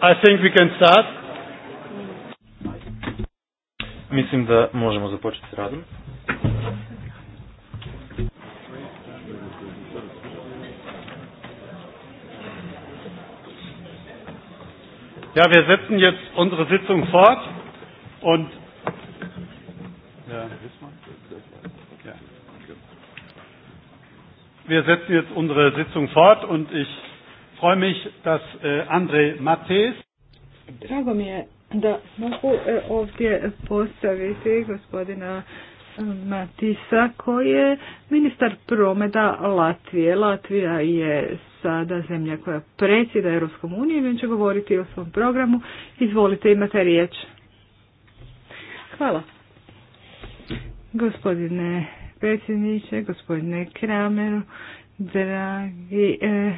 I think we can start. Mislim da možemo započeti s radom. Ja, wir setzen jetzt unsere Sitzung fort und ja, wir setzen jetzt unsere Sitzung fort und ich freue mich, dass äh, Andrej Drago mi je da mogu e, ovdje postaviti gospodina e, Matisa koji je ministar prometa Latvije. Latvija je sada zemlja koja predsjeda Europskom unijom i će govoriti o svom programu. Izvolite, imate riječ. Hvala. Gospodine predsjedniče, gospodine Krameru, dragi eh,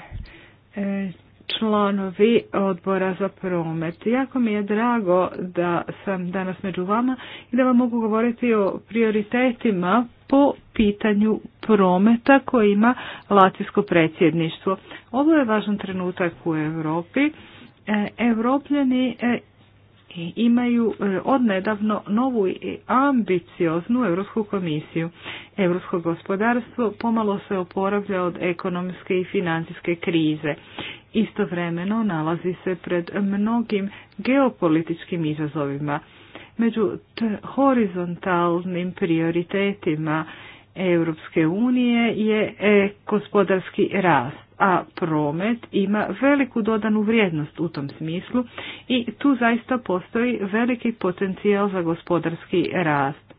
E, članovi odbora za promet. Jako mi je drago da sam danas među vama i da vam mogu govoriti o prioritetima po pitanju prometa koji ima Latvijsko predsjedništvo. Ovo je važan trenutak u Europi. Europljani e, imaju e, odnedavno novu i ambicioznu Europsku komisiju. Europsko gospodarstvo pomalo se oporavlja od ekonomske i financijske krize. Istovremeno nalazi se pred mnogim geopolitičkim izazovima. Među horizontalnim prioritetima Europske unije je e, gospodarski rast a promet ima veliku dodanu vrijednost u tom smislu i tu zaista postoji veliki potencijal za gospodarski rast.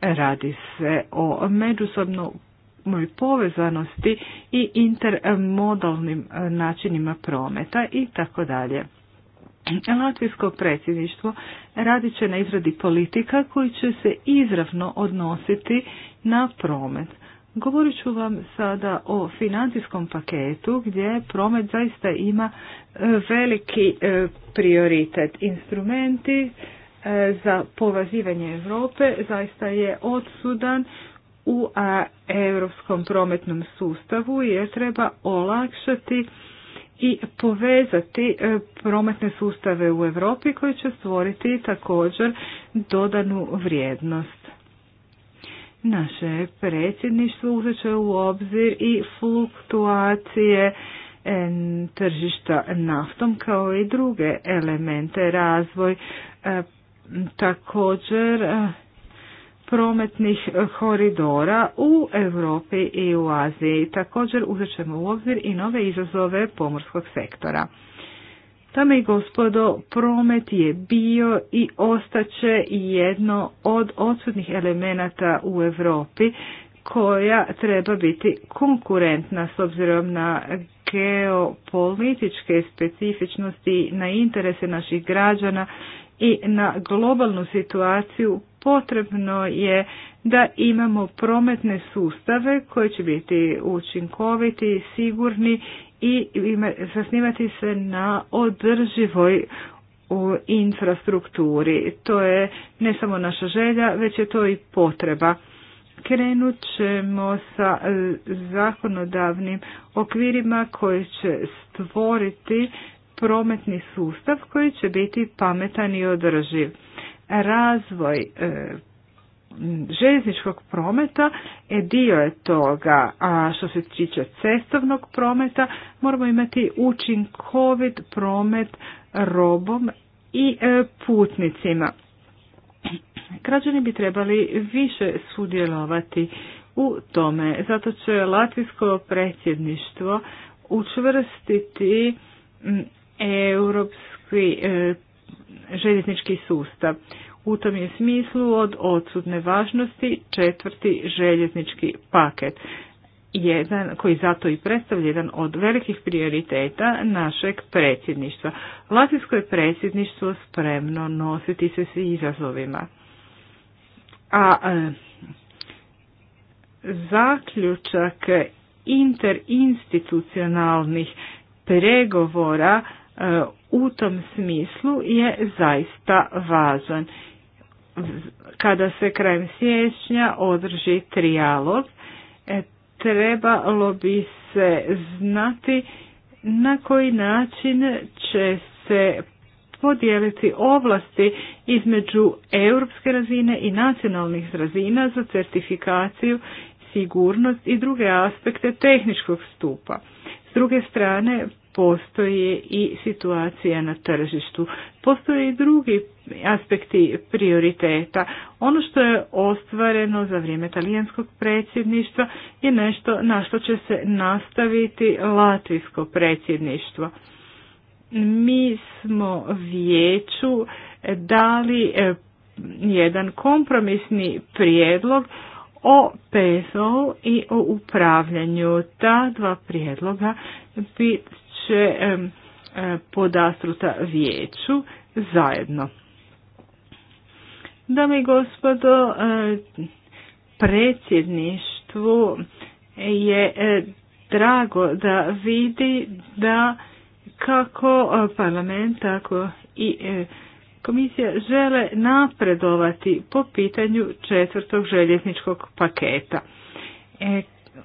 Radi se o međusobnoj povezanosti i intermodalnim e, načinima prometa i tako dalje. Latvijsko predsjedništvo radit će na izradi politika koji će se izravno odnositi na promet. Govorit ću vam sada o financijskom paketu gdje promet zaista ima e, veliki e, prioritet. Instrumenti e, za povazivanje Europe zaista je odsudan u europskom prometnom sustavu jer treba olakšati i povezati prometne sustave u Europi koji će stvoriti također dodanu vrijednost. Naše predsjedništvo uzet će u obzir i fluktuacije e, tržišta naftom kao i druge elemente razvoj e, također e, prometnih koridora u Europi i u Aziji. Također uzet ćemo u obzir i nove izazove pomorskog sektora. Dame i gospodo, promet je bio i ostaće jedno od odsudnih elemenata u Europi koja treba biti konkurentna s obzirom na geopolitičke specifičnosti, na interese naših građana i na globalnu situaciju potrebno je da imamo prometne sustave koji će biti učinkoviti, sigurni i zasnivati se na održivoj u infrastrukturi. To je ne samo naša želja, već je to i potreba. Krenut ćemo sa zakonodavnim okvirima koji će stvoriti prometni sustav koji će biti pametan i održiv. Razvoj e, željezničkog prometa, e, dio je toga, a što se tiče cestovnog prometa, moramo imati učinkovit promet robom i e, putnicima. Građani bi trebali više sudjelovati u tome, zato će latvijsko predsjedništvo učvrstiti mm, europski e, željeznički sustav. U tom je smislu od odsudne važnosti četvrti željeznički paket, jedan, koji zato i predstavlja jedan od velikih prioriteta našeg predsjedništva. Latinsko je predsjedništvo spremno nositi se s izazovima. A e, zaključak interinstitucionalnih pregovora e, u tom smislu je zaista važan kada se krajem siječnja održi trijalog, e, trebalo bi se znati na koji način će se podijeliti ovlasti između europske razine i nacionalnih razina za certifikaciju, sigurnost i druge aspekte tehničkog stupa. S druge strane, postoje i situacija na tržištu. Postoje i drugi aspekti prioriteta. Ono što je ostvareno za vrijeme talijanskog predsjedništva je nešto na što će se nastaviti latvijsko predsjedništvo. Mi smo vijeću dali e, jedan kompromisni prijedlog o PSO i o upravljanju. Ta dva prijedloga bi će e, podastruta vijeću zajedno. Dame i gospodo, e, predsjedništvu je e, drago da vidi da kako parlament, tako i komisija žele napredovati po pitanju četvrtog željezničkog paketa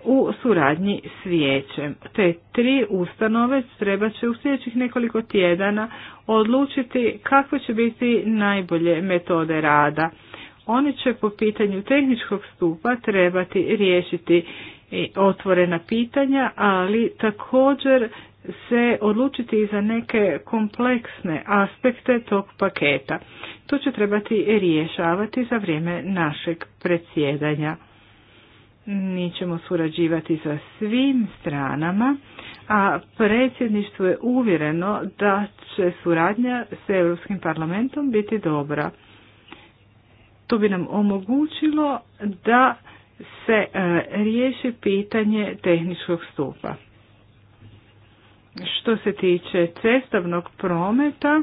u suradnji s vijećem. Te tri ustanove treba će u sljedećih nekoliko tjedana odlučiti kakve će biti najbolje metode rada. Oni će po pitanju tehničkog stupa trebati riješiti otvorena pitanja, ali također se odlučiti i za neke kompleksne aspekte tog paketa. To će trebati rješavati za vrijeme našeg predsjedanja. Mi ćemo surađivati sa svim stranama, a predsjedništvo je uvjereno da će suradnja s Europskim parlamentom biti dobra. To bi nam omogućilo da se e, riješi pitanje tehničkog stupa. Što se tiče cestovnog prometa,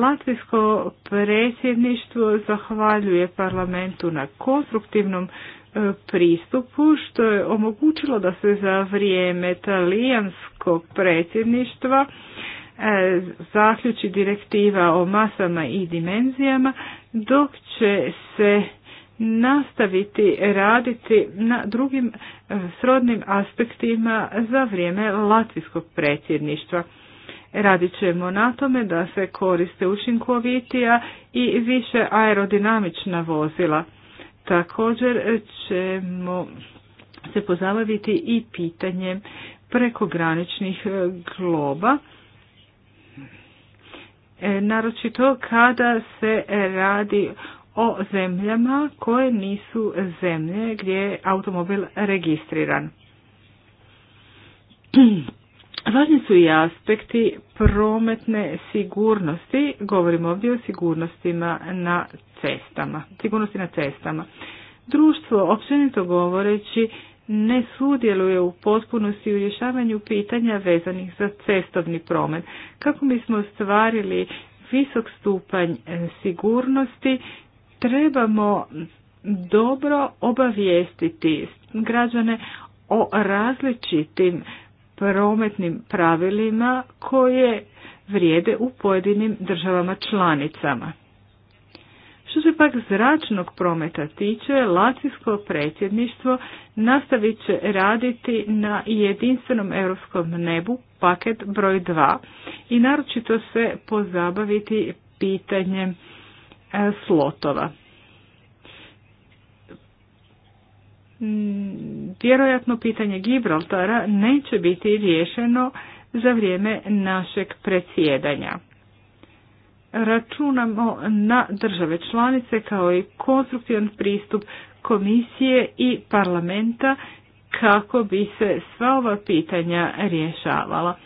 Latvijsko predsjedništvo zahvaljuje parlamentu na konstruktivnom E, pristupu što je omogućilo da se za vrijeme talijanskog predsjedništva e, zaključi direktiva o masama i dimenzijama dok će se nastaviti raditi na drugim e, srodnim aspektima za vrijeme latvijskog predsjedništva. Radit ćemo na tome da se koriste učinkovitija i više aerodinamična vozila. Također ćemo se pozabaviti i pitanjem prekograničnih e, globa, e, naročito kada se radi o zemljama koje nisu zemlje gdje je automobil registriran. Važni su i aspekti prometne sigurnosti, govorimo ovdje o sigurnostima na cestama, sigurnosti na cestama. Društvo, općenito govoreći, ne sudjeluje u potpunosti u rješavanju pitanja vezanih za cestovni promet. Kako bismo ostvarili visok stupanj e, sigurnosti, trebamo dobro obavijestiti građane o različitim prometnim pravilima koje vrijede u pojedinim državama članicama. Što se pak zračnog prometa tiče, lacijsko predsjedništvo nastavit će raditi na jedinstvenom europskom nebu paket broj 2 i naročito se pozabaviti pitanjem e, slotova. Mm, vjerojatno pitanje Gibraltara neće biti riješeno za vrijeme našeg predsjedanja. Računamo na države članice kao i konstruktivan pristup komisije i parlamenta kako bi se sva ova pitanja rješavala.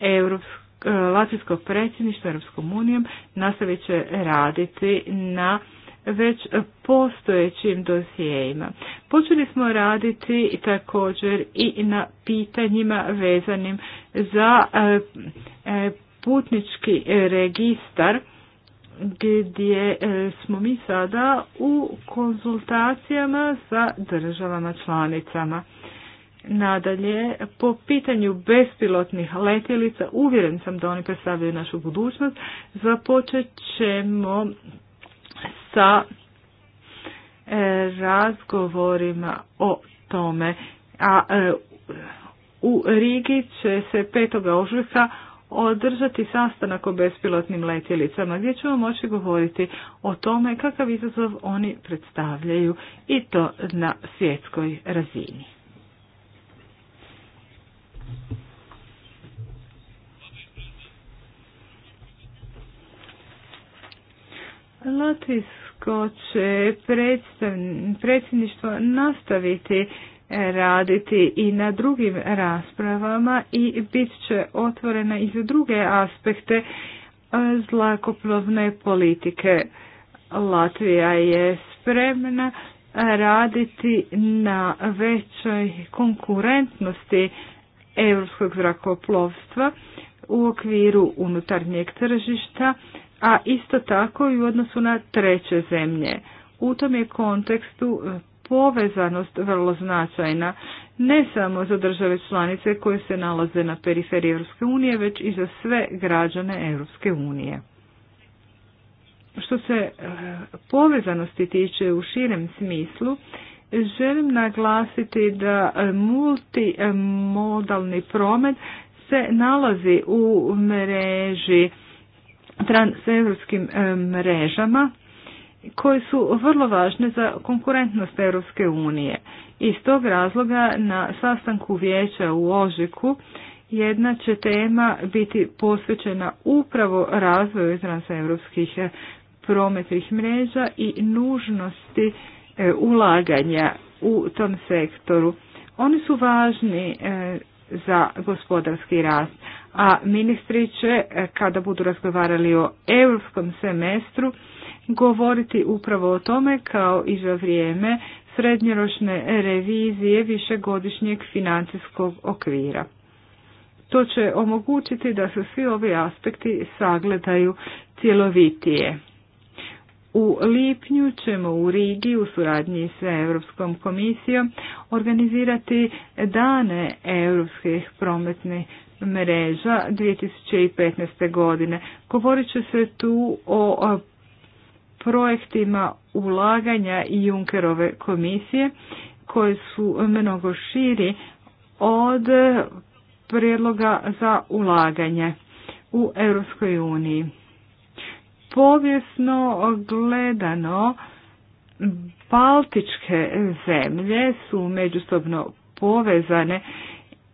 Europsko eh, Latvijsko predsjedništvo Europskom unijom nastavit će raditi na već postojećim dosijejima. Počeli smo raditi također i na pitanjima vezanim za e, e, putnički registar gdje e, smo mi sada u konzultacijama sa državama članicama. Nadalje, po pitanju bespilotnih letjelica, uvjeren sam da oni predstavljaju našu budućnost, započet ćemo sa e, razgovorima o tome. A e, u Rigi će se 5. ožujka održati sastanak o bespilotnim letjelicama gdje ćemo moći govoriti o tome kakav izazov oni predstavljaju i to na svjetskoj razini. Latvijsko će predsjedništvo nastaviti e, raditi i na drugim raspravama i bit će otvorena i za druge aspekte e, zlakoplovne politike. Latvija je spremna raditi na većoj konkurentnosti europskog zrakoplovstva u okviru unutarnjeg tržišta a isto tako i u odnosu na treće zemlje. U tom je kontekstu e, povezanost vrlo značajna, ne samo za države članice koje se nalaze na periferiji Europske unije, već i za sve građane Europske unije. Što se e, povezanosti tiče u širem smislu, želim naglasiti da e, multimodalni promet se nalazi u mreži transeuropskim mrežama koje su vrlo važne za konkurentnost Europske unije. Iz tog razloga na sastanku vijeća u Ožiku jedna će tema biti posvećena upravo razvoju transeuropskih prometnih mreža i nužnosti ulaganja u tom sektoru. Oni su važni za gospodarski rast, a ministri će, e, kada budu razgovarali o europskom semestru, govoriti upravo o tome kao i za vrijeme srednjoročne revizije višegodišnjeg financijskog okvira. To će omogućiti da se svi ovi aspekti sagledaju cjelovitije. U lipnju ćemo u Rigi u suradnji sa Europskom komisijom organizirati dane europskih prometnih mreža 2015. godine. Govorit će se tu o projektima ulaganja i Junkerove komisije koje su mnogo širi od prijedloga za ulaganje u Europskoj uniji. Povijesno gledano Baltičke zemlje su međusobno povezane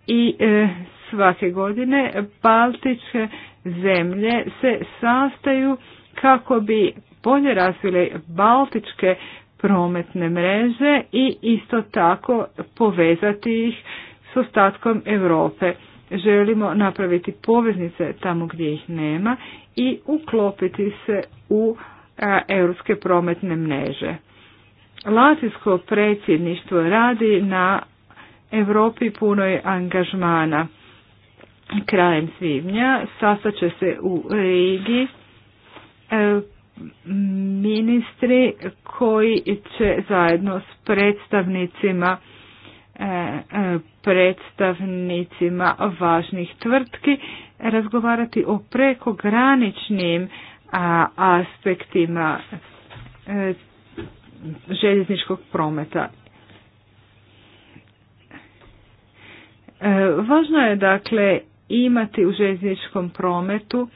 i e, Svake godine baltičke zemlje se sastaju kako bi bolje razvile baltičke prometne mreže i isto tako povezati ih s ostatkom Europe. Želimo napraviti poveznice tamo gdje ih nema i uklopiti se u europske prometne mreže. Latinsko predsjedništvo radi na Europi punoj angažmana krajem svibnja. Sastat će se u Rigi e, ministri koji će zajedno s predstavnicima e, e, predstavnicima važnih tvrtki razgovarati o prekograničnim aspektima željezničkog prometa. Važno je dakle imati u željezničkom prometu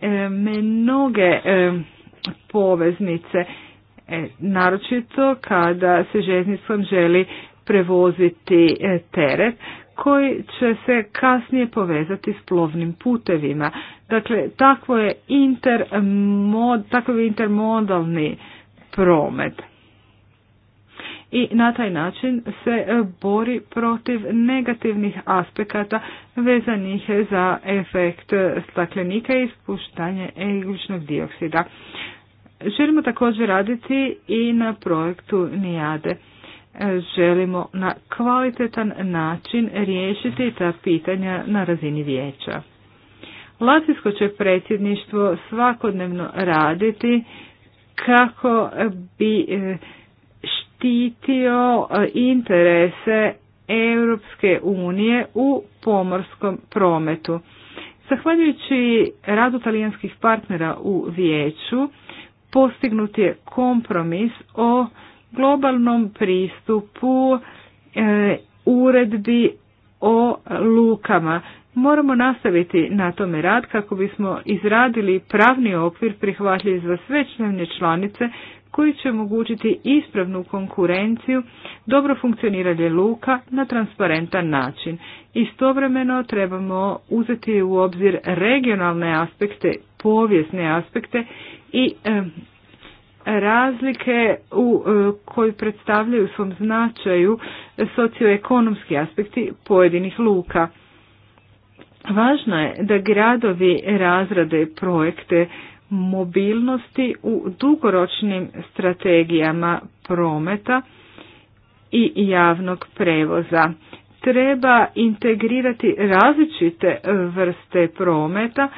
e, mnoge e, poveznice, e, naročito kada se željeznicom želi prevoziti teret koji će se kasnije povezati s plovnim putevima. Dakle, takvo je intermod, takav je intermodalni promet i na taj način se e, bori protiv negativnih aspekata vezanih za efekt staklenika i ispuštanje egličnog dioksida. Želimo također raditi i na projektu Nijade. E, želimo na kvalitetan način riješiti ta pitanja na razini vijeća. Latvijsko će predsjedništvo svakodnevno raditi kako bi e, štitio e, interese Europske unije u pomorskom prometu. Zahvaljujući radu talijanskih partnera u vijeću, postignut je kompromis o globalnom pristupu e, uredbi o lukama. Moramo nastaviti na tome rad kako bismo izradili pravni okvir prihvatljiv za sve članice koji će omogućiti ispravnu konkurenciju, dobro funkcioniranje luka na transparentan način. Istovremeno trebamo uzeti u obzir regionalne aspekte, povijesne aspekte i razlike u e, koji predstavljaju svom značaju socioekonomski aspekti pojedinih luka. Važno je da gradovi razrade projekte mobilnosti u dugoročnim strategijama prometa i javnog prevoza. Treba integrirati različite vrste prometa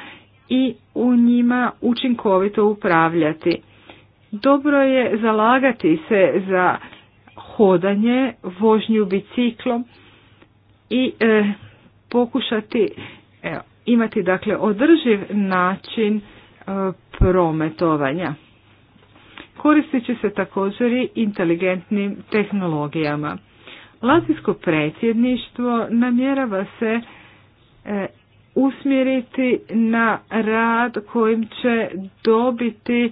i u njima učinkovito upravljati. Dobro je zalagati se za hodanje, vožnju biciklom i e, pokušati e, imati dakle održiv način E, prometovanja. Koristit će se također i inteligentnim tehnologijama. Latvijsko predsjedništvo namjerava se e, usmjeriti na rad kojim će dobiti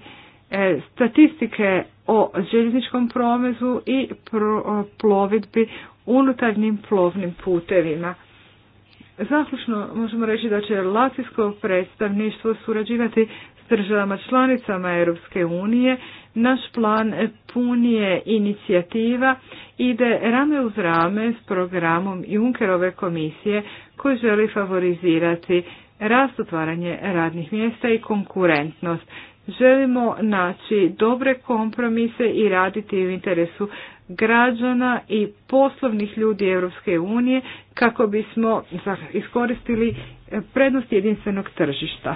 e, statistike o željezničkom prometu i plovidbi unutarnjim plovnim putevima. Zaključno možemo reći da će latvijsko predstavništvo surađivati s državama članicama Europske unije. Naš plan punije inicijativa ide rame uz rame s programom Junkerove komisije koji želi favorizirati rast otvaranje radnih mjesta i konkurentnost. Želimo naći dobre kompromise i raditi u interesu građana i poslovnih ljudi Europske unije kako bismo iskoristili e, prednost jedinstvenog tržišta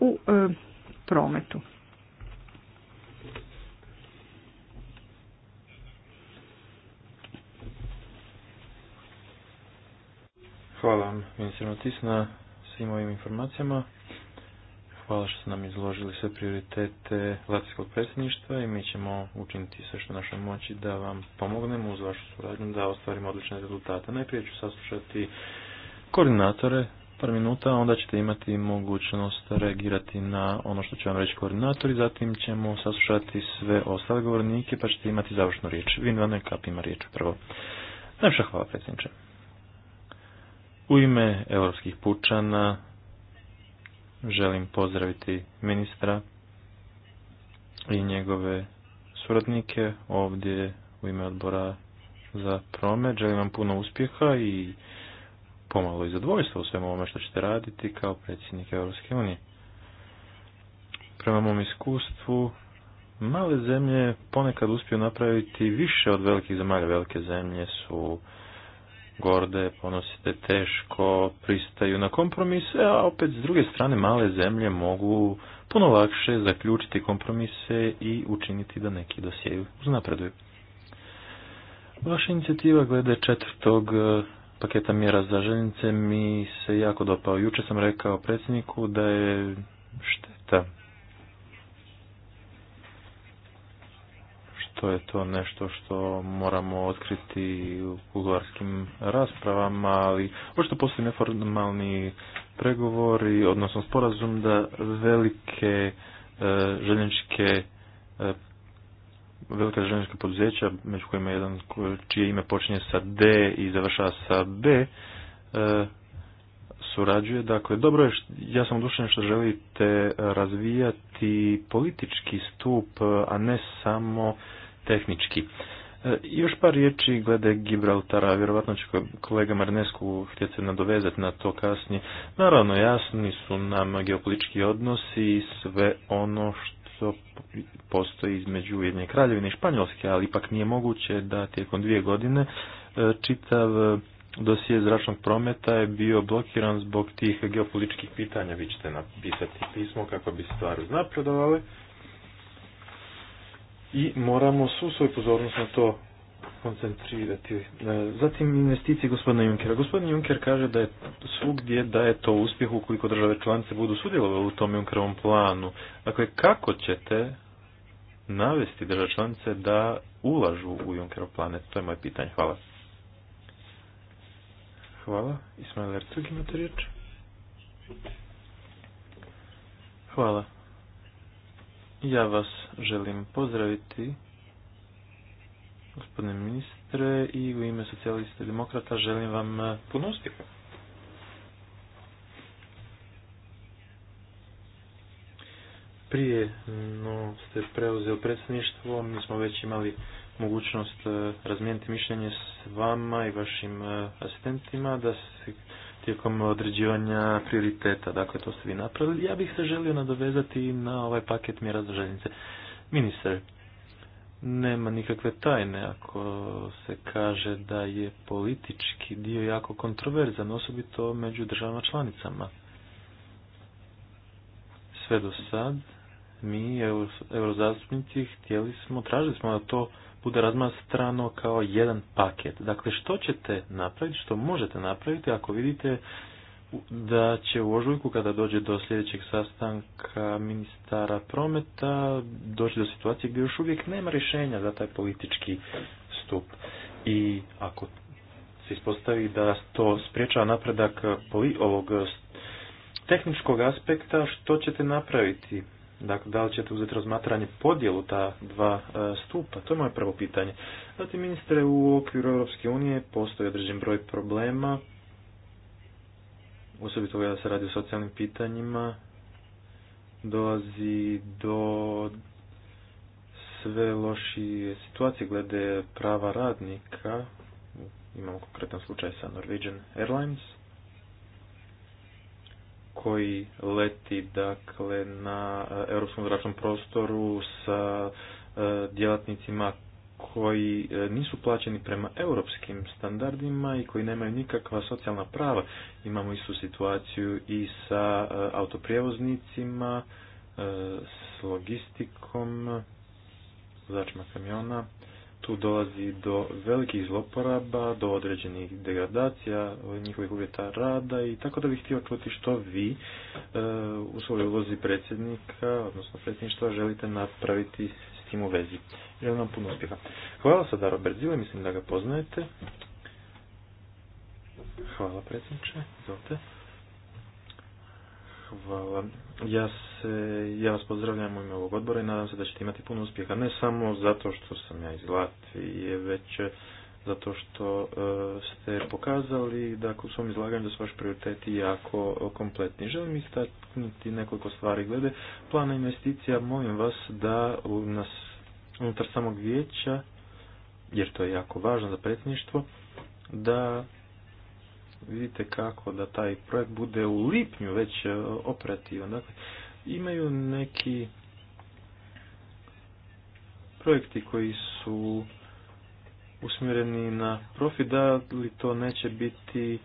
u e, prometu. Hvala vam, Tisna, na svim ovim informacijama. Hvala što ste nam izložili sve prioritete Latvijskog predsjedništva i mi ćemo učiniti sve što našoj moći da vam pomognemo uz vašu suradnju da ostvarimo odlične rezultate. Najprije ću saslušati koordinatore par minuta, onda ćete imati mogućnost reagirati na ono što će vam reći i zatim ćemo saslušati sve ostale govornike pa ćete imati završnu riječ. Vin Van Kap ima riječ prvo. Najviše hvala predsjedniče. U ime europskih pučana Želim pozdraviti ministra i njegove suradnike ovdje u ime odbora za promet. Želim vam puno uspjeha i pomalo i zadvojstva u svemu ovome što ćete raditi kao predsjednik Europske unije. Prema mom iskustvu, male zemlje ponekad uspiju napraviti više od velikih zemalja. Velike zemlje su gorde, ponosite teško, pristaju na kompromise, a opet s druge strane male zemlje mogu puno lakše zaključiti kompromise i učiniti da neki dosjeju uznapreduju. Vaša inicijativa glede četvrtog e, paketa mjera za ženice mi se jako dopao. Juče sam rekao predsjedniku da je šteta to je to nešto što moramo otkriti u kuloarskim raspravama, ali očito postoji neformalni pregovori, odnosno sporazum da velike e, željeničke e, velika željenička poduzeća, među kojima je jedan čije ime počinje sa D i završava sa B, e, surađuje. Dakle, dobro je, ja sam odušen što želite razvijati politički stup, a ne samo tehnički. E, još par riječi glede Gibraltara, vjerovatno će kolega Marnesku htjeti se nadovezati na to kasnije. Naravno, jasni su nam geopolitički odnosi i sve ono što postoji između Jedne kraljevine i Španjolske, ali ipak nije moguće da tijekom dvije godine e, čitav dosije zračnog prometa je bio blokiran zbog tih geopolitičkih pitanja. Vi ćete napisati pismo kako bi stvari napredovali i moramo su svoju pozornost na to koncentrirati. E, zatim investicije gospodina Junkera. Gospodin Junker kaže da je svugdje da je to uspjeh ukoliko države članice budu sudjelovali u tom Junkerovom planu. Dakle, kako ćete navesti države članice da ulažu u Junkerov planet? To je moje pitanje. Hvala. Hvala. Ismail Erceg imate riječ. Hvala. Ja vas želim pozdraviti, gospodine ministre, i u ime socijalista i demokrata želim vam eh, puno Prije no, ste preuzeli predsjedništvo, mi smo već imali mogućnost eh, razmijeniti mišljenje s vama i vašim eh, asistentima, da se tijekom određivanja prioriteta. Dakle, to ste vi napravili. Ja bih se želio nadovezati na ovaj paket mjera za željenice. Ministar, nema nikakve tajne ako se kaže da je politički dio jako kontroverzan, osobito među državama članicama. Sve do sad mi, eurozastupnici, htjeli smo, tražili smo da to bude razmastrano kao jedan paket. Dakle, što ćete napraviti, što možete napraviti ako vidite da će u ožujku kada dođe do sljedećeg sastanka ministara prometa doći do situacije gdje još uvijek nema rješenja za taj politički stup. I ako se ispostavi da to spriječava napredak ovog tehničkog aspekta, što ćete napraviti? Dakle, da li ćete uzeti razmatranje podjelu ta dva e, stupa? To je moje prvo pitanje. Zatim, ministre, u okviru Europske unije postoji određen broj problema, osobito kada se radi o socijalnim pitanjima, dolazi do sve lošije situacije glede prava radnika. Imamo konkretan slučaj sa Norwegian Airlines koji leti dakle na e, europskom zračnom prostoru sa e, djelatnicima koji e, nisu plaćeni prema europskim standardima i koji nemaju nikakva socijalna prava. Imamo istu situaciju i sa autoprijevoznicima, s logistikom, vozačima kamiona tu dolazi do velikih zloporaba, do određenih degradacija, njihovih uvjeta rada i tako da bih htio čuti što vi e, u svojoj ulozi predsjednika, odnosno predsjedništva, želite napraviti s tim u vezi. Želim vam puno uspjeha. Hvala sada Robert Zile, mislim da ga poznajete. Hvala predsjedniče, izvolite. Hvala. Ja, se, ja vas pozdravljam u ime ovog odbora i nadam se da ćete imati puno uspjeha. Ne samo zato što sam ja iz Latvije, već zato što e, ste pokazali da u svom izlaganju da su vaši prioriteti jako kompletni. Želim istaknuti nekoliko stvari glede plana investicija. Molim vas da u nas unutar samog vijeća, jer to je jako važno za predsjedništvo, da vidite kako da taj projekt bude u lipnju već e, operativan. Dakle, imaju neki projekti koji su usmjereni na profit, da li to neće biti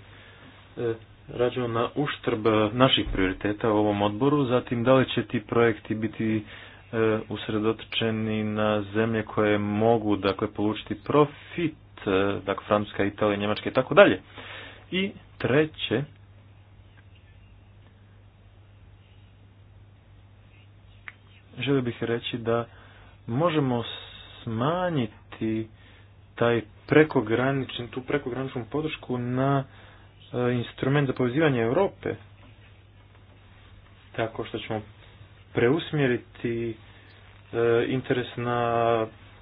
e, rađeno na uštrb naših prioriteta u ovom odboru, zatim da li će ti projekti biti e, usredotočeni na zemlje koje mogu dakle, polučiti profit, dakle Francuska, Italija, Njemačka i tako dalje. I treće, želio bih reći da možemo smanjiti taj tu prekograničnu podršku na e, instrument za povezivanje Europe tako što ćemo preusmjeriti e, interes na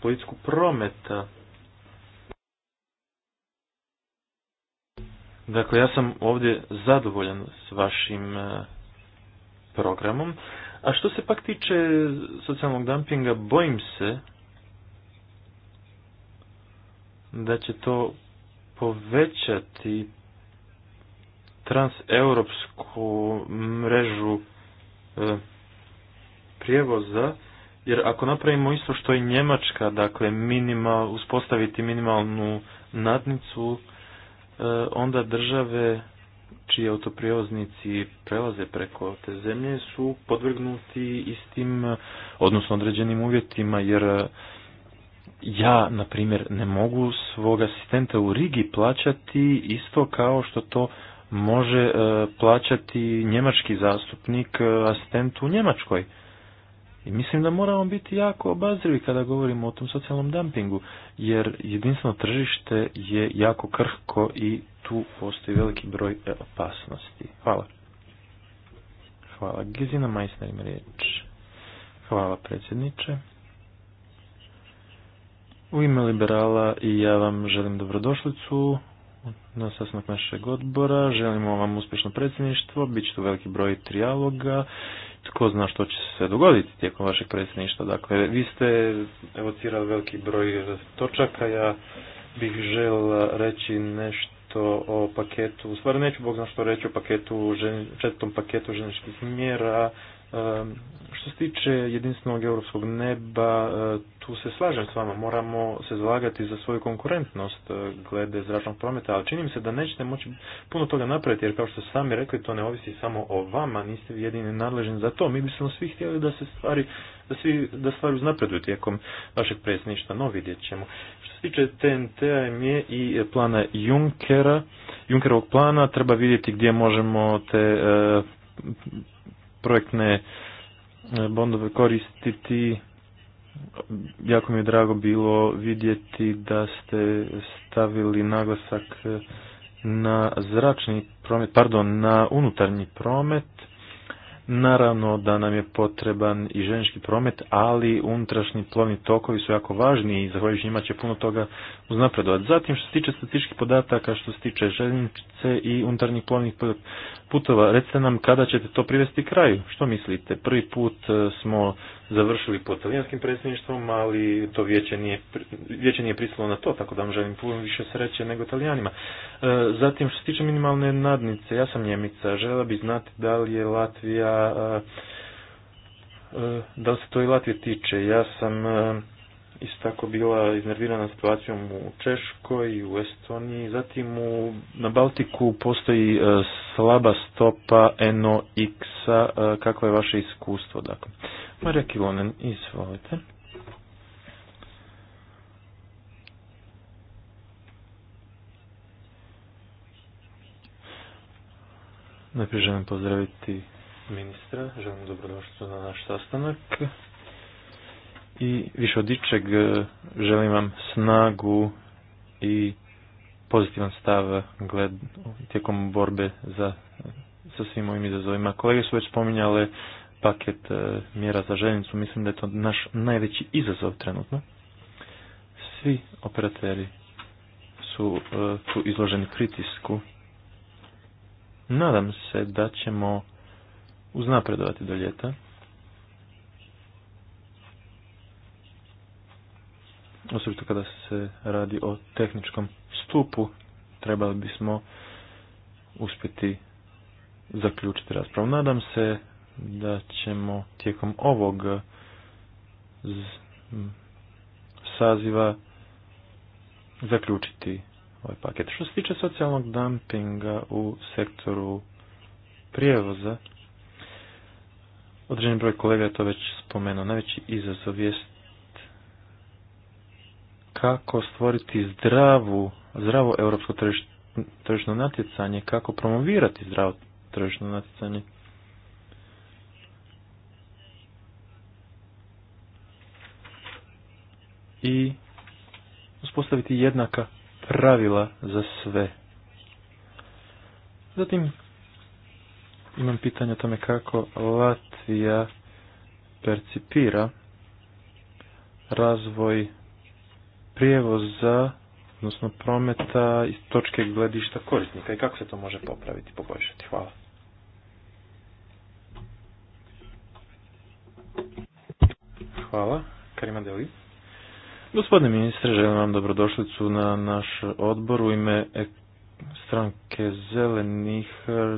politiku prometa Dakle, ja sam ovdje zadovoljan s vašim e, programom. A što se pak tiče socijalnog dumpinga, bojim se da će to povećati transeuropsku mrežu e, prijevoza, jer ako napravimo isto što i Njemačka, dakle minimal, uspostaviti minimalnu nadnicu, Eh, onda države čiji autoprijevoznici prelaze preko te zemlje su podvrgnuti istim, odnosno određenim uvjetima, jer eh, ja, na primjer, ne mogu svog asistenta u Rigi plaćati isto kao što to može eh, plaćati njemački zastupnik asistentu u Njemačkoj. I mislim da moramo biti jako obazrivi kada govorimo o tom socijalnom dumpingu, jer jedinstveno tržište je jako krhko i tu postoji veliki broj e, opasnosti. Hvala. Hvala. Gizina Majsner ima riječ. Hvala predsjedniče. U ime liberala i ja vam želim dobrodošlicu na sastanak našeg odbora. Želimo vam uspješno predsjedništvo, bit će tu veliki broj trijaloga. Tko zna što će se dogoditi tijekom vašeg predsjedništva. Dakle, vi ste evocirali veliki broj točaka. Ja bih želila reći nešto o paketu, u stvari neću Bog zna što reći o paketu, četvrtom paketu ženičkih mjera, što se tiče jedinstvenog europskog neba, e, tu se slažem s vama, moramo se zalagati za svoju konkurentnost e, glede zračnog prometa, ali čini mi se da nećete moći puno toga napraviti, jer kao što ste sami rekli, to ne ovisi samo o vama, niste jedini nadležni za to. Mi bismo svi htjeli da se stvari, da, svi, da stvari uznapreduju tijekom vašeg predsjedništva, no vidjet ćemo. Što se tiče TNT-a i plana Junkera, Junkerovog plana, treba vidjeti gdje možemo te e, projektne e, bondove koristiti. Jako mi je drago bilo vidjeti da ste stavili naglasak e, na zračni promet, pardon, na unutarnji promet. Naravno da nam je potreban i željeznički promet, ali unutrašnji plovni tokovi su jako važni i zahvaljujući njima će puno toga uznapredovati. Zatim što se tiče statističkih podataka, što se tiče željeznice i unutarnjih plovnih putova. Recite nam kada ćete to privesti kraju. Što mislite? Prvi put e, smo završili pod talijanskim predsjedništvom, ali to vijeće nije, vijeće nije na to, tako da vam želim puno više sreće nego talijanima. E, zatim, što se tiče minimalne nadnice, ja sam Njemica, žela bi znati da li je Latvija, e, da li se to i Latvije tiče. Ja sam isto tako bila iznervirana situacijom u Češkoj i u Estoniji. Zatim u, na Baltiku postoji e, slaba stopa NOx-a. E, kakvo kako je vaše iskustvo? Dakle. Marija Kilonen, izvolite. Najprije želim pozdraviti ministra, želim dobrodošlicu na naš sastanak i više od ičeg e, želim vam snagu i pozitivan stav gled, tijekom borbe za, sa svim ovim izazovima. Kolege su već spominjale paket e, mjera za željenicu. Mislim da je to naš najveći izazov trenutno. Svi operateri su e, tu izloženi pritisku. Nadam se da ćemo uznapredovati do ljeta. osobito kada se radi o tehničkom stupu, trebali bismo uspjeti zaključiti raspravu. Nadam se da ćemo tijekom ovog saziva zaključiti ovaj paket. Što se tiče socijalnog dumpinga u sektoru prijevoza, određeni broj kolega je to već spomenuo. Najveći izazov jest kako stvoriti zdravu, zdravo europsko tržišno natjecanje, kako promovirati zdravo tržišno natjecanje. I uspostaviti jednaka pravila za sve. Zatim imam pitanje o tome kako Latvija percipira razvoj prijevoza, odnosno prometa iz točke gledišta korisnika i kako se to može popraviti, poboljšati. Hvala. Hvala. Karima Deli. Gospodine ministre, želim vam dobrodošlicu na naš odbor u ime stranke zelenih.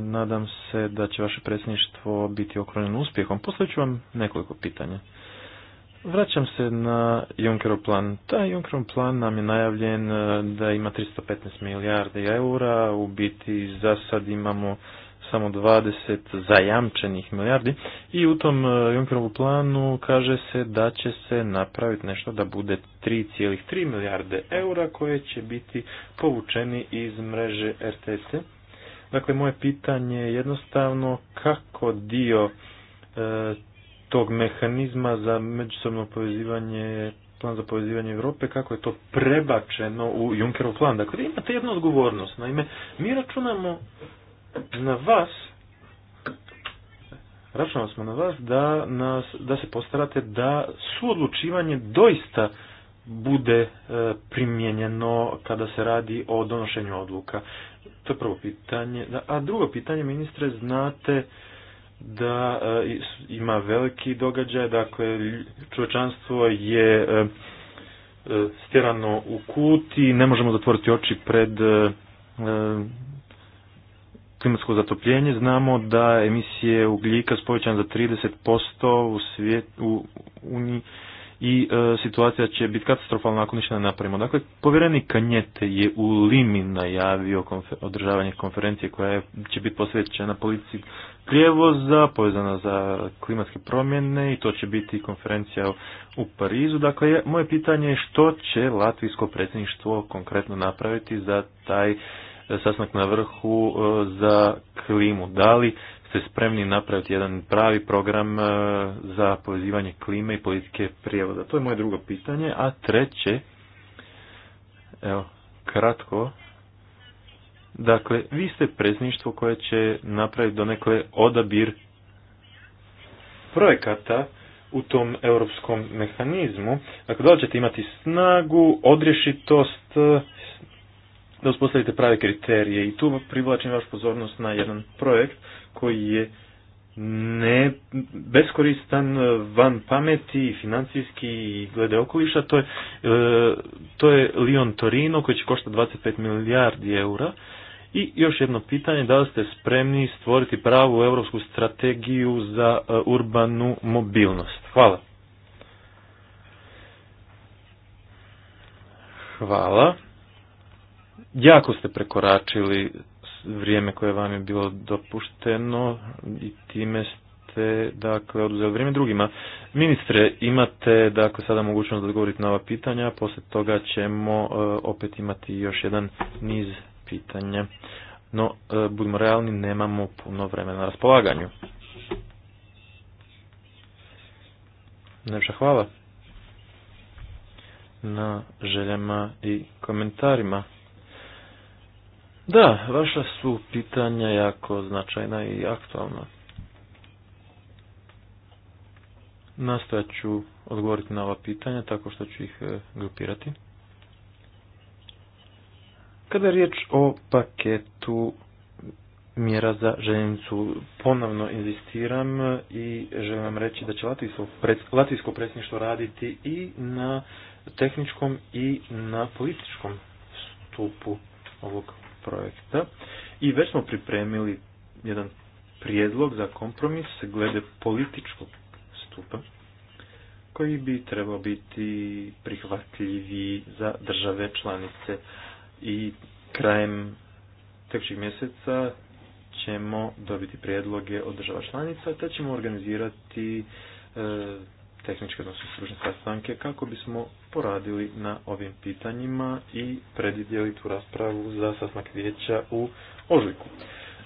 Nadam se da će vaše predsjedništvo biti okronjeno uspjehom. Postavit ću vam nekoliko pitanja. Vraćam se na Junckerov plan. Taj Junckerov plan nam je najavljen e, da ima 315 milijardi eura, u biti za sad imamo samo 20 zajamčenih milijardi i u tom e, Junckerovu planu kaže se da će se napraviti nešto da bude 3,3 milijarde eura koje će biti povučeni iz mreže RTC. Dakle, moje pitanje je jednostavno kako dio e, tog mehanizma za međusobno povezivanje, plan za povezivanje Europe, kako je to prebačeno u Junckerov plan. Dakle, imate jednu odgovornost. Naime, mi računamo na vas, računamo smo na vas da, nas, da se postarate da suodlučivanje doista bude e, primijenjeno kada se radi o donošenju odluka. To je prvo pitanje. A drugo pitanje, ministre, znate da e, ima veliki događaj, dakle čovječanstvo je e, e, stjerano u kut i ne možemo zatvoriti oči pred klimatsko zatopljenje. Znamo da emisije ugljika su za 30% u svijetu, u Uniji i situacija će biti katastrofalna ako ništa ne napravimo. Dakle, povjerenik Kanjete je u Limi najavio konfer održavanje konferencije koja je, će biti posvećena politici prijevoza, povezana za klimatske promjene i to će biti konferencija u Parizu. Dakle, moje pitanje je što će latvijsko predsjedništvo konkretno napraviti za taj e, sasnak na vrhu e, za klimu. Da li ste spremni napraviti jedan pravi program e, za povezivanje klime i politike prijevoza? To je moje drugo pitanje. A treće, evo, kratko, Dakle, vi ste predsjedništvo koje će napraviti donekle odabir projekata u tom europskom mehanizmu. Dakle, da ćete imati snagu, odrješitost, da uspostavite prave kriterije. I tu privlačim vaš pozornost na jedan projekt koji je ne, beskoristan, van pameti, i financijski i glede okoliša. To je, e, to je Lion Torino koji će koštati 25 milijardi eura i još jedno pitanje, da li ste spremni stvoriti pravu europsku strategiju za e, urbanu mobilnost? Hvala. Hvala. Jako ste prekoračili vrijeme koje vam je bilo dopušteno i time ste dakle oduzeli vrijeme drugima. Ministre, imate dakle sada mogućnost da odgovorite na ova pitanja, poslije toga ćemo e, opet imati još jedan niz pitanje. No, e, budimo realni, nemamo puno vremena na raspolaganju. Najpša hvala na željama i komentarima. Da, vaša su pitanja jako značajna i aktualna. Nastojat ću odgovoriti na ova pitanja tako što ću ih e, grupirati. Kada je riječ o paketu mjera za željenicu, ponovno inzistiram i želim vam reći da će Latvijsko predsjedništvo raditi i na tehničkom i na političkom stupu ovog projekta. I već smo pripremili jedan prijedlog za kompromis glede političkog stupa koji bi trebao biti prihvatljiviji za države članice i krajem tekućeg mjeseca ćemo dobiti prijedloge od država članica te ćemo organizirati e, tehničke, odnosno stručne sastanke kako bismo poradili na ovim pitanjima i predvidjeli tu raspravu za sastanak vijeća u ožujku.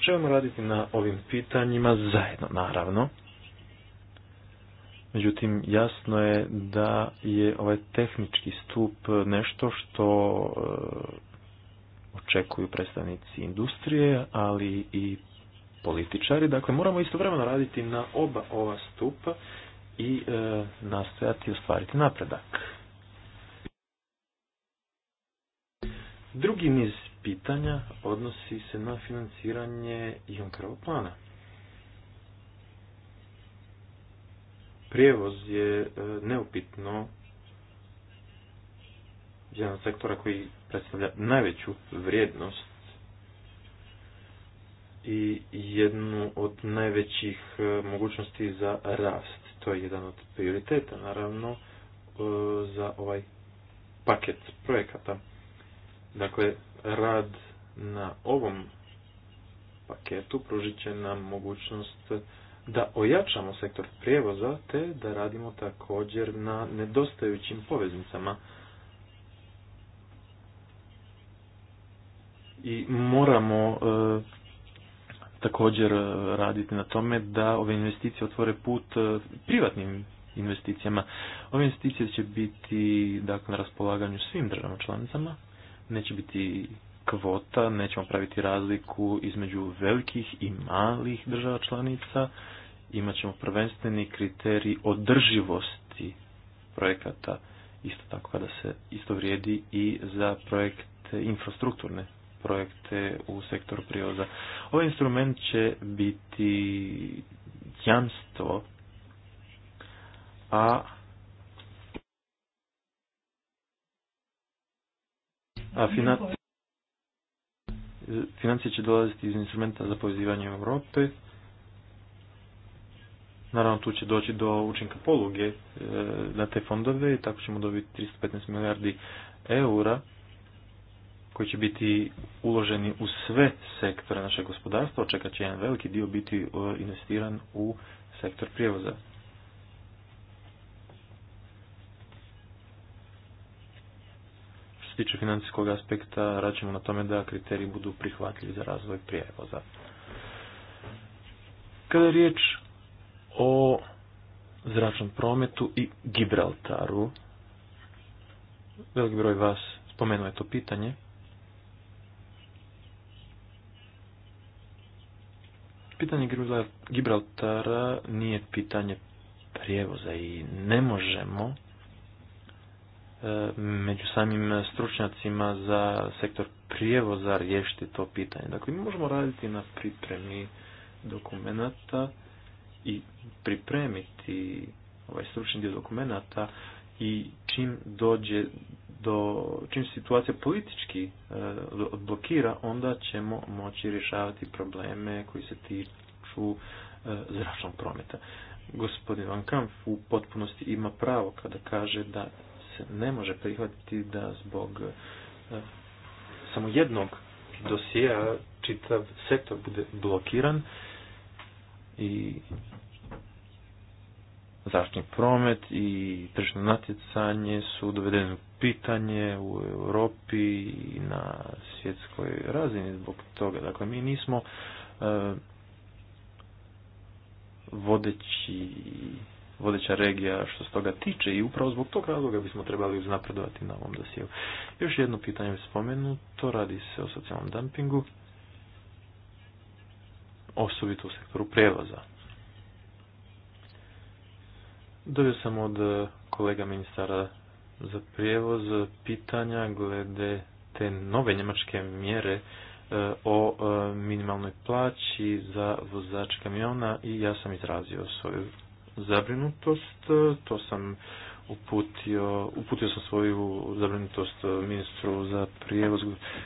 Želimo raditi na ovim pitanjima zajedno, naravno. Međutim, jasno je da je ovaj tehnički stup nešto što e, očekuju predstavnici industrije, ali i političari. Dakle, moramo istovremeno raditi na oba ova stupa i e, nastojati ostvariti napredak. Drugi niz pitanja odnosi se na financiranje Junkerovog plana. Prijevoz je e, neupitno jedan sektora koji predstavlja najveću vrijednost i jednu od najvećih e, mogućnosti za rast. To je jedan od prioriteta, naravno, e, za ovaj paket projekata. Dakle, rad na ovom paketu pružit će nam mogućnost da ojačamo sektor prijevoza te da radimo također na nedostajućim poveznicama i moramo e, također e, raditi na tome da ove investicije otvore put e, privatnim investicijama. Ove investicije će biti dakle, na raspolaganju svim državama članicama, neće biti kvota, nećemo praviti razliku između velikih i malih država članica, imat ćemo prvenstveni kriterij održivosti projekata, isto tako kada se isto vrijedi i za projekte infrastrukturne projekte u sektor prijevoza. Ovaj instrument će biti jamstvo, a a financije će dolaziti iz instrumenta za povezivanje Europe. Naravno, tu će doći do učinka poluge e, na te fondove i tako ćemo dobiti 315 milijardi eura koji će biti uloženi u sve sektore našeg gospodarstva, očekat će jedan veliki dio biti e, investiran u sektor prijevoza. Što se tiče financijskog aspekta, račemo na tome da kriteriji budu prihvatljivi za razvoj prijevoza. Kada je riječ o zračnom prometu i Gibraltaru, veliki broj vas spomenuo je to pitanje. Pitanje Gibraltara nije pitanje prijevoza i ne možemo e, među samim stručnjacima za sektor prijevoza riješiti to pitanje. Dakle, mi možemo raditi na pripremi dokumenata i pripremiti ovaj stručni dio dokumenata i čim dođe do, čim se situacija politički e, odblokira, onda ćemo moći rješavati probleme koji se tiču e, zračnog prometa. Gospodin Van Kampf u potpunosti ima pravo kada kaže da se ne može prihvatiti da zbog e, samo jednog dosija čitav sektor bude blokiran i zračni promet i tržno natjecanje su dovedeni pitanje u Europi i na svjetskoj razini zbog toga. Dakle, mi nismo e, vodeći vodeća regija što se toga tiče i upravo zbog tog razloga bismo trebali uznapredovati na ovom dosijelu. Još jedno pitanje je spomenuto, radi se o socijalnom dumpingu, osobito u sektoru prevoza. Dobio sam od kolega ministara za prijevoz pitanja glede te nove njemačke mjere e, o e, minimalnoj plaći za vozač kamiona i ja sam izrazio svoju zabrinutost. E, to sam uputio, uputio sam svoju zabrinutost ministru za prijevoz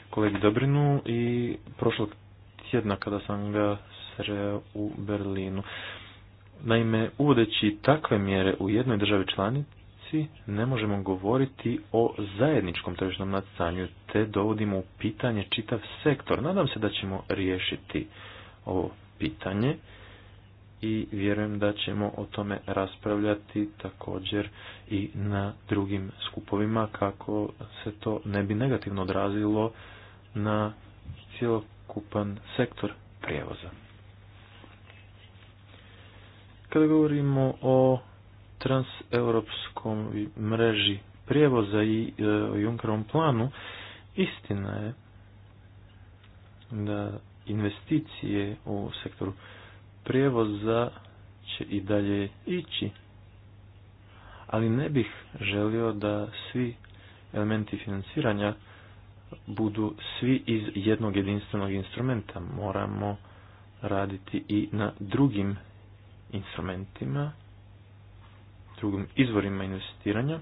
kolegi Dobrinu i prošlog tjedna kada sam ga sreo u Berlinu. Naime, uvodeći takve mjere u jednoj državi članici, ne možemo govoriti o zajedničkom tržišnom nadstanju te dovodimo u pitanje čitav sektor. Nadam se da ćemo riješiti ovo pitanje i vjerujem da ćemo o tome raspravljati također i na drugim skupovima kako se to ne bi negativno odrazilo na cjelokupan sektor prijevoza. Kada govorimo o transeuropskom mreži prijevoza i e, Junkerovom planu, istina je da investicije u sektoru prijevoza će i dalje ići. Ali ne bih želio da svi elementi financiranja budu svi iz jednog jedinstvenog instrumenta. Moramo raditi i na drugim instrumentima drugim izvorima investiranja,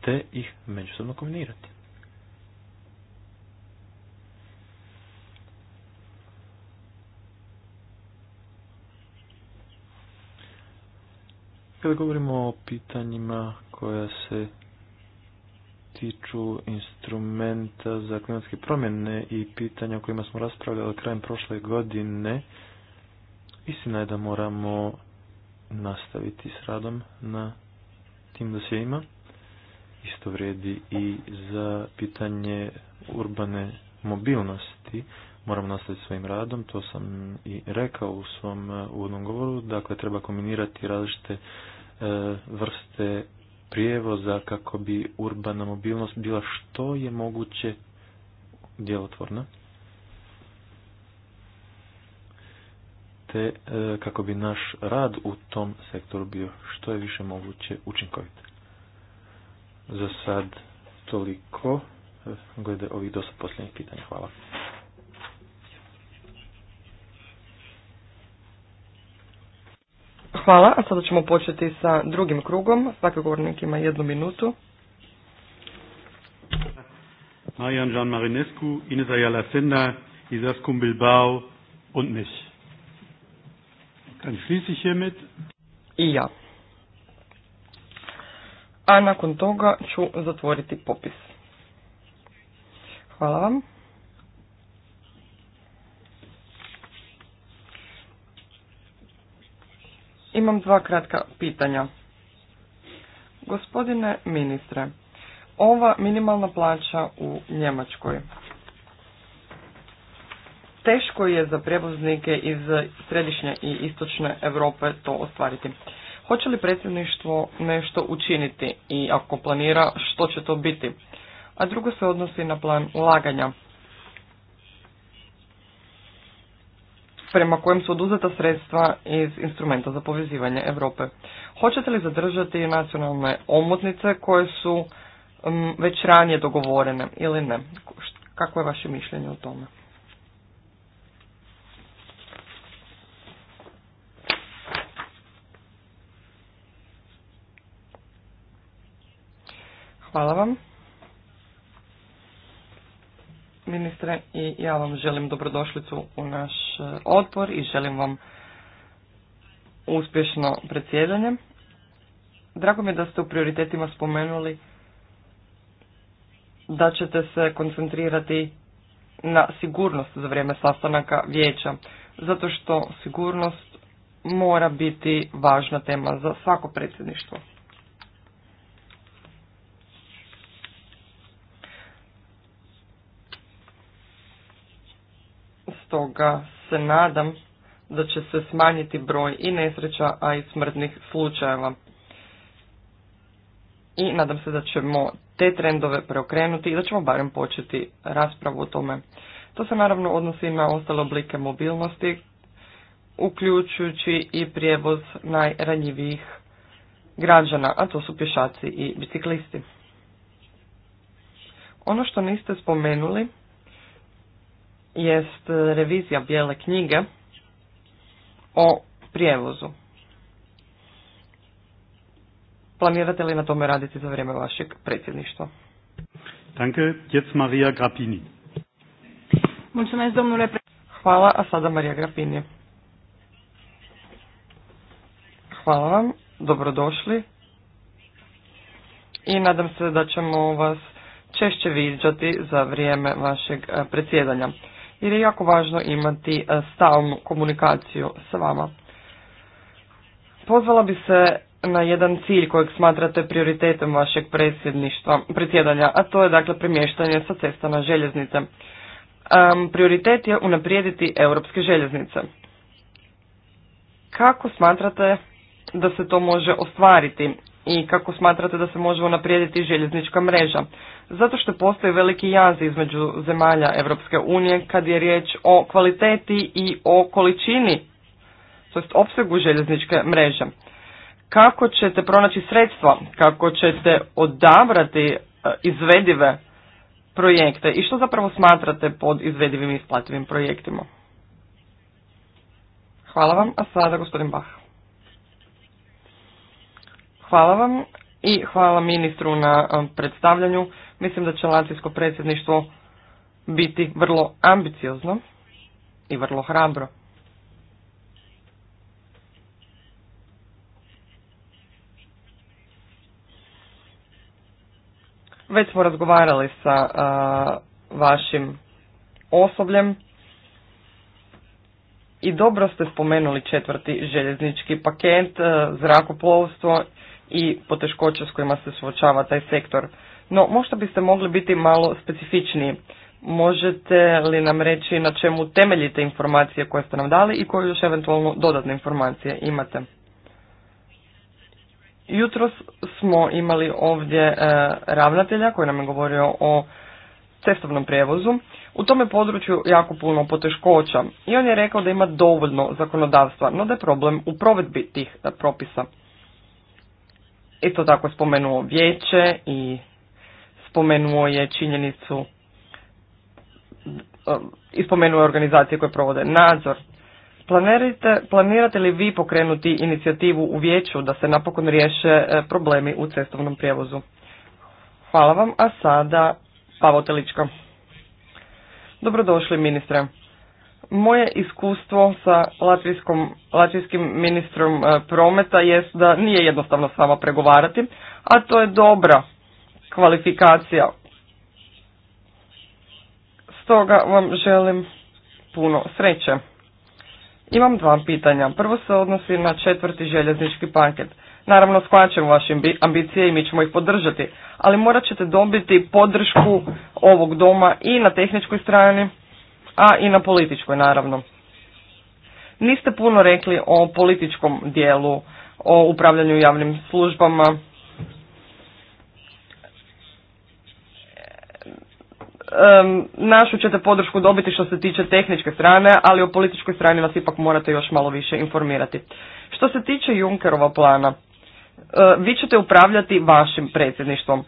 te ih međusobno kombinirati. Kada govorimo o pitanjima koja se tiču instrumenta za klimatske promjene i pitanja o kojima smo raspravljali krajem prošle godine, istina je da moramo nastaviti s radom na tim dosjeima. Isto vredi i za pitanje urbane mobilnosti. Moram nastaviti svojim radom, to sam i rekao u svom e, uvodnom govoru. Dakle, treba kombinirati različite e, vrste prijevoza kako bi urbana mobilnost bila što je moguće djelotvorna. te e, kako bi naš rad u tom sektoru bio što je više moguće učinkovit. Za sad toliko e, glede ovih dosta posljednjih pitanja. Hvala. Hvala, a sada ćemo početi sa drugim krugom. Svaki govornik ima jednu minutu. Marijan Jean Marinescu, Ines Ayala Senna, Izaskun Bilbao und mich. Dann schließe ich I ja. A nakon toga ću zatvoriti popis. Hvala vam. Imam dva kratka pitanja. Gospodine ministre, ova minimalna plaća u Njemačkoj teško je za prijevoznike iz središnje i istočne Europe to ostvariti. Hoće li predsjedništvo nešto učiniti i ako planira što će to biti? A drugo se odnosi na plan ulaganja. prema kojem su oduzeta sredstva iz instrumenta za povezivanje Europe. Hoćete li zadržati nacionalne omotnice koje su mm, već ranije dogovorene ili ne? Kako je vaše mišljenje o tome? Hvala vam. Ministre, i ja vam želim dobrodošlicu u naš e, odbor i želim vam uspješno predsjedanje. Drago mi je da ste u prioritetima spomenuli da ćete se koncentrirati na sigurnost za vrijeme sastanaka vijeća, zato što sigurnost mora biti važna tema za svako predsjedništvo. stoga se nadam da će se smanjiti broj i nesreća, a i smrtnih slučajeva. I nadam se da ćemo te trendove preokrenuti i da ćemo barem početi raspravu o tome. To se naravno odnosi na ostale oblike mobilnosti, uključujući i prijevoz najranjivijih građana, a to su pješaci i biciklisti. Ono što niste spomenuli jest revizija bijele knjige o prijevozu. Planirate li na tome raditi za vrijeme vašeg predsjedništva? Danke, jetzt Maria Grappini. Hvala, a sada Marija Grapini. Hvala vam, dobrodošli. I nadam se da ćemo vas češće viđati za vrijeme vašeg eh, predsjedanja jer je jako važno imati e, stalnu komunikaciju s vama. Pozvala bi se na jedan cilj kojeg smatrate prioritetom vašeg predsjedanja, a to je dakle premještanje sa cesta na željeznice. E, prioritet je unaprijediti europske željeznice. Kako smatrate da se to može ostvariti i kako smatrate da se može unaprijediti željeznička mreža. Zato što postoji veliki jaz između zemalja Europske unije kad je riječ o kvaliteti i o količini, jest opsegu željezničke mreže. Kako ćete pronaći sredstva, kako ćete odabrati e, izvedive projekte i što zapravo smatrate pod izvedivim i isplativim projektima? Hvala vam, a sada gospodin Bach. Hvala vam i hvala ministru na um, predstavljanju. Mislim da će Latvijsko predsjedništvo biti vrlo ambiciozno i vrlo hrabro. Već smo razgovarali sa uh, vašim osobljem i dobro ste spomenuli četvrti željeznički paket, a, uh, zrakoplovstvo i poteškoća s kojima se suočava taj sektor. No, možda biste mogli biti malo specifičniji. Možete li nam reći na čemu temeljite informacije koje ste nam dali i koje još eventualno dodatne informacije imate? Jutros smo imali ovdje e, ravnatelja koji nam je govorio o cestovnom prijevozu. U tome području jako puno poteškoća i on je rekao da ima dovoljno zakonodavstva, no da je problem u provedbi tih propisa. Isto tako je spomenuo vijeće i spomenuo je činjenicu um, i spomenuo je organizacije koje provode nadzor. Planirate, planirate li vi pokrenuti inicijativu u vijeću da se napokon riješe e, problemi u cestovnom prijevozu? Hvala vam, a sada Pavo Teličko. Dobrodošli ministre moje iskustvo sa latvijskom, latvijskim ministrom e, prometa jest da nije jednostavno s vama pregovarati, a to je dobra kvalifikacija. Stoga vam želim puno sreće. Imam dva pitanja. Prvo se odnosi na četvrti željeznički paket. Naravno, shvaćam vaše ambicije i mi ćemo ih podržati, ali morat ćete dobiti podršku ovog doma i na tehničkoj strani a i na političkoj naravno. Niste puno rekli o političkom dijelu, o upravljanju javnim službama. Našu ćete podršku dobiti što se tiče tehničke strane, ali o političkoj strani vas ipak morate još malo više informirati. Što se tiče Junkerova plana, e, vi ćete upravljati vašim predsjedništvom.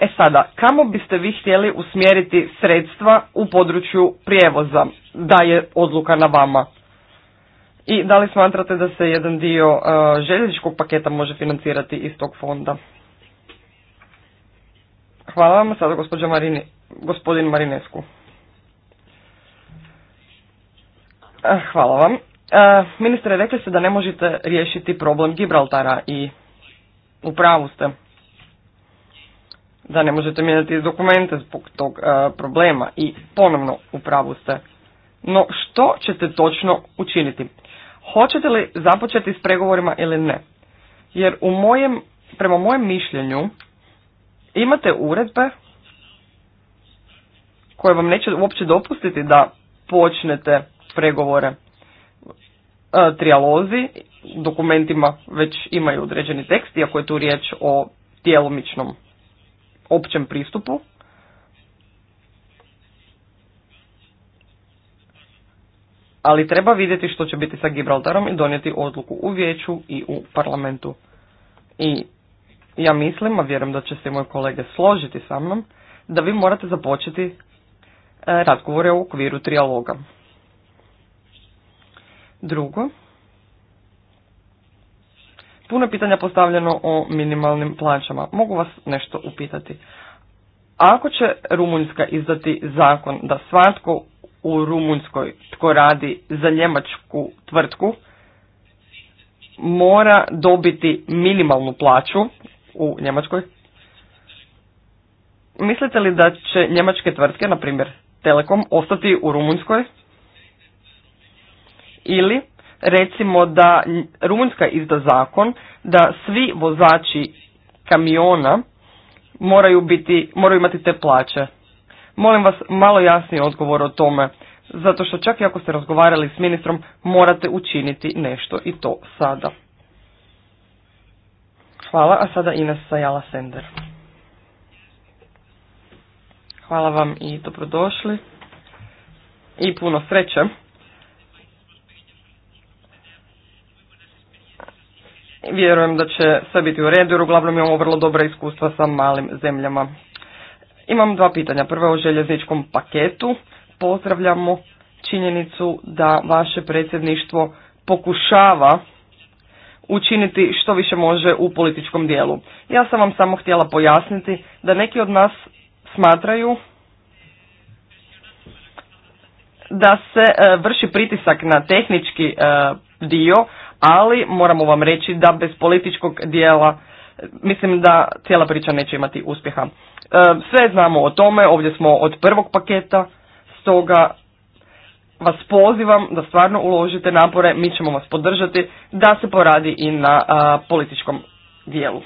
E sada, kamo biste vi htjeli usmjeriti sredstva u području prijevoza, da je odluka na vama? I da li smatrate da se jedan dio e, željezničkog paketa može financirati iz tog fonda? Hvala vam, sada gospođa Marini, gospodin Marinesku. E, hvala vam. E, ministre, rekli ste da ne možete riješiti problem Gibraltara i u pravu ste da ne možete mijenjati dokumente zbog tog e, problema i ponovno u pravu ste. No što ćete točno učiniti? Hoćete li započeti s pregovorima ili ne? Jer u mojem, prema mojem mišljenju imate uredbe koje vam neće uopće dopustiti da počnete pregovore e, trijalozi, dokumentima već imaju određeni tekst, iako je tu riječ o djelomičnom općem pristupu ali treba vidjeti što će biti sa Gibraltarom i donijeti odluku u vijeću i u parlamentu. I ja mislim, a vjerujem da će se moje kolege složiti sa mnom, da vi morate započeti e, razgovore u okviru trijaloga. Drugo, Puno pitanja postavljeno o minimalnim plaćama. Mogu vas nešto upitati. Ako će Rumunjska izdati zakon da svatko u Rumunjskoj tko radi za njemačku tvrtku mora dobiti minimalnu plaću u Njemačkoj, mislite li da će njemačke tvrtke, na primjer Telekom, ostati u Rumunjskoj? Ili recimo da Rumunjska izda zakon da svi vozači kamiona moraju, biti, moraju imati te plaće. Molim vas malo jasniji odgovor o tome, zato što čak i ako ste razgovarali s ministrom, morate učiniti nešto i to sada. Hvala, a sada Ines Sajala Sender. Hvala vam i dobrodošli i puno sreće. Vjerujem da će sve biti u redu jer uglavnom imamo vrlo dobra iskustva sa malim zemljama. Imam dva pitanja. Prvo je o željezničkom paketu. Pozdravljamo činjenicu da vaše predsjedništvo pokušava učiniti što više može u političkom dijelu. Ja sam vam samo htjela pojasniti da neki od nas smatraju da se e, vrši pritisak na tehnički e, dio ali moramo vam reći da bez političkog dijela mislim da cijela priča neće imati uspjeha. E, sve znamo o tome, ovdje smo od prvog paketa, stoga vas pozivam da stvarno uložite napore, mi ćemo vas podržati da se poradi i na političkom dijelu.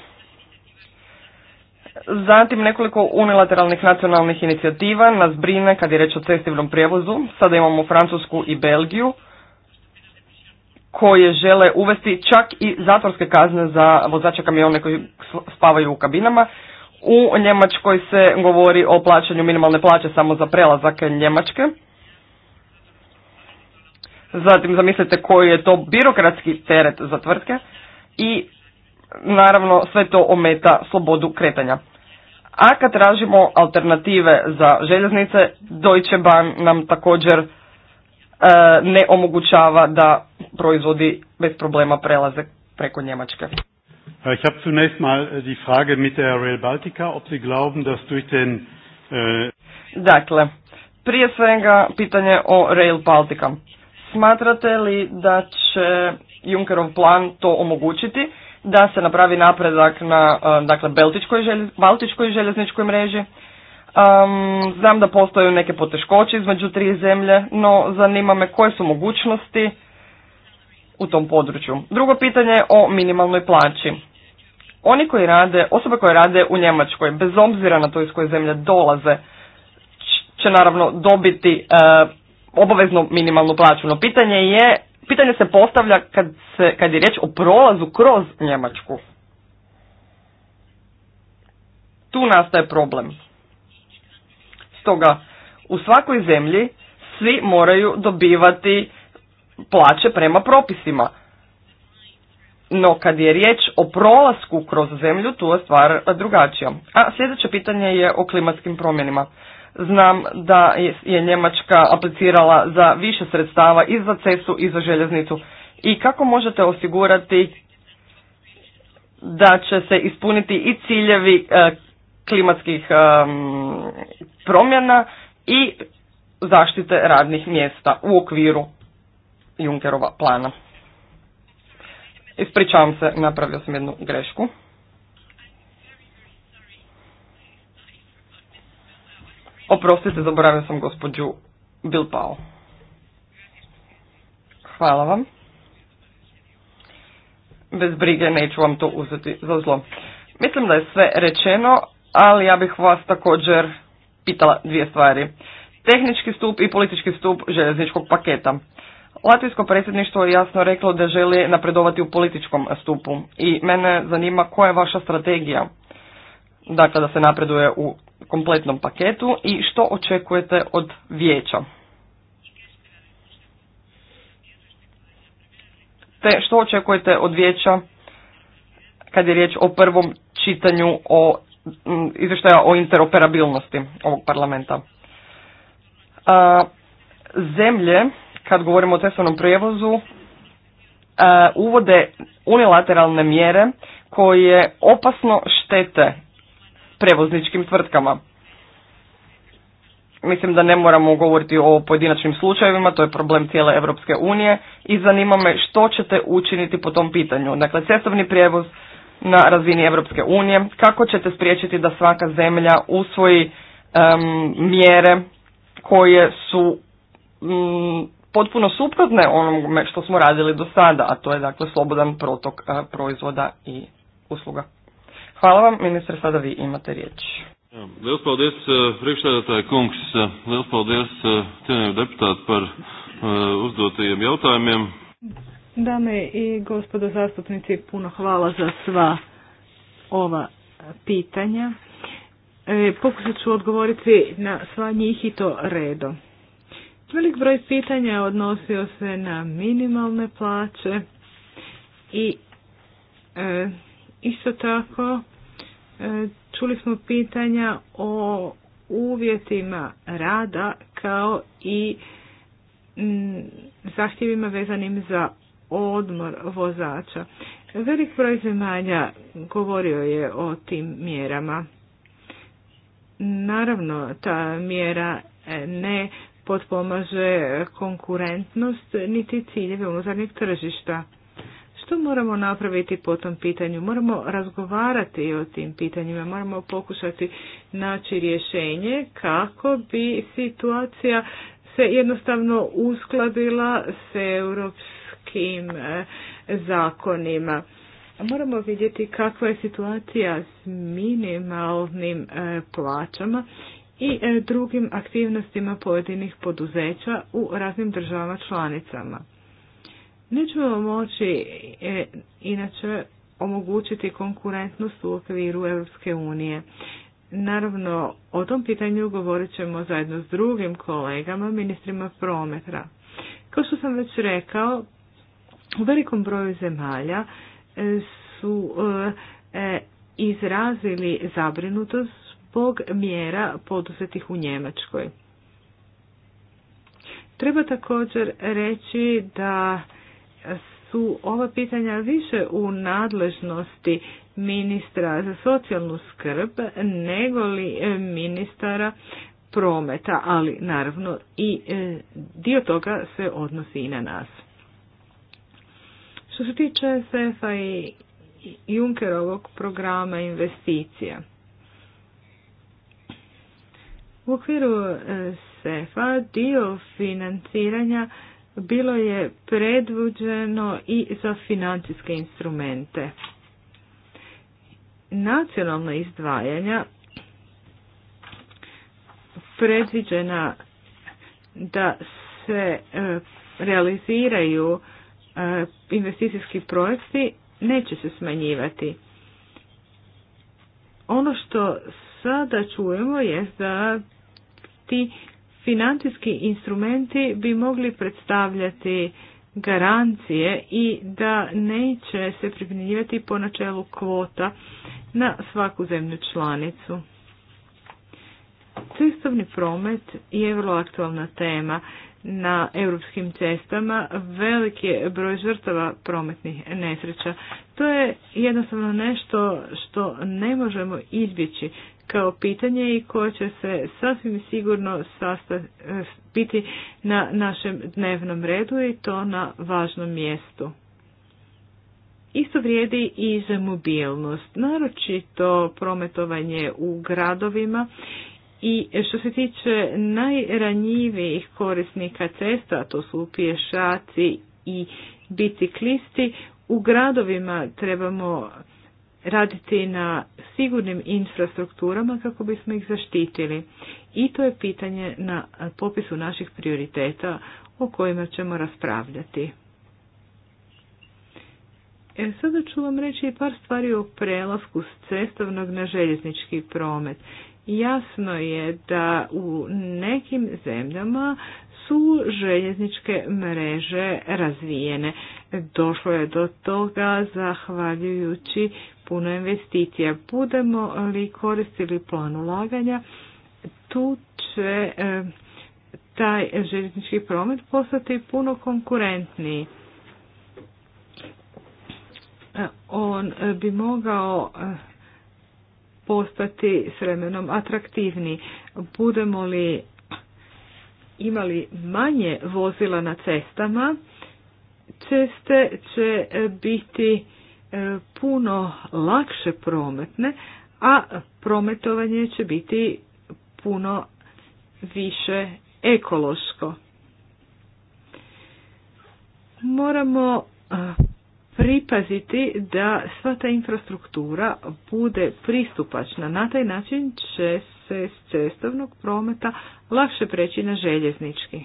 Zatim nekoliko unilateralnih nacionalnih inicijativa nas brine kad je reč o cestivnom prijevozu. Sada imamo Francusku i Belgiju koje žele uvesti čak i zatvorske kazne za vozače kamione koji spavaju u kabinama. U Njemačkoj se govori o plaćanju minimalne plaće samo za prelazak Njemačke. Zatim zamislite koji je to birokratski teret za tvrtke i naravno sve to ometa slobodu kretanja. A kad tražimo alternative za željeznice, Deutsche Bahn nam također E, ne omogućava da proizvodi bez problema prelaze preko Njemačke. Äh, ich habe zunächst mal äh, die Frage mit der Rail Baltica, ob Sie glauben, dass durch den... Äh, dakle, prije svega pitanje o Rail Baltica. Smatrate li da će Junckerov plan to omogućiti, da se napravi napredak na e, dakle, Baltičkoj željezničkoj mreži, Um, znam da postoje neke poteškoće između tri zemlje, no zanima me koje su mogućnosti u tom području. Drugo pitanje je o minimalnoj plaći. Oni koji rade, osobe koje rade u Njemačkoj, bez obzira na to iz koje zemlje dolaze, će naravno dobiti e, obaveznu minimalnu plaću. No pitanje je, pitanje se postavlja kad, se, kad je riječ o prolazu kroz Njemačku. Tu nastaje problem. Stoga u svakoj zemlji svi moraju dobivati plaće prema propisima. No kad je riječ o prolasku kroz zemlju, tu je stvar drugačija. A sljedeće pitanje je o klimatskim promjenima. Znam da je Njemačka aplicirala za više sredstava i za cestu i za željeznicu. I kako možete osigurati da će se ispuniti i ciljevi e, klimatskih promjena i zaštite radnih mjesta u okviru Junkerova plana. Ispričavam se, napravio sam jednu grešku. Oprostite, zaboravio sam gospođu Bilpao. Hvala vam. Bez brige neću vam to uzeti za zlo. Mislim da je sve rečeno, ali ja bih vas također pitala dvije stvari. Tehnički stup i politički stup željezničkog paketa. Latvijsko predsjedništvo je jasno reklo da želi napredovati u političkom stupu i mene zanima koja je vaša strategija dakle da se napreduje u kompletnom paketu i što očekujete od vijeća. Te što očekujete od vijeća kad je riječ o prvom čitanju o Mm, izvještaja o interoperabilnosti ovog parlamenta. A, e, zemlje, kad govorimo o cestovnom prijevozu, a, e, uvode unilateralne mjere koje opasno štete prevozničkim tvrtkama. Mislim da ne moramo govoriti o pojedinačnim slučajevima, to je problem cijele Europske unije i zanima me što ćete učiniti po tom pitanju. Dakle, cestovni prijevoz na razini Europske unije, kako ćete spriječiti da svaka zemlja usvoji mjere koje su mm, potpuno suprotne onome što smo radili do sada, a to je dakle slobodan protok e, proizvoda i usluga. Hvala vam, ministre, sada vi imate riječ. paldies, e, kungs, e, par Dame i gospodo zastupnici, puno hvala za sva ova pitanja. E, pokušat ću odgovoriti na sva njih i to redom. Velik broj pitanja odnosio se na minimalne plaće i e, isto tako e, čuli smo pitanja o uvjetima rada kao i zahtjevima vezanim za odmor vozača. Velik broj zemalja govorio je o tim mjerama. Naravno, ta mjera ne potpomaže konkurentnost niti ciljeve unutarnjeg tržišta. Što moramo napraviti po tom pitanju? Moramo razgovarati o tim pitanjima, moramo pokušati naći rješenje kako bi situacija se jednostavno uskladila s europskim tim e, zakonima. Moramo vidjeti kakva je situacija s minimalnim e, plaćama i e, drugim aktivnostima pojedinih poduzeća u raznim državama članicama. Nećemo moći inače omogućiti konkurentnost u okviru Europske unije. Naravno, o tom pitanju govorit ćemo zajedno s drugim kolegama, ministrima prometra. Kao što sam već rekao, u velikom broju zemalja e, su e, e, izrazili zabrinutost zbog mjera poduzetih u Njemačkoj. Treba također reći da su ova pitanja više u nadležnosti ministra za socijalnu skrb nego li ministara prometa, ali naravno i dio toga se odnosi i na nas. Što se tiče sf i Junkerovog programa investicija, u okviru e, SEFA dio financiranja bilo je predvuđeno i za financijske instrumente. Nacionalna izdvajanja predviđena da se e, realiziraju E, investicijski projekti neće se smanjivati. Ono što sada čujemo je da ti financijski instrumenti bi mogli predstavljati garancije i da neće se primjenjivati po načelu kvota na svaku zemlju članicu. Cestovni promet je vrlo aktualna tema na europskim cestama veliki je broj žrtava prometnih nesreća. To je jednostavno nešto što ne možemo izbjeći kao pitanje i koje će se sasvim sigurno eh, biti na našem dnevnom redu i to na važnom mjestu. Isto vrijedi i za mobilnost, naročito prometovanje u gradovima i što se tiče najranjivijih korisnika cesta, to su pješaci i biciklisti, u gradovima trebamo raditi na sigurnim infrastrukturama kako bismo ih zaštitili. I to je pitanje na popisu naših prioriteta o kojima ćemo raspravljati. E, sada ću vam reći par stvari o prelasku s cestovnog na željeznički promet. Jasno je da u nekim zemljama su željezničke mreže razvijene. Došlo je do toga zahvaljujući puno investicija. Budemo li koristili plan ulaganja, tu će eh, taj željeznički promet postati puno konkurentniji. Eh, on bi mogao eh, postati s vremenom atraktivniji. Budemo li imali manje vozila na cestama, ceste će biti e, puno lakše prometne, a prometovanje će biti puno više ekološko. Moramo e, pripaziti da sva ta infrastruktura bude pristupačna. Na taj način će se s cestovnog prometa lakše preći na željeznički.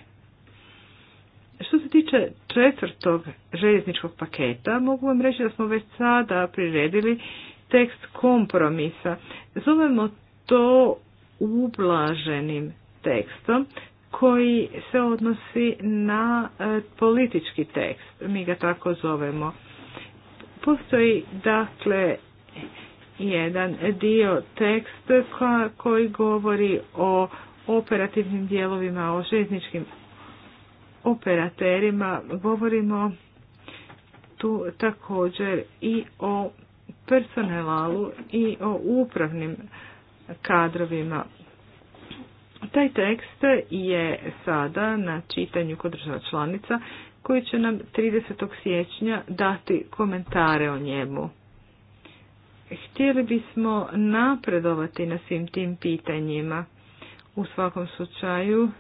Što se tiče četvrtog željezničkog paketa, mogu vam reći da smo već sada priredili tekst kompromisa. Zovemo to ublaženim tekstom koji se odnosi na e, politički tekst. Mi ga tako zovemo. Postoji dakle jedan dio tekst koji govori o operativnim dijelovima, o željezničkim operaterima. Govorimo tu također i o personelalu i o upravnim kadrovima. Taj tekst je sada na čitanju kod država članica koji će nam 30. siječnja dati komentare o njemu. Htjeli bismo napredovati na svim tim pitanjima. U svakom slučaju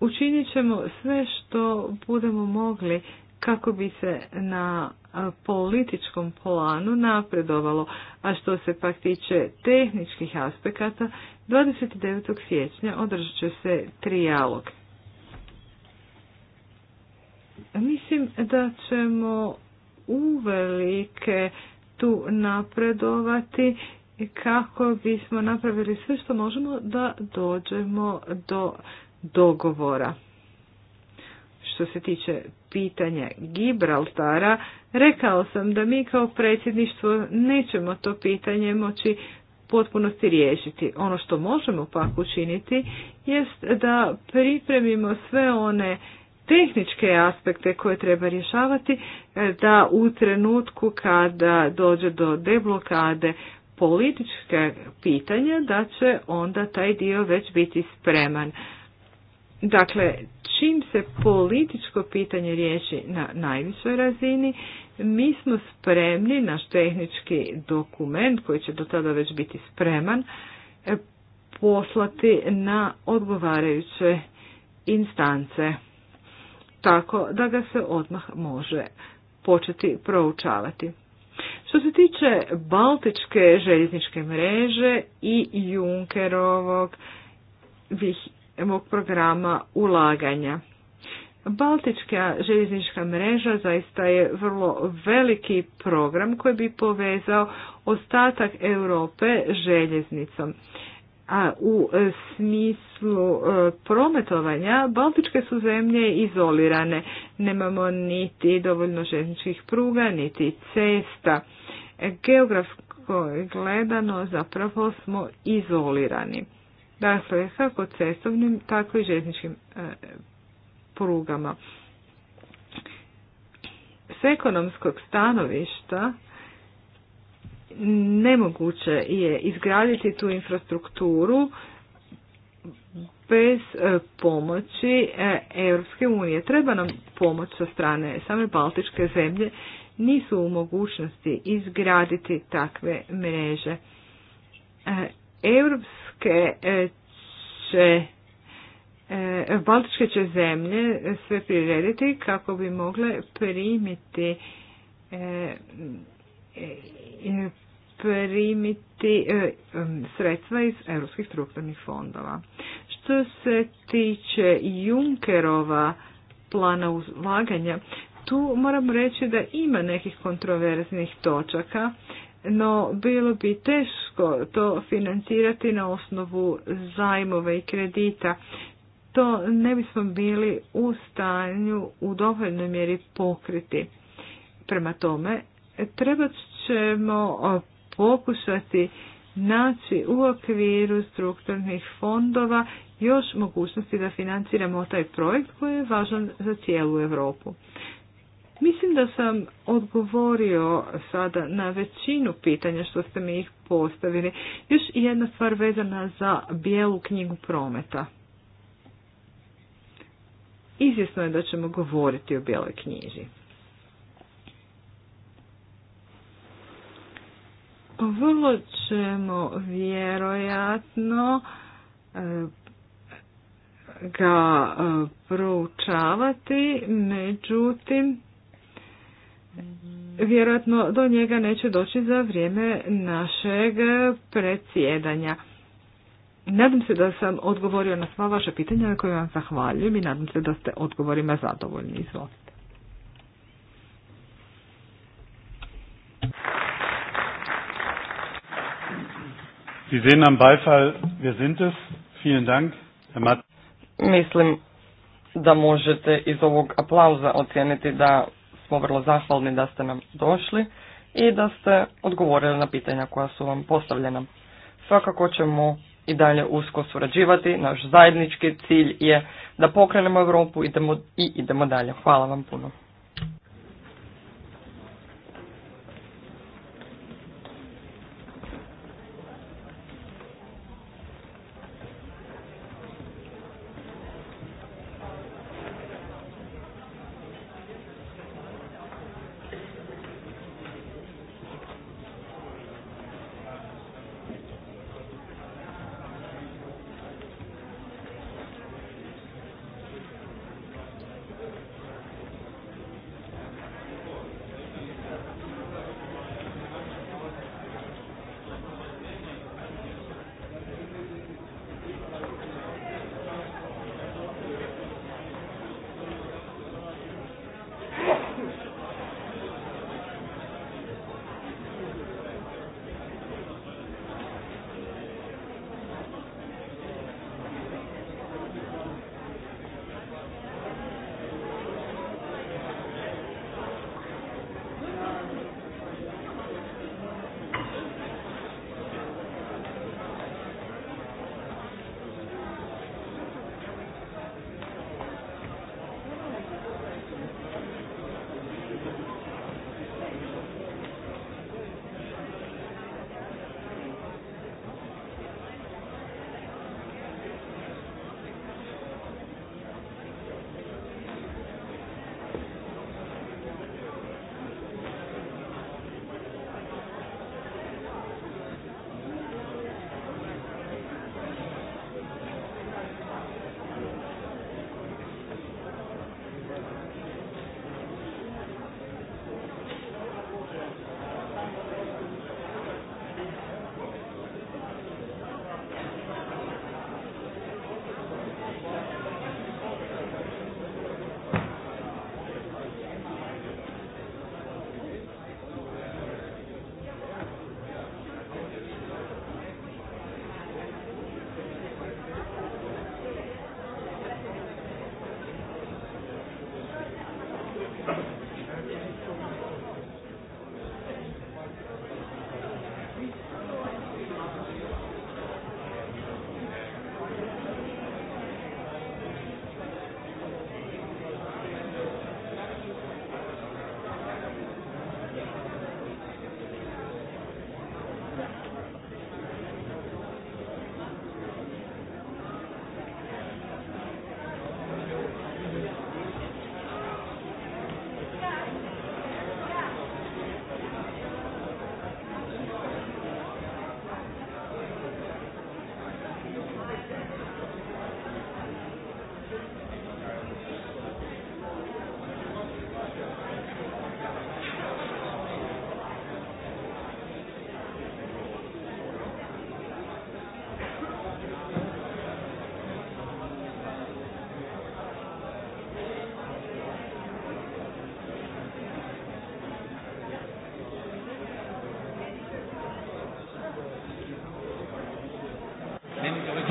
učinit ćemo sve što budemo mogli kako bi se na političkom planu napredovalo, a što se pak tiče tehničkih aspekata, 29. siječnja održat će se trijalog. Mislim da ćemo uvelike tu napredovati kako bismo napravili sve što možemo da dođemo do dogovora. Što se tiče pitanja Gibraltara, rekao sam da mi kao predsjedništvo nećemo to pitanje moći potpunosti riješiti. Ono što možemo pak učiniti jest da pripremimo sve one tehničke aspekte koje treba rješavati e, da u trenutku kada dođe do deblokade političke pitanja da će onda taj dio već biti spreman. Dakle, čim se političko pitanje riješi na najvišoj razini, mi smo spremni, naš tehnički dokument koji će do tada već biti spreman, e, poslati na odgovarajuće instance tako da ga se odmah može početi proučavati. Što se tiče Baltičke željezničke mreže i Junkerovog mog programa ulaganja. Baltička željeznička mreža zaista je vrlo veliki program koji bi povezao ostatak Europe željeznicom. A u e, smislu e, prometovanja Baltičke su zemlje izolirane. Nemamo niti dovoljno željezničkih pruga, niti cesta. Geografsko gledano zapravo smo izolirani. Dakle, kako cestovnim, tako i željezničkim e, prugama. S ekonomskog stanovišta nemoguće je izgraditi tu infrastrukturu bez e, pomoći e, Europske unije. Treba nam pomoć sa strane same Baltičke zemlje nisu u mogućnosti izgraditi takve mreže. E, Europske će Baltičke će zemlje sve prirediti kako bi mogle primiti primiti e, sredstva iz europskih strukturnih fondova. Što se tiče Junkerova plana ulaganja, tu moram reći da ima nekih kontroverznih točaka, no bilo bi teško to financirati na osnovu zajmova i kredita. To ne bismo bili u stanju u dovoljnoj mjeri pokriti. Prema tome, trebat ćemo pokušati naći u okviru strukturnih fondova još mogućnosti da financiramo taj projekt koji je važan za cijelu Europu. Mislim da sam odgovorio sada na većinu pitanja što ste mi ih postavili. Još jedna stvar vezana za bijelu knjigu prometa. Izvjesno je da ćemo govoriti o bijeloj knjiži. vrlo ćemo vjerojatno eh, ga eh, proučavati, međutim, vjerojatno do njega neće doći za vrijeme našeg predsjedanja. Nadam se da sam odgovorio na sva vaša pitanja na koje vam zahvaljujem i nadam se da ste odgovorima zadovoljni. Izvolite. Sie sehen am wir sind es. Vielen Dank, Mislim da možete iz ovog aplauza ocijeniti da smo vrlo zahvalni da ste nam došli i da ste odgovorili na pitanja koja su vam postavljena. Svakako ćemo i dalje usko surađivati. Naš zajednički cilj je da pokrenemo Europu i idemo dalje. Hvala vam puno.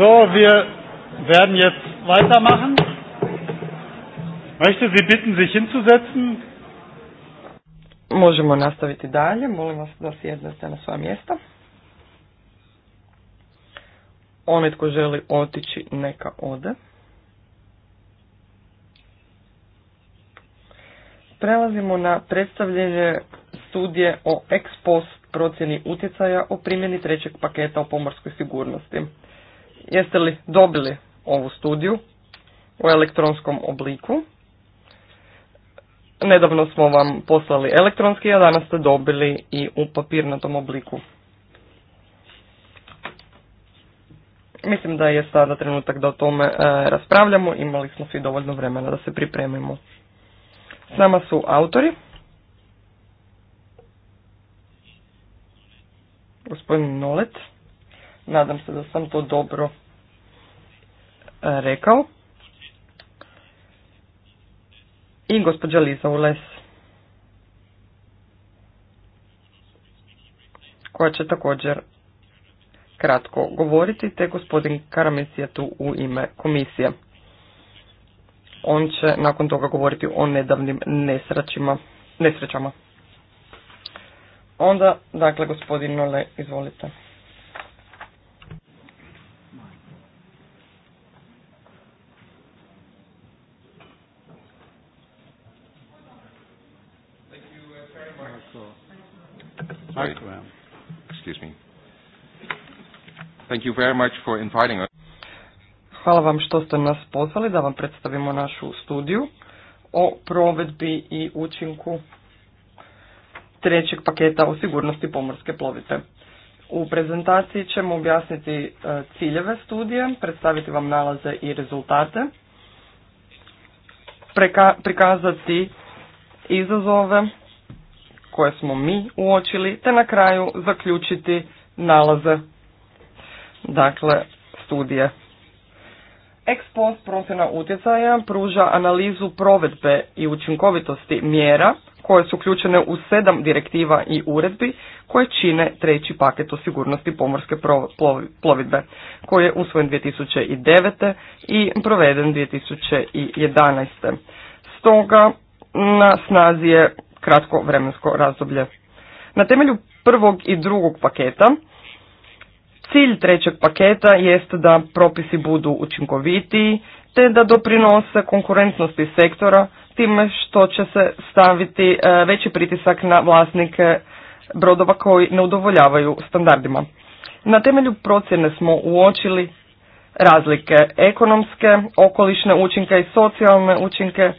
So, wir werden jetzt weitermachen. Möchte Sie bitten, Možemo nastaviti dalje. Molim vas da sjednete na sva mjesta. Onaj tko želi otići, neka ode. Prelazimo na predstavljanje studije o ex post procjeni utjecaja o primjeni trećeg paketa o pomorskoj sigurnosti jeste li dobili ovu studiju u elektronskom obliku. Nedavno smo vam poslali elektronski, a danas ste dobili i u papirnatom obliku. Mislim da je sada trenutak da o tome e, raspravljamo, imali smo svi dovoljno vremena da se pripremimo. S nama su autori. Gospodin Nolet. Nadam se da sam to dobro e, rekao. I gospođa Liza Ules, koja će također kratko govoriti, te gospodin Karamis je tu u ime komisije. On će nakon toga govoriti o nedavnim nesrećama. Onda, dakle, gospodin Nole, izvolite. Thank you very much for inviting us. Hvala vam što ste nas pozvali da vam predstavimo našu studiju o provedbi i učinku trećeg paketa o sigurnosti pomorske plovite. U prezentaciji ćemo objasniti e, ciljeve studije, predstaviti vam nalaze i rezultate, prikazati izazove koje smo mi uočili, te na kraju zaključiti nalaze dakle studije. Ex post procjena utjecaja pruža analizu provedbe i učinkovitosti mjera koje su uključene u sedam direktiva i uredbi koje čine treći paket o sigurnosti pomorske plovidbe koji je usvojen 2009. i proveden 2011. Stoga na snazi je kratko vremensko razdoblje. Na temelju prvog i drugog paketa Cilj trećeg paketa jeste da propisi budu učinkovitiji te da doprinose konkurentnosti sektora time što će se staviti e, veći pritisak na vlasnike brodova koji ne udovoljavaju standardima. Na temelju procjene smo uočili razlike ekonomske, okolišne učinke i socijalne učinke e,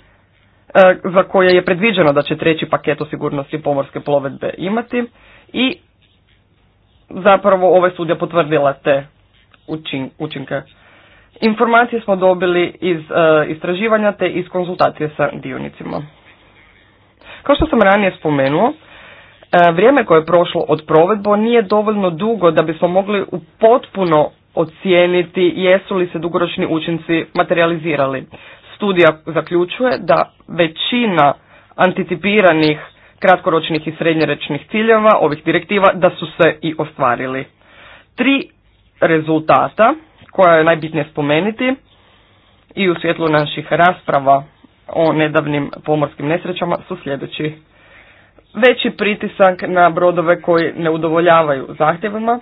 za koje je predviđeno da će treći paket o sigurnosti pomorske plovedbe imati i zapravo ove studija potvrdila te učinke. Informacije smo dobili iz e, istraživanja te iz konzultacije sa dionicima. Kao što sam ranije spomenuo, e, vrijeme koje je prošlo od provedbo nije dovoljno dugo da bismo mogli u potpuno ocijeniti jesu li se dugoročni učinci materializirali. Studija zaključuje da većina anticipiranih kratkoročnih i srednjerečnih ciljeva ovih direktiva da su se i ostvarili. Tri rezultata koja je najbitnije spomenuti i u svjetlu naših rasprava o nedavnim pomorskim nesrećama su sljedeći. Veći pritisak na brodove koji ne udovoljavaju zahtjevima.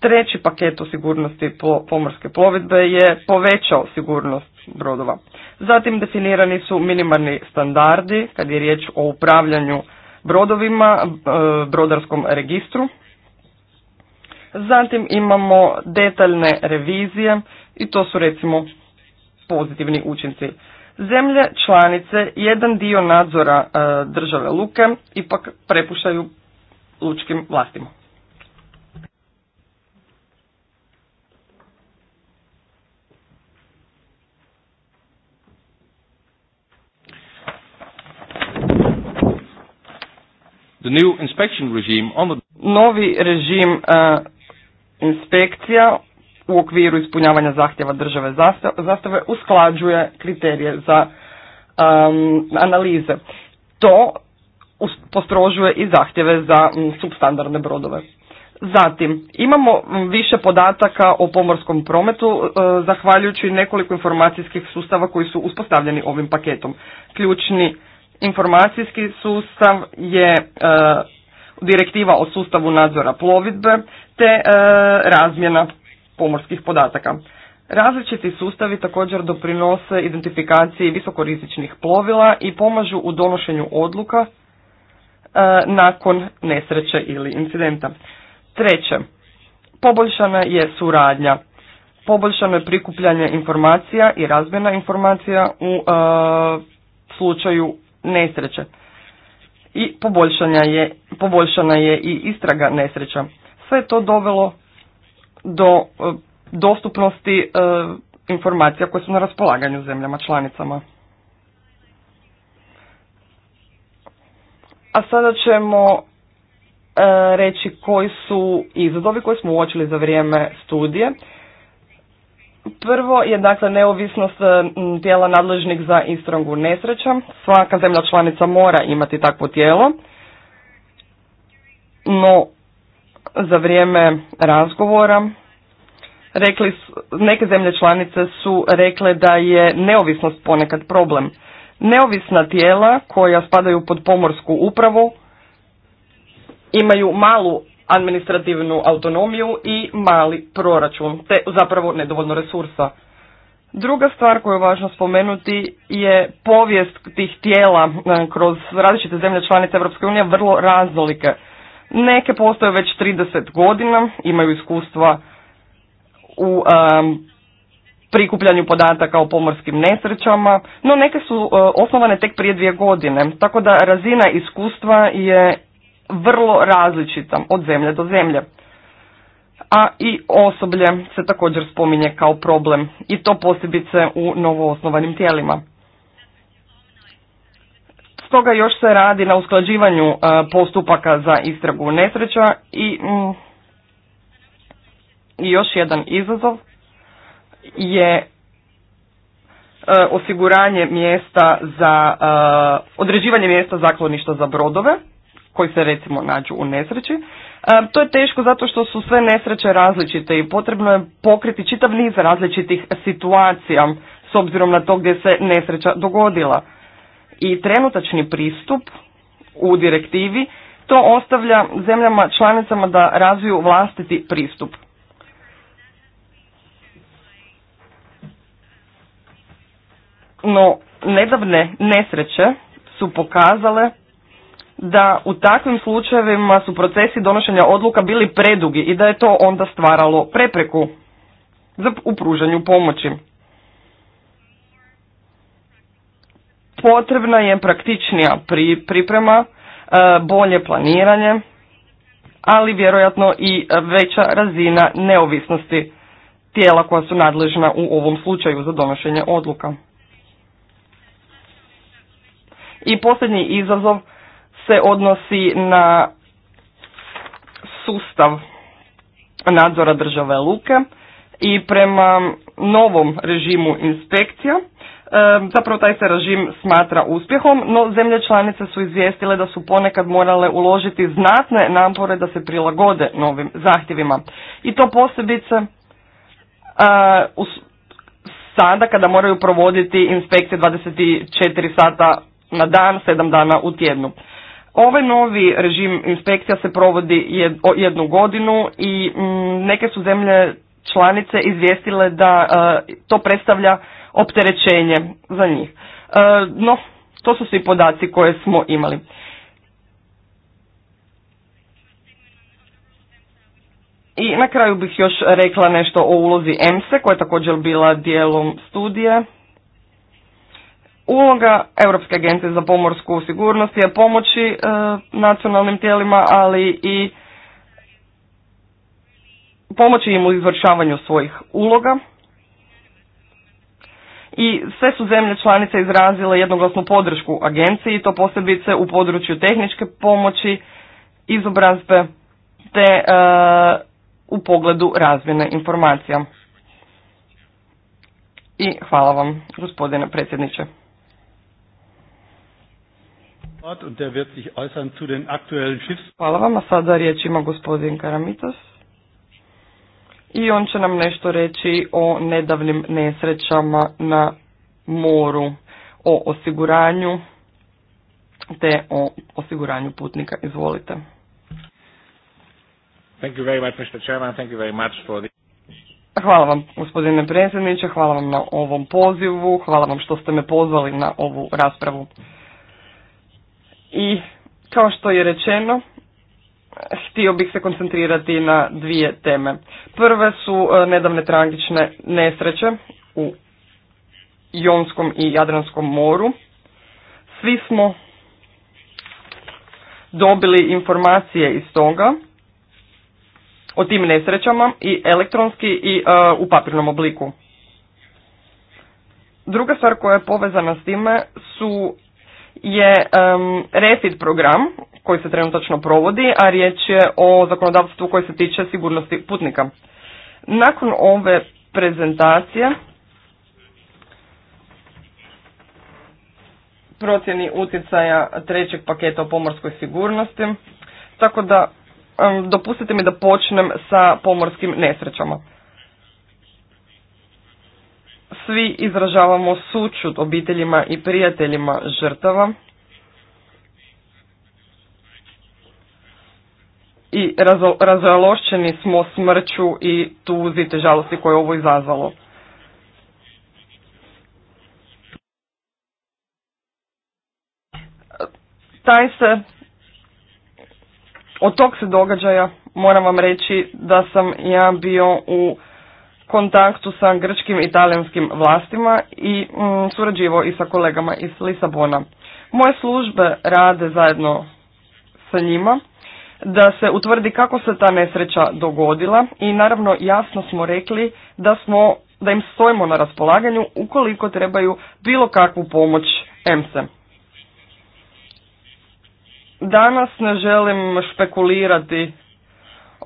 Treći paket o sigurnosti pomorske plovidbe je povećao sigurnost brodova. Zatim definirani su minimalni standardi kad je riječ o upravljanju brodovima, e, brodarskom registru. Zatim imamo detaljne revizije i to su recimo pozitivni učinci. Zemlje članice jedan dio nadzora e, države luke ipak prepušaju lučkim vlastima. The new inspection regime on the... Novi režim e, inspekcija u okviru ispunjavanja zahtjeva države zastave usklađuje kriterije za analize. To postrožuje i zahtjeve za substandardne brodove. Zatim, imamo više podataka o pomorskom prometu e, zahvaljujući nekoliko informacijskih sustava koji su uspostavljeni ovim paketom. Ključni informacijski sustav je e, direktiva o sustavu nadzora plovidbe te e, razmjena pomorskih podataka. Različiti sustavi također doprinose identifikaciji visokorizičnih plovila i pomažu u donošenju odluka e, nakon nesreće ili incidenta. Treće, poboljšana je suradnja. Poboljšano je prikupljanje informacija i razmjena informacija u slučaju nesreće. I poboljšana je, poboljšana je i istraga nesreća. Sve je to dovelo do e, dostupnosti e, informacija koje su na raspolaganju zemljama članicama. A sada ćemo e, reći koji su izazovi koje smo uočili za vrijeme studije Prvo je dakle neovisnost e, tijela nadležnih za istrangu nesreća. Svaka zemlja članica mora imati takvo tijelo, no za vrijeme razgovora rekli, neke zemlje članice su rekle da je neovisnost ponekad problem. Neovisna tijela koja spadaju pod pomorsku upravu imaju malu administrativnu autonomiju i mali proračun, te zapravo nedovoljno resursa. Druga stvar koju je važno spomenuti je povijest tih tijela e, kroz različite zemlje članice Europske unije vrlo raznolike. Neke postoje već 30 godina, imaju iskustva u e, prikupljanju podataka o pomorskim nesrećama, no neke su e, osnovane tek prije dvije godine, tako da razina iskustva je vrlo različita od zemlje do zemlje. A i osoblje se također spominje kao problem i to posebice u novoosnovanim tijelima. Stoga još se radi na usklađivanju e, postupaka za istragu nesreća i, mm, i još jedan izazov je e, osiguranje mjesta za e, određivanje mjesta zakloništa za brodove koji se recimo nađu u nesreći. E, to je teško zato što su sve nesreće različite i potrebno je pokriti čitav niz različitih situacija s obzirom na to gdje se nesreća dogodila. I trenutačni pristup u direktivi to ostavlja zemljama članicama da razviju vlastiti pristup. No, nedavne nesreće su pokazale da u takvim slučajevima su procesi donošenja odluka bili predugi i da je to onda stvaralo prepreku za upružanju pomoći. Potrebna je praktičnija priprema, e, bolje planiranje, ali vjerojatno i veća razina neovisnosti tijela koja su nadležna u ovom slučaju za donošenje odluka. I posljednji izazov se odnosi na sustav nadzora države luke i prema novom režimu inspekcija e, zapravo taj se režim smatra uspjehom, no zemlje članice su izvijestile da su ponekad morale uložiti znatne napore da se prilagode novim zahtjevima. I to posebice e, sada kada moraju provoditi inspekcije 24 sata na dan, 7 dana u tjednu. Ovaj novi režim inspekcija se provodi jednu godinu i mm, neke su zemlje članice izvijestile da e, to predstavlja opterećenje za njih. E, no, to su svi podaci koje smo imali. I na kraju bih još rekla nešto o ulozi EMSE koja je također bila dijelom studije. Uloga Europske agencije za pomorsku sigurnost je pomoći e, nacionalnim tijelima, ali i pomoći im u izvršavanju svojih uloga. I sve su zemlje članice izrazile jednoglasnu podršku agenciji, to posebice u području tehničke pomoći, izobrazbe te e, u pogledu razmjene informacija. I hvala vam, gospodine predsjedniče. Hvala vam, a sada riječ ima gospodin Karamitas. I on će nam nešto reći o nedavnim nesrećama na moru, o osiguranju te o osiguranju putnika. Izvolite. Thank you very much, Mr. Hvala vam gospodine predsjedniče, hvala vam na ovom pozivu, hvala vam što ste me pozvali na ovu raspravu. I kao što je rečeno, htio bih se koncentrirati na dvije teme. Prve su e, nedavne tragične nesreće u Jonskom i Jadranskom moru. Svi smo dobili informacije iz toga o tim nesrećama i elektronski i e, u papirnom obliku. Druga stvar koja je povezana s time su je um, REFIT program koji se trenutačno provodi, a riječ je o zakonodavstvu koje se tiče sigurnosti putnika. Nakon ove prezentacije procjeni utjecaja trećeg paketa o pomorskoj sigurnosti, tako da dopustite mi da počnem sa pomorskim nesrećama svi izražavamo sućut obiteljima i prijateljima žrtava i razalošćeni smo smrću i tuzi te žalosti koje je ovo izazvalo. Taj se, od tog se događaja moram vam reći da sam ja bio u kontaktu sa grčkim i talijanskim vlastima i mm, surađivo i sa kolegama iz Lisabona. Moje službe rade zajedno sa njima da se utvrdi kako se ta nesreća dogodila i naravno jasno smo rekli da smo da im stojimo na raspolaganju ukoliko trebaju bilo kakvu pomoć EMSE. Danas ne želim špekulirati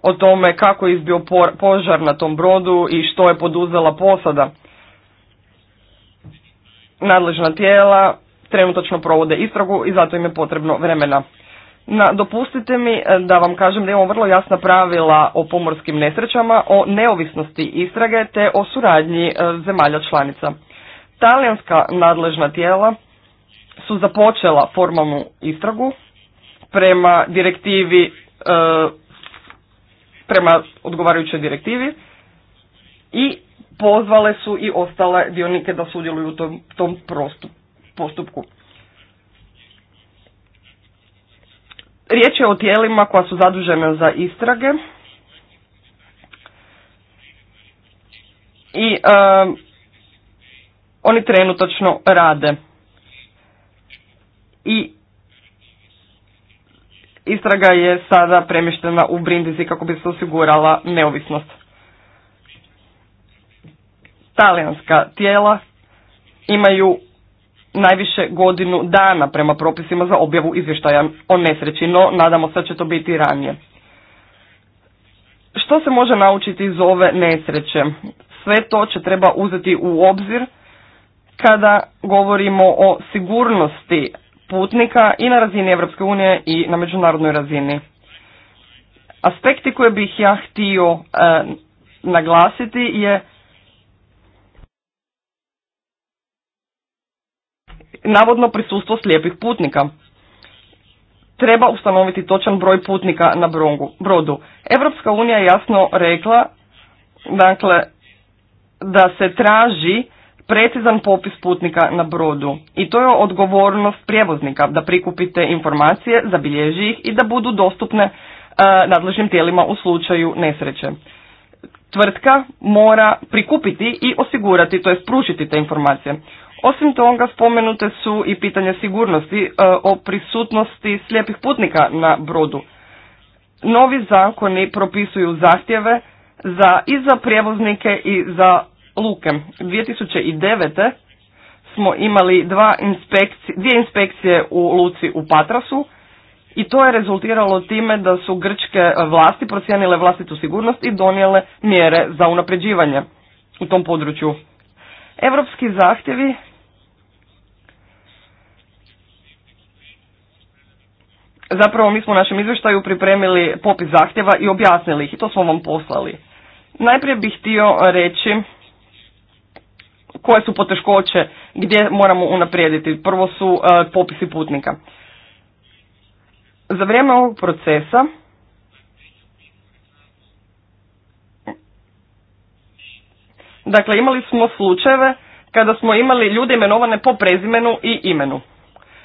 o tome kako je izbio požar na tom brodu i što je poduzela posada. Nadležna tijela trenutačno provode istragu i zato im je potrebno vremena. Na, dopustite mi e, da vam kažem da imamo vrlo jasna pravila o pomorskim nesrećama, o neovisnosti istrage te o suradnji e, zemalja članica. Talijanska nadležna tijela su započela formalnu istragu prema direktivi e, prema odgovarajućoj direktivi i pozvale su i ostale dionike da sudjeluju u tom, tom postupku. Riječ je o tijelima koja su zadužena za istrage i oni trenutačno rade. I Istraga je sada premještena u Brindisi kako bi se osigurala neovisnost. Talijanska tijela imaju najviše godinu dana prema propisima za objavu izvještaja o nesreći, no nadamo se da će to biti ranije. Što se može naučiti iz ove nesreće? Sve to će treba uzeti u obzir kada govorimo o sigurnosti putnika i na razini Europske unije i na međunarodnoj razini. Aspekti koje bih ja htio e, naglasiti je navodno prisustvo slijepih putnika. Treba ustanoviti točan broj putnika na brodu. Europska unija je jasno rekla dakle, da se traži precizan popis putnika na brodu i to je odgovornost prijevoznika da prikupite informacije, zabilježi ih i da budu dostupne e, nadležnim tijelima u slučaju nesreće. Tvrtka mora prikupiti i osigurati, to je pružiti te informacije. Osim toga spomenute su i pitanja sigurnosti e, o prisutnosti slijepih putnika na brodu. Novi zakoni propisuju zahtjeve za, i za prijevoznike i za luke. 2009. smo imali dva inspekcije, dvije inspekcije u luci u Patrasu i to je rezultiralo time da su grčke vlasti procijenile vlastitu sigurnost i donijele mjere za unapređivanje u tom području. Europski zahtjevi Zapravo mi smo u našem izvještaju pripremili popis zahtjeva i objasnili ih i to smo vam poslali. Najprije bih htio reći koje su poteškoće, gdje moramo unaprijediti. Prvo su e, popisi putnika. Za vrijeme ovog procesa Dakle, imali smo slučajeve kada smo imali ljude imenovane po prezimenu i imenu.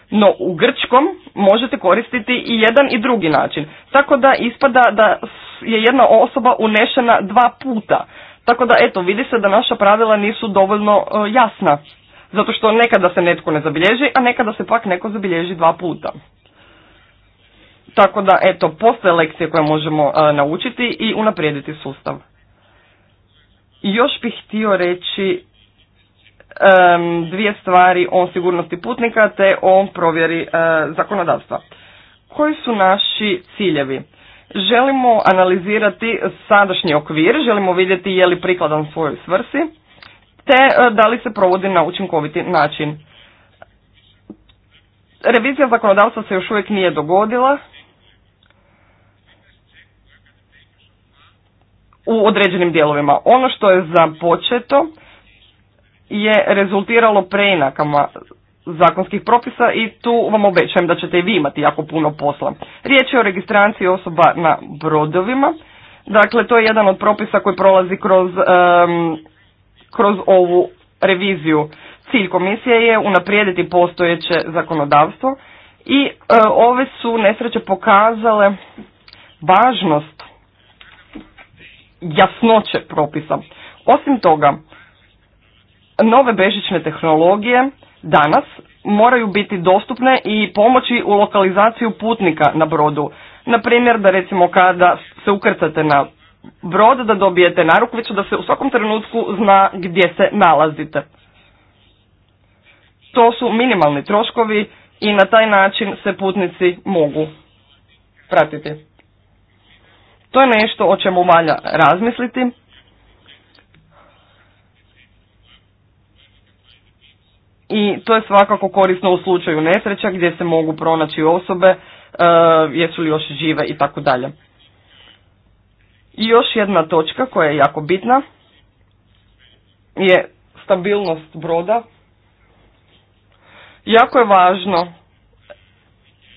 No, u grčkom možete koristiti i jedan i drugi način. Tako da ispada da je jedna osoba unešena dva puta. Tako da, eto, vidi se da naša pravila nisu dovoljno e, jasna. Zato što nekada se netko ne zabilježi, a nekada se pak neko zabilježi dva puta. Tako da, eto, postoje lekcije koje možemo e, naučiti i unaprijediti sustav. I još bih htio reći dvije stvari o sigurnosti putnika te o provjeri e, zakonodavstva. Koji su naši ciljevi? Želimo analizirati sadašnji okvir, želimo vidjeti je li prikladan svojoj svrsi, te e, da li se provodi na učinkoviti način. Revizija zakonodavstva se još uvijek nije dogodila. U određenim dijelovima. Ono što je započeto je rezultiralo preinakama zakonskih propisa i tu vam obećajem da ćete i vi imati jako puno posla. Riječ je o registraciji osoba na brodovima. Dakle, to je jedan od propisa koji prolazi kroz, kroz ovu reviziju. Cilj komisije je unaprijediti postojeće zakonodavstvo i e, ove su nesreće pokazale važnost jasnoće propisa. Osim toga, nove bežične tehnologije danas moraju biti dostupne i pomoći u lokalizaciju putnika na brodu. Na primjer da recimo kada se ukrcate na brod da dobijete narukviću da se u svakom trenutku zna gdje se nalazite. To su minimalni troškovi i na taj način se putnici mogu pratiti. To je nešto o čemu valja razmisliti i to je svakako korisno u slučaju nesreća gdje se mogu pronaći osobe, e, jesu li još žive i tako dalje. I još jedna točka koja je jako bitna je stabilnost broda. Jako je važno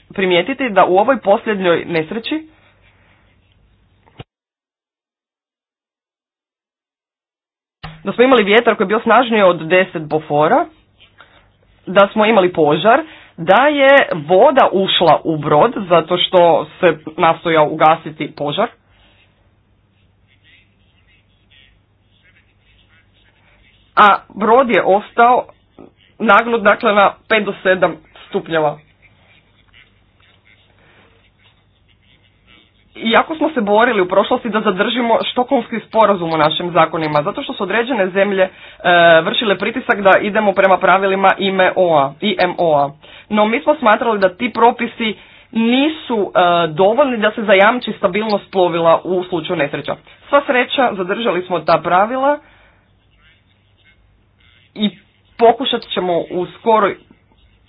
primijetiti da u ovoj posljednjoj nesreći da smo imali vjetar koji je bio snažniji od 10 bofora da smo imali požar, da je voda ušla u brod zato što se nastojao ugasiti požar. A brod je ostao nagnut dakle na 5 do 7 stupnjeva Iako smo se borili u prošlosti da zadržimo štokolski sporazum u našim zakonima, zato što su određene zemlje e, vršile pritisak da idemo prema pravilima IMO-a. IMO no mi smo smatrali da ti propisi nisu e, dovoljni da se zajamči stabilnost plovila u slučaju nesreća. Sva sreća, zadržali smo ta pravila i pokušat ćemo u skoroj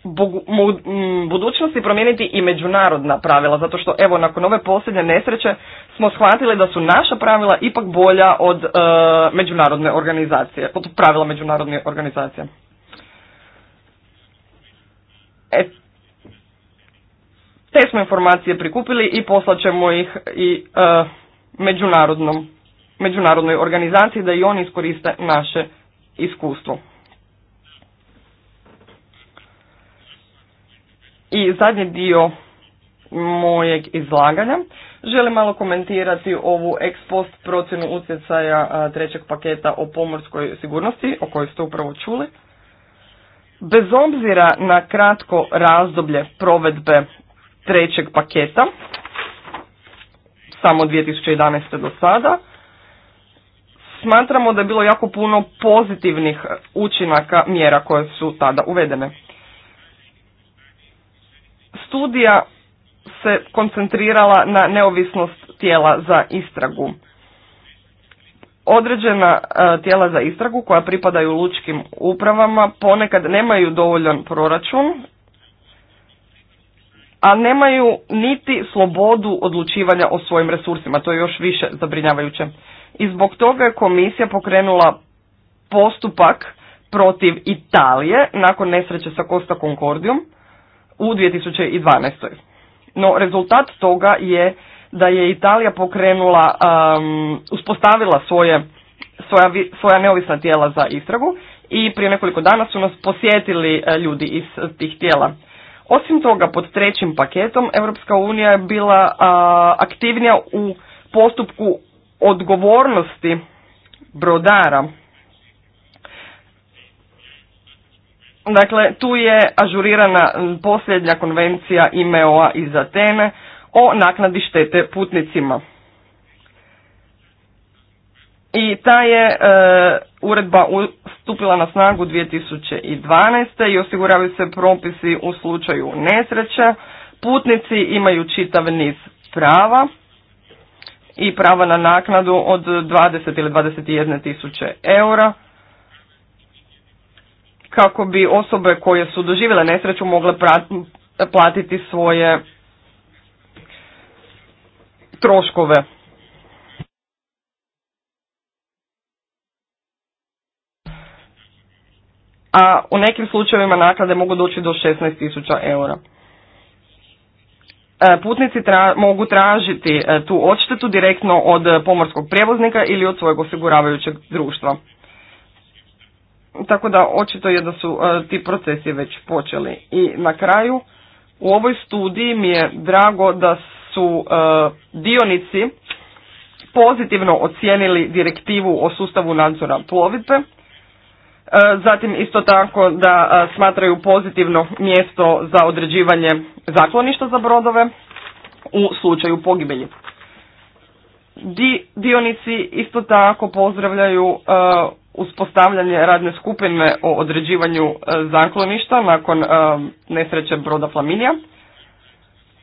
Mm, budućnosti promijeniti i međunarodna pravila, zato što evo nakon ove posljednje nesreće smo shvatili da su naša pravila ipak bolja od e, međunarodne organizacije, od pravila međunarodne organizacije. E, te smo informacije prikupili i poslat ćemo ih i e, međunarodnom, međunarodnoj organizaciji da i oni iskoriste naše iskustvo. I zadnji dio mojeg izlaganja želim malo komentirati ovu ex post procjenu utjecaja trećeg paketa o pomorskoj sigurnosti o kojoj ste upravo čuli. Bez obzira na kratko razdoblje provedbe trećeg paketa, samo 2011. do sada, smatramo da je bilo jako puno pozitivnih učinaka mjera koje su tada uvedene studija se koncentrirala na neovisnost tijela za istragu. Određena e, tijela za istragu koja pripadaju lučkim upravama ponekad nemaju dovoljan proračun, a nemaju niti slobodu odlučivanja o svojim resursima. To je još više zabrinjavajuće. I zbog toga je komisija pokrenula postupak protiv Italije nakon nesreće sa Costa Concordium u 2012. No rezultat toga je da je Italija pokrenula, um, uspostavila svoje, svoja, svoja neovisna tijela za istragu i prije nekoliko dana su nas posjetili e, ljudi iz tih tijela. Osim toga, pod trećim paketom Europska unija je bila aktivnija u postupku odgovornosti brodara Dakle, tu je ažurirana posljednja konvencija IMEO-a iz Atene o naknadi štete putnicima. I ta je e, uredba stupila na snagu 2012. i osiguravaju se propisi u slučaju nesreće. Putnici imaju čitav niz prava i prava na naknadu od 20 ili 21 tisuće eura kako bi osobe koje su doživjele nesreću mogle platiti svoje troškove. A u nekim slučajevima naknade mogu doći do 16.000 eura. E, putnici mogu tražiti e, tu odštetu direktno od pomorskog prijevoznika ili od svojeg osiguravajućeg društva. Tako da očito je da su e, ti procesi već počeli. I na kraju, u ovoj studiji mi je drago da su e, dionici pozitivno ocijenili direktivu o sustavu nadzora plovidbe. E, zatim isto tako da smatraju pozitivno mjesto za određivanje zakloništa za brodove u slučaju pogibelji. dionici isto tako pozdravljaju uspostavljanje radne skupine o određivanju e, zakloništa nakon e, nesreće broda Flaminija,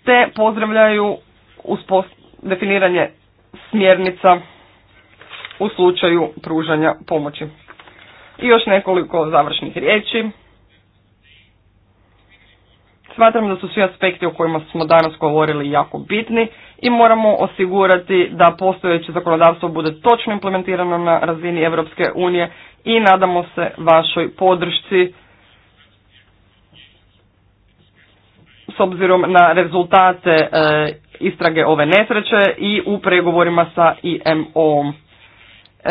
te pozdravljaju definiranje smjernica u slučaju pružanja pomoći. I još nekoliko završnih riječi. Smatram da su svi aspekti o kojima smo danas govorili jako bitni i moramo osigurati da postojeće zakonodavstvo bude točno implementirano na razini Europske unije i nadamo se vašoj podršci s obzirom na rezultate e, istrage ove nesreće i u pregovorima sa IMO-om.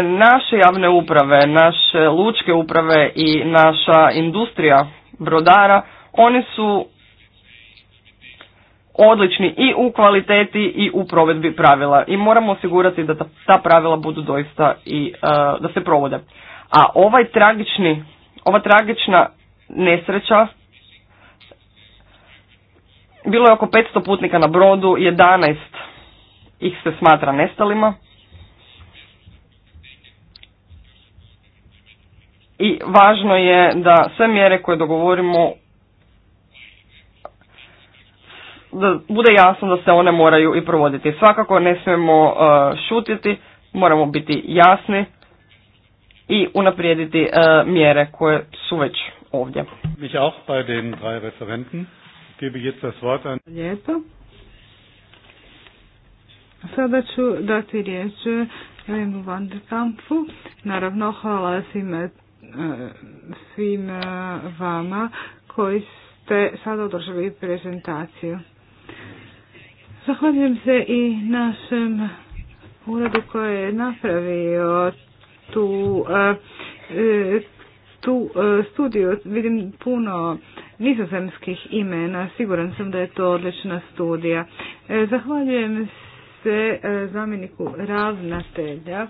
Naše javne uprave, naše lučke uprave i naša industrija brodara, oni su odlični i u kvaliteti i u provedbi pravila i moramo osigurati da ta pravila budu doista i e, da se provode. A ovaj tragični, ova tragična nesreća bilo je oko 500 putnika na brodu, 11 ih se smatra nestalima. I važno je da sve mjere koje dogovorimo da bude jasno da se one moraju i provoditi. Svakako ne smijemo uh, šutiti, moramo biti jasni i unaprijediti uh, mjere koje su već ovdje. Mich auch bei den drei Referenten. Gebe jetzt das Wort an... Lijepo. Sada ću dati riječ Helenu uh, van de Kampu. Naravno, hvala svim, svim vama koji ste sada održali prezentaciju. Zahvaljujem se i našem uredu koji je napravio tu, e, e, tu e, studiju. Vidim puno nizozemskih imena. Siguran sam da je to odlična studija. Zahvaljujem se zamjeniku ravnatelja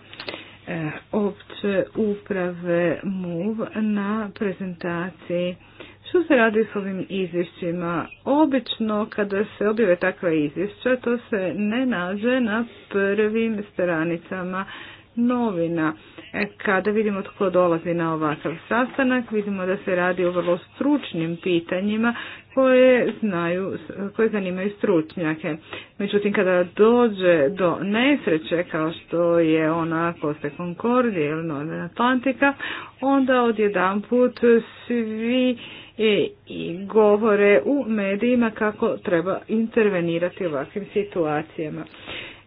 opće uprave MUV na prezentaciji što se radi s ovim izvješćima? Obično kada se objave takva izvješća, to se ne nađe na prvim stranicama novina. E, kada vidimo tko dolazi na ovakav sastanak, vidimo da se radi o vrlo stručnim pitanjima koje, znaju, koje zanimaju stručnjake. Međutim, kada dođe do nesreće kao što je ona Koste Concordia ili Atlantika, onda odjedanput svi E, i govore u medijima kako treba intervenirati u ovakvim situacijama.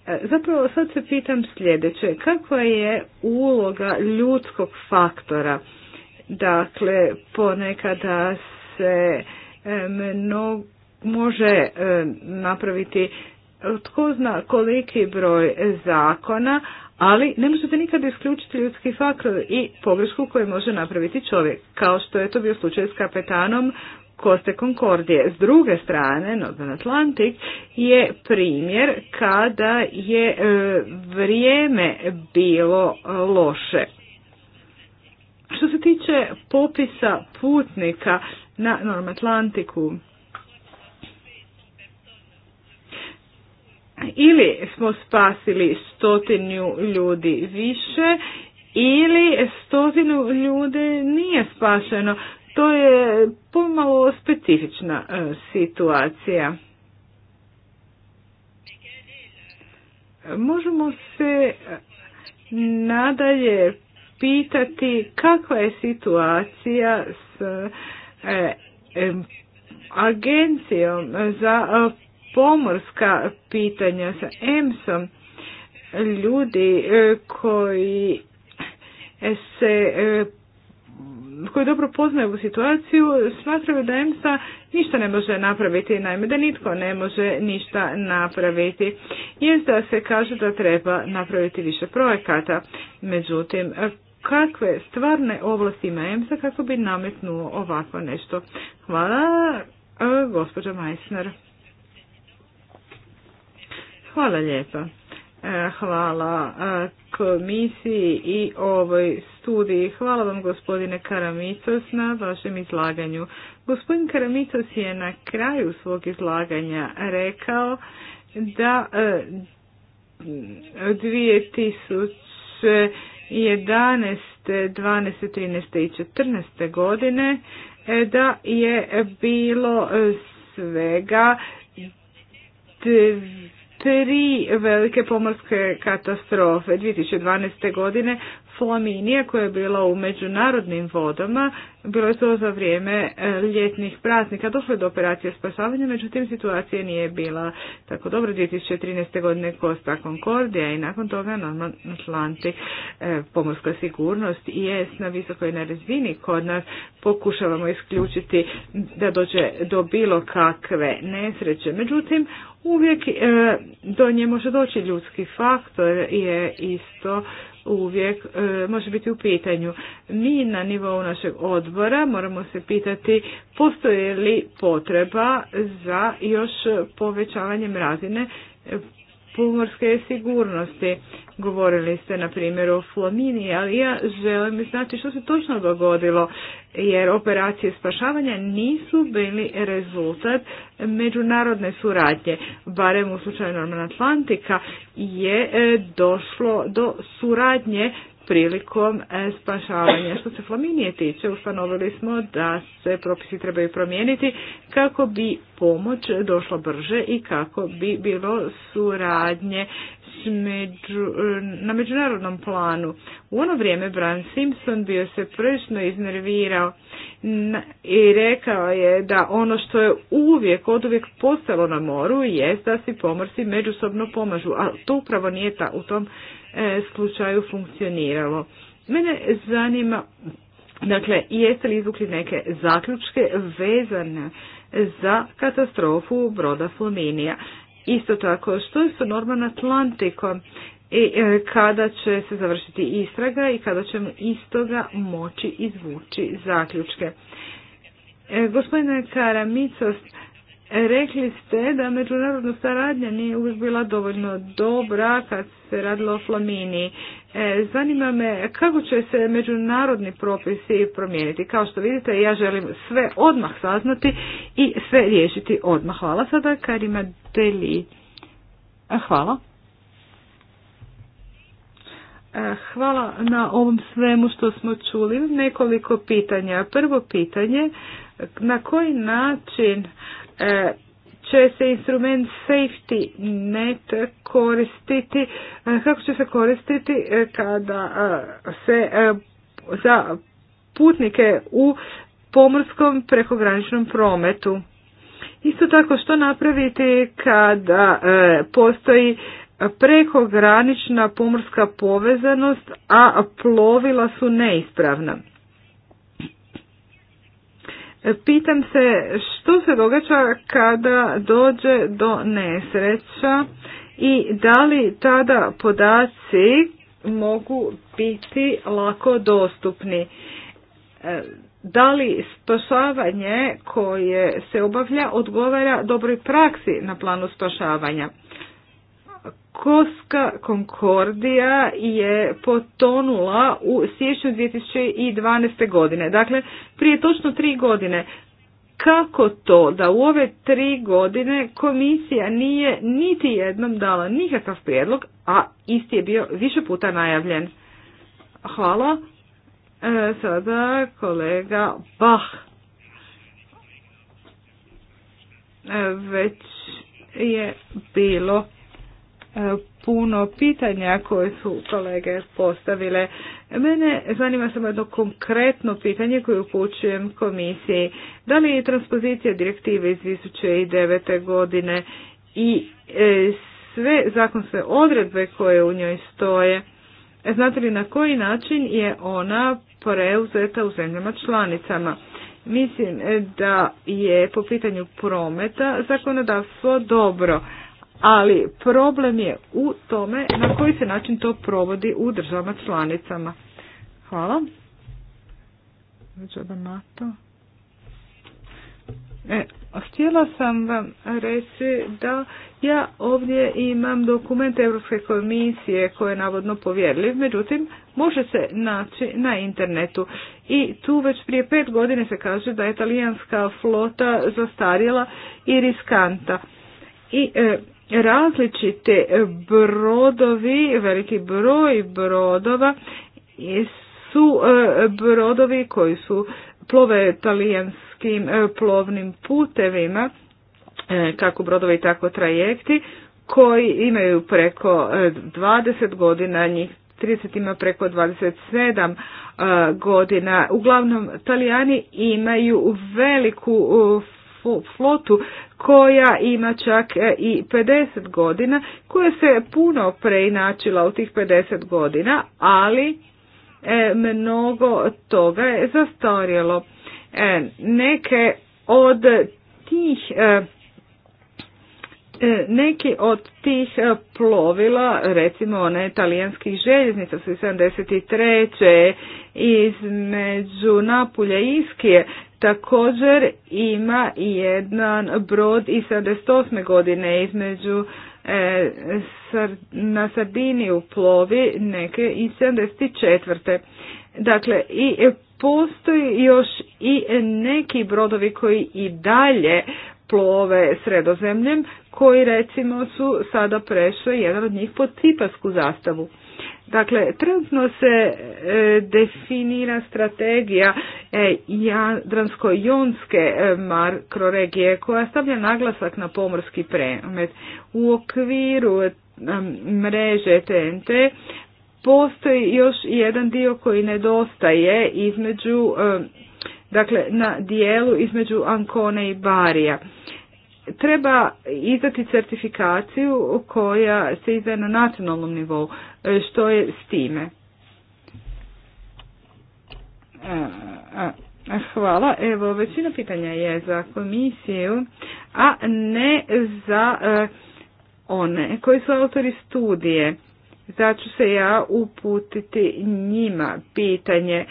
E, zapravo sad se pitam sljedeće, kakva je uloga ljudskog faktora? Dakle, ponekada se e, može napraviti tko zna koliki broj zakona, ali ne možete nikada isključiti ljudski faktor i pogrešku koju može napraviti čovjek, kao što je to bio slučaj s kapetanom Koste Konkordije. S druge strane, Northern Atlantic je primjer kada je e, vrijeme bilo loše. Što se tiče popisa putnika na Norm Atlantiku, Ili smo spasili stotinu ljudi više ili stotinu ljudi nije spašeno. To je pomalo specifična e, situacija. Možemo se e, nadalje pitati kakva je situacija s e, agencijom za pomorska pitanja sa EMS-om, ljudi e, koji e, se e, koji dobro poznaju ovu situaciju smatraju da EMSA ništa ne može napraviti, naime da nitko ne može ništa napraviti. Jest da se kaže da treba napraviti više projekata, međutim kakve stvarne ovlasti ima EMSA kako bi nametnuo ovako nešto. Hvala gospođa Majsner. Hvala lijepa. E, hvala e, komisiji i ovoj studiji. Hvala vam gospodine Karamitos na vašem izlaganju. Gospodin Karamitos je na kraju svog izlaganja rekao da 2011. 12. 13. i 14. godine e, da je bilo svega tri velike pomorske katastrofe 2012. godine Flaminija koje je bila u međunarodnim vodama, bilo je to za vrijeme e, ljetnih praznika, došlo je do operacije spasavanja, međutim situacija nije bila tako dobro. 2013. godine Costa Concordia i nakon toga normalno Atlantik, e, pomorska sigurnost i jest na visokoj razini kod nas pokušavamo isključiti da dođe do bilo kakve nesreće. Međutim, uvijek e, do nje može doći ljudski faktor je isto uvijek e, može biti u pitanju. Mi na nivou našeg odbora moramo se pitati postoje li potreba za još povećavanjem razine pomorske sigurnosti. Govorili ste na primjer o Flamini, ali ja želim znati što se točno dogodilo, jer operacije spašavanja nisu bili rezultat međunarodne suradnje. Barem u slučaju Norman Atlantika je e, došlo do suradnje prilikom e, spašavanja. Što se Flaminije tiče, ustanovili smo da se propisi trebaju promijeniti kako bi pomoć došla brže i kako bi bilo suradnje među, e, na međunarodnom planu. U ono vrijeme Bran Simpson bio se prvično iznervirao i rekao je da ono što je uvijek, od uvijek postalo na moru jest da si pomorci međusobno pomažu, a to upravo nije ta, u tom E, slučaju funkcioniralo. Mene zanima, dakle, jeste li izvukli neke zaključke vezane za katastrofu broda Flaminija? Isto tako, što je sa Norman Atlantikom? i e, kada će se završiti istraga i kada ćemo iz toga moći izvući zaključke. E, gospodine Karamicost Rekli ste da međunarodna saradnja nije uvijek bila dovoljno dobra kad se radilo o Flamini. E, zanima me kako će se međunarodni propisi promijeniti. Kao što vidite, ja želim sve odmah saznati i sve riješiti odmah. Hvala sada Karima Deli. E, hvala. E, hvala na ovom svemu što smo čuli. Nekoliko pitanja. Prvo pitanje, na koji način E, će se instrument safety net koristiti, e, kako će se koristiti e, kada se za putnike u pomorskom prekograničnom prometu. Isto tako što napraviti kada postoji prekogranična pomorska povezanost, a plovila su neispravna. Pitam se što se događa kada dođe do nesreća i da li tada podaci mogu biti lako dostupni. E, da li spašavanje koje se obavlja odgovara dobroj praksi na planu spašavanja? Koska Concordia je potonula u siječnju 2012. godine. Dakle, prije točno tri godine. Kako to da u ove tri godine komisija nije niti jednom dala nikakav prijedlog, a isti je bio više puta najavljen? Hvala. E, sada kolega Bach. E, već je bilo puno pitanja koje su kolege postavile. Mene zanima samo jedno konkretno pitanje koje upućujem komisiji. Da li je transpozicija direktive iz 2009. godine i e, sve zakonske odredbe koje u njoj stoje, znate li na koji način je ona preuzeta u zemljama članicama? Mislim e, da je po pitanju prometa zakonodavstvo dobro ali problem je u tome na koji se način to provodi u državama članicama. Hvala. E, htjela sam vam reći da ja ovdje imam dokument Europske komisije koje je navodno povjerljiv, međutim može se naći na internetu. I tu već prije pet godine se kaže da je italijanska flota zastarjela i riskanta. I e, različite brodovi, veliki broj brodova su e, brodovi koji su plove talijanskim e, plovnim putevima, e, kako brodovi tako trajekti, koji imaju preko 20 godina, njih 30 ima preko 27 godina. Uglavnom, Talijani imaju veliku flotu koja ima čak e, i 50 godina, koja se puno preinačila u tih 50 godina, ali e, mnogo toga je zastarjelo. E, neke od tih neki od tih plovila, recimo one italijanskih željeznica su 73. između Napulja i Iskije, Također ima i jedan brod iz 78. godine između e, na Sardiniju plovi neke iz 74. Dakle, i postoji još i neki brodovi koji i dalje plove sredozemljem, koji recimo su sada prešli jedan od njih pod cipasku zastavu. Dakle, trenutno se e, definira strategija e, Jadransko-jonske e, makroregije koja stavlja naglasak na pomorski premet. U okviru e, mreže TNT postoji još jedan dio koji nedostaje između, dakle, na dijelu između Ankone i Barija treba izdati certifikaciju koja se izdaje na nacionalnom nivou. E, što je s time. E, hvala. Evo, većina pitanja je za komisiju, a ne za e, one koji su autori studije. Zato ću se ja uputiti njima pitanje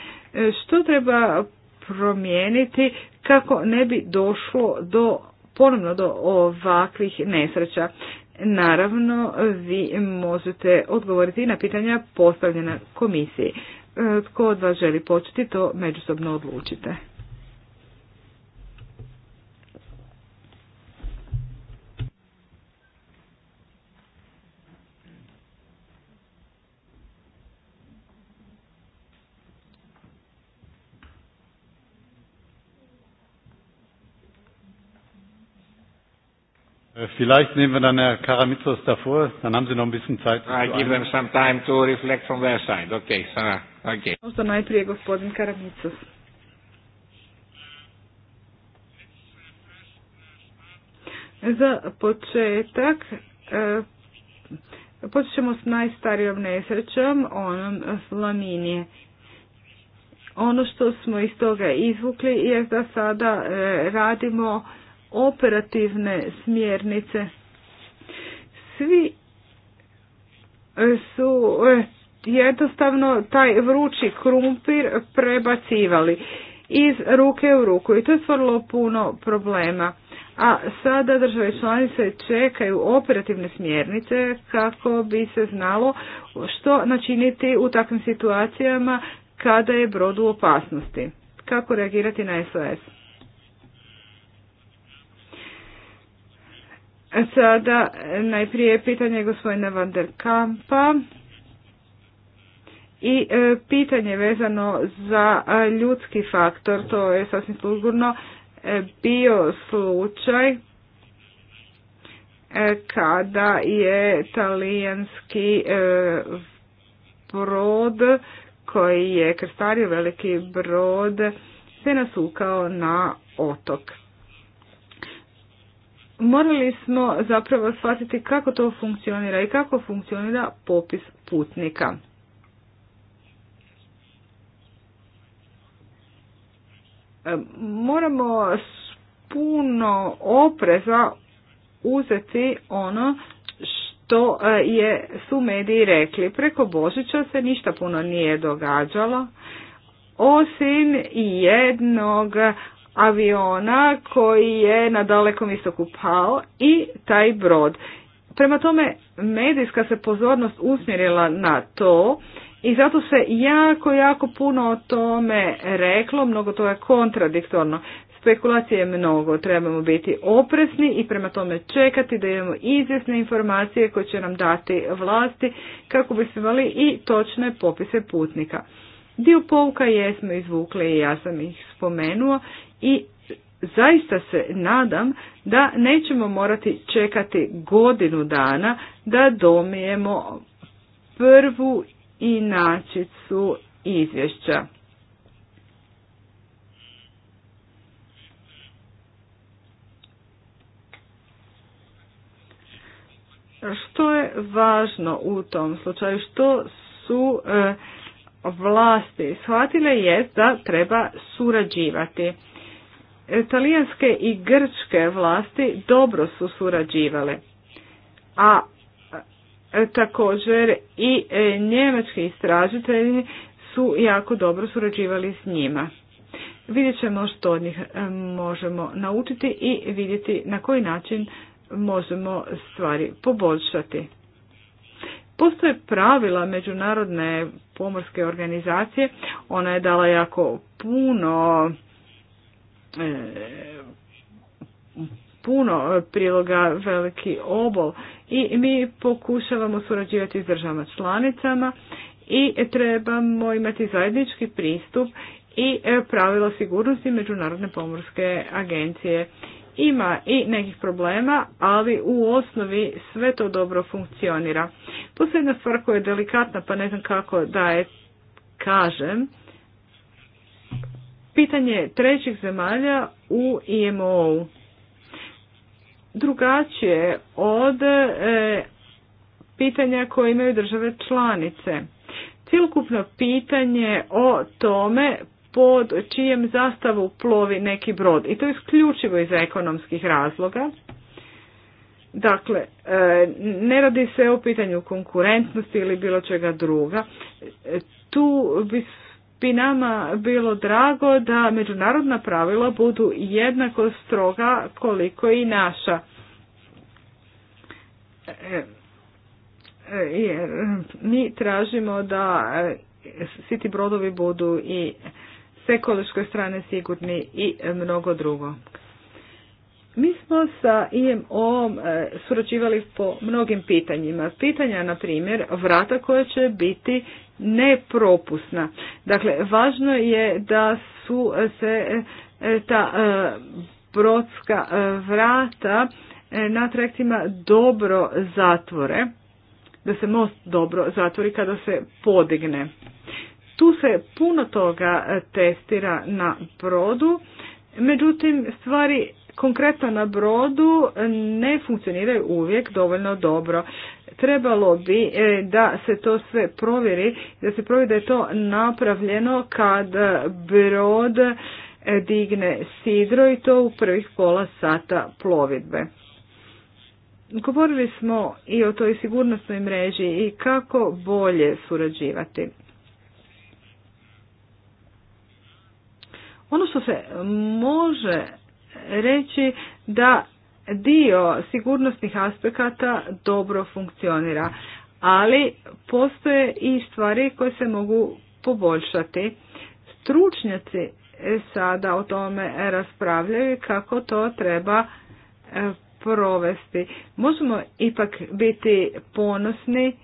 što treba promijeniti kako ne bi došlo do ponovno do ovakvih nesreća. Naravno, vi možete odgovoriti na pitanja postavljena komisiji. E, tko od vas želi početi, to međusobno odlučite. Äh, vielleicht nehmen wir dann Herr Karamitsos davor, dann haben Sie noch ein bisschen Zeit. I give them some time to reflect from their side. Okay, Sana. Okay. Možda najprije gospodin Karamitsos. Za početak, e, počet ćemo s najstarijom nesrećom, onom Slaminije. Ono što smo iz toga izvukli je da sada e, radimo operativne smjernice. Svi e, su e, jednostavno taj vrući krumpir prebacivali iz ruke u ruku i to je stvorilo puno problema. A sada države članice čekaju operativne smjernice kako bi se znalo što načiniti u takvim situacijama kada je brod u opasnosti. Kako reagirati na SOS? Sada najprije pitanje gospodina Van der Kampa i e, pitanje vezano za e, ljudski faktor, to je sasvim sigurno e, bio slučaj e, kada je talijanski brod koji je krstario veliki brod se nasukao na otok morali smo zapravo shvatiti kako to funkcionira i kako funkcionira popis putnika. E, moramo s puno opreza uzeti ono što e, je, su mediji rekli. Preko Božića se ništa puno nije događalo, osim jednog aviona koji je na dalekom istoku pao i taj brod. Prema tome, medijska se pozornost usmjerila na to i zato se jako, jako puno o tome reklo, mnogo to je kontradiktorno. Spekulacije je mnogo, trebamo biti opresni i prema tome čekati da imamo izvjesne informacije koje će nam dati vlasti kako bi se imali i točne popise putnika. Dio pouka jesmo izvukli i ja sam ih spomenuo i zaista se nadam da nećemo morati čekati godinu dana da domijemo prvu inačicu izvješća. Što je važno u tom slučaju? Što su e, vlasti shvatile je da treba surađivati. Talijanske i grčke vlasti dobro su surađivale, a e, također i e, njemački istražitelji su jako dobro surađivali s njima. Vidjet ćemo što od njih e, možemo naučiti i vidjeti na koji način možemo stvari poboljšati. Postoje pravila međunarodne pomorske organizacije, ona je dala jako puno E, puno priloga veliki obol i mi pokušavamo surađivati s državama članicama i trebamo imati zajednički pristup i e, pravila sigurnosti Međunarodne pomorske agencije. Ima i nekih problema, ali u osnovi sve to dobro funkcionira. Posljedna stvar koja je delikatna, pa ne znam kako da je kažem, pitanje trećih zemalja u IMO-u. Drugačije od e, pitanja koje imaju države članice. Cijelokupno pitanje o tome pod čijem zastavu plovi neki brod i to isključivo iz ekonomskih razloga. Dakle, e, ne radi se o pitanju konkurentnosti ili bilo čega druga. E, tu bi bi nama bilo drago da međunarodna pravila budu jednako stroga koliko i naša. E, e, jer mi tražimo da e, svi ti brodovi budu i s ekološkoj strane sigurni i mnogo drugo. Mi smo sa IMO-om surađivali po mnogim pitanjima. Pitanja, na primjer, vrata koja će biti nepropusna. Dakle, važno je da su se e, ta e, brodska e, vrata na trajektima dobro zatvore, da se most dobro zatvori kada se podigne. Tu se puno toga testira na brodu, međutim stvari konkretno na brodu ne funkcioniraju uvijek dovoljno dobro. Trebalo bi e, da se to sve provjeri, da se provjeri da je to napravljeno kad brod e, digne sidro i to u prvih pola sata plovidbe. Govorili smo i o toj sigurnosnoj mreži i kako bolje surađivati. Ono što se može reći da dio sigurnosnih aspekata dobro funkcionira, ali postoje i stvari koje se mogu poboljšati. Stručnjaci sada o tome raspravljaju kako to treba e, provesti. Možemo ipak biti ponosni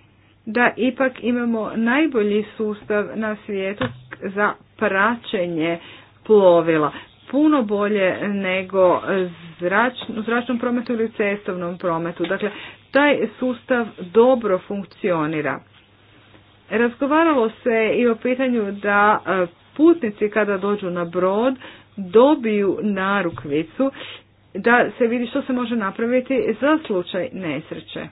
da ipak imamo najbolji sustav na svijetu za praćenje plovila puno bolje nego u zračnom prometu ili cestovnom prometu. Dakle, taj sustav dobro funkcionira. Razgovaralo se i o pitanju da e, putnici kada dođu na brod dobiju narukvicu da se vidi što se može napraviti za slučaj nesreće.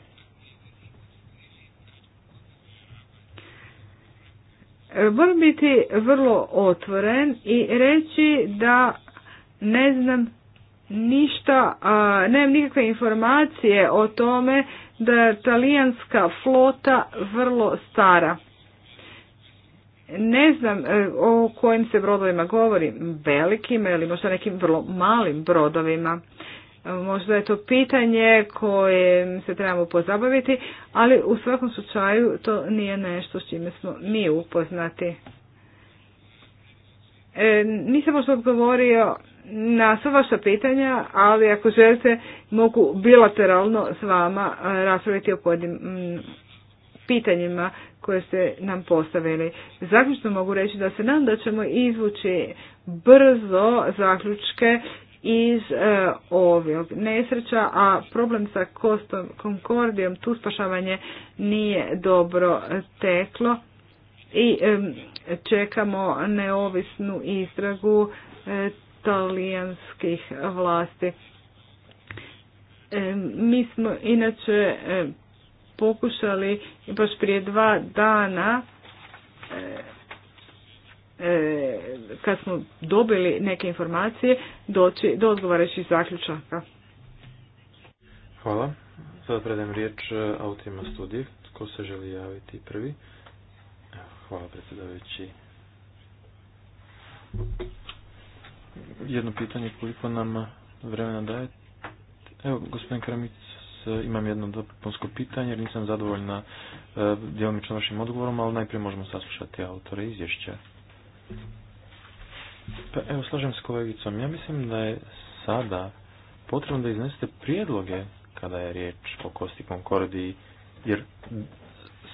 E, moram biti vrlo otvoren i reći da ne znam ništa, a, nemam nikakve informacije o tome da je talijanska flota vrlo stara. Ne znam e, o kojim se brodovima govori, velikim ili možda nekim vrlo malim brodovima. Možda je to pitanje koje se trebamo pozabaviti, ali u svakom slučaju to nije nešto s čime smo mi upoznati. E, nisam možda odgovorio na sva vaša pitanja, ali ako želite mogu bilateralno s vama eh, raspraviti o pojedinim mm, pitanjima koje ste nam postavili. Zaključno mogu reći da se nam da ćemo izvući brzo zaključke iz e, ovog nesreća, a problem sa Kostom Konkordijom, tu spašavanje nije dobro teklo i čekamo neovisnu istragu eh, talijanskih vlasti. E, mi smo inače e, pokušali baš prije dva dana e, kad smo dobili neke informacije doći do odgovarajućih zaključaka. Hvala. Sada predajem riječ autima studije. Ko se želi javiti prvi? Hvala predsjedavajući jedno pitanje koliko nam vremena daje. Evo, gospodin Kramic, imam jedno dopunsko pitanje jer nisam zadovoljna e, djelomično vašim odgovorom, ali najprije možemo saslušati autore izvješća. Pa evo, slažem s kolegicom. Ja mislim da je sada potrebno da iznesete prijedloge kada je riječ o Kosti Konkordiji, jer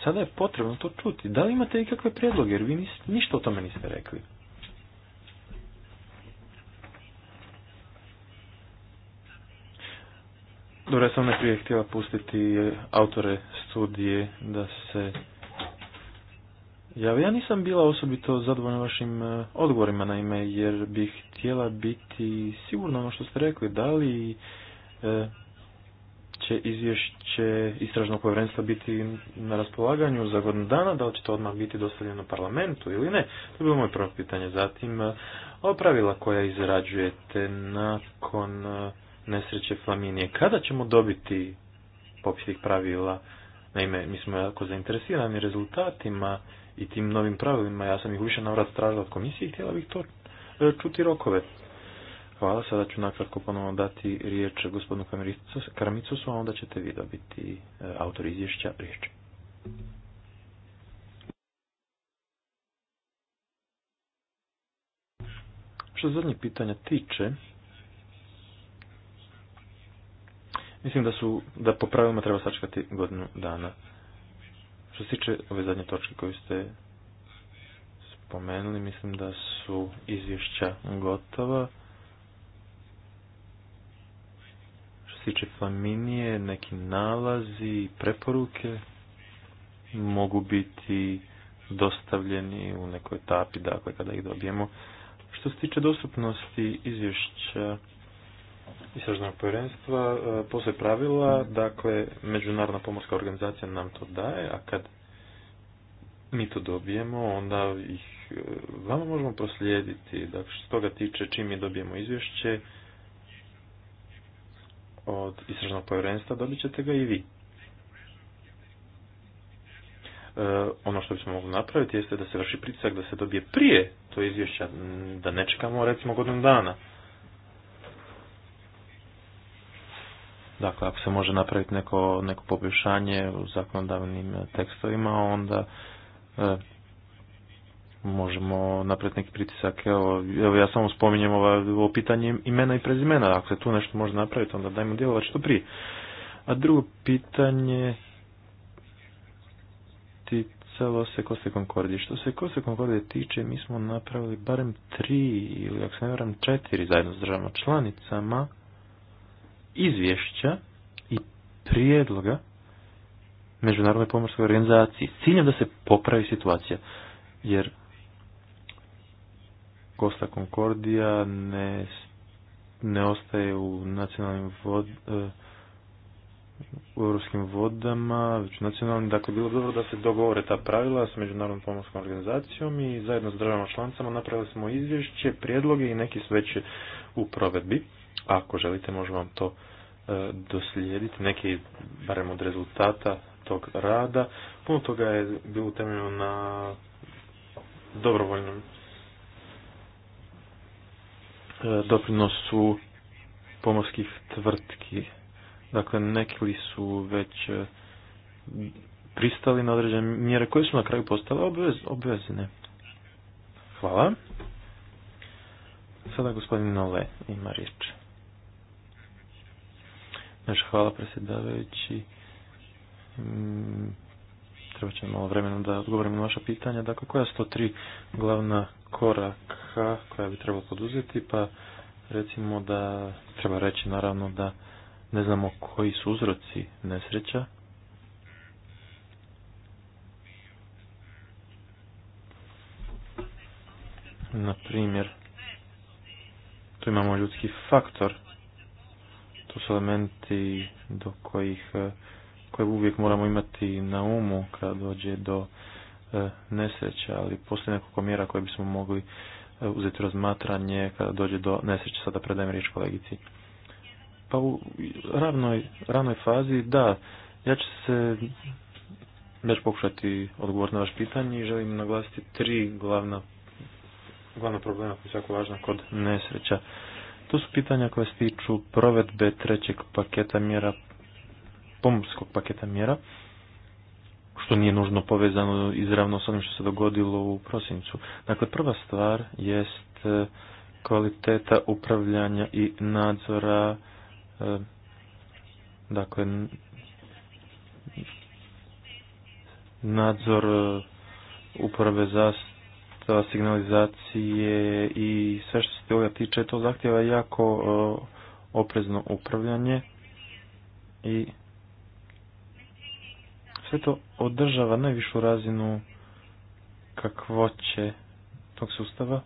sada je potrebno to čuti. Da li imate ikakve prijedloge, jer vi ništa o tome niste rekli. ja sam najprije htjela pustiti autore studije da se jave. Ja nisam bila osobito zadovoljna vašim e, odgovorima, naime, jer bih htjela biti sigurna ono što ste rekli, da li e, će izvješće istražnog povjerenstva biti na raspolaganju za godinu dana, da li će to odmah biti dostavljeno parlamentu ili ne? To je bilo moje prvo pitanje. Zatim, e, ova pravila koja izrađujete nakon nesreće Flaminije. Kada ćemo dobiti popisih pravila? Naime, mi smo jako zainteresirani rezultatima i tim novim pravilima. Ja sam ih više vrat stražila od komisije i htjela bih to e, čuti rokove. Hvala, sada ću nakratko ponovno dati riječ gospodinu Karamicusu, a onda ćete vi dobiti e, autor izvješća riječi. Što zadnje pitanja tiče, Mislim da su, da po pravilima treba sačekati godinu dana. Što se tiče ove zadnje točke koje ste spomenuli, mislim da su izvješća gotova. Što se tiče Flaminije, neki nalazi, preporuke mogu biti dostavljeni u nekoj etapi, dakle kada ih dobijemo. Što se tiče dostupnosti izvješća, istražnog povjerenstva e, postoje pravila, mhm. dakle, Međunarodna pomorska organizacija nam to daje, a kad mi to dobijemo, onda ih e, vama možemo proslijediti. Dakle, što toga tiče, čim mi dobijemo izvješće od istražnog povjerenstva, dobit ćete ga i vi. E, ono što bismo mogli napraviti jeste da se vrši pritisak da se dobije prije to izvješća, da ne čekamo recimo godinu dana. Dakle, ako se može napraviti neko, neko poboljšanje u zakonodavnim e, tekstovima, onda e, možemo napraviti neki pritisak. Evo, ja samo spominjem ovo, pitanje imena i prezimena. Ako se tu nešto može napraviti, onda dajmo djelovati što prije. A drugo pitanje ticalo se Koste Konkordije. Što se Koste Konkordije tiče, mi smo napravili barem tri ili, ako se ne varam, četiri zajedno s državama članicama izvješća i prijedloga Međunarodnoj pomorskoj organizaciji. s ciljem da se popravi situacija. Jer Gosta Konkordija ne, ne ostaje u nacionalnim vod, eh, u europskim vodama, već nacionalnim, dakle bilo dobro da se dogovore ta pravila s Međunarodnom pomorskom organizacijom i zajedno s državama članicama napravili smo izvješće, prijedloge i neki sveće već u provedbi. Ako želite, možemo vam to e, doslijediti, neki barem od rezultata tog rada. Puno toga je bilo temeljeno na dobrovoljnom e, doprinosu pomorskih tvrtki. Dakle, neki su već e, pristali na određene mjere koje su na kraju postale obvez, obvezne. Hvala. Sada gospodin Nole ima riječ. Još hvala predsjedavajući. Mm, treba će malo vremena da odgovorim na vaša pitanja. Dakle, koja su to tri glavna koraka koja bi trebalo poduzeti? Pa recimo da treba reći naravno da ne znamo koji su uzroci nesreća. Na primjer, tu imamo ljudski faktor to su elementi do kojih e, koje uvijek moramo imati na umu kad dođe do e, nesreća, ali poslije nekoliko mjera koje bismo mogli e, uzeti razmatranje kada dođe do nesreća, sada predajem riječ kolegici. Pa u ravnoj, ranoj fazi, da, ja ću se, ja pokušati odgovor na vaš pitanje i želim naglasiti tri glavna, glavna problema koja su jako važna kod nesreća. To su pitanja koja se tiču provedbe trećeg paketa mjera, pomorskog paketa mjera, što nije nužno povezano izravno s onim što se dogodilo u prosincu. Dakle, prva stvar jest e, kvaliteta upravljanja i nadzora, e, dakle, nadzor e, uprave za signalizacije i sve što se toga tiče, to zahtjeva jako e, oprezno upravljanje i sve to održava najvišu razinu kakvoće tog sustava.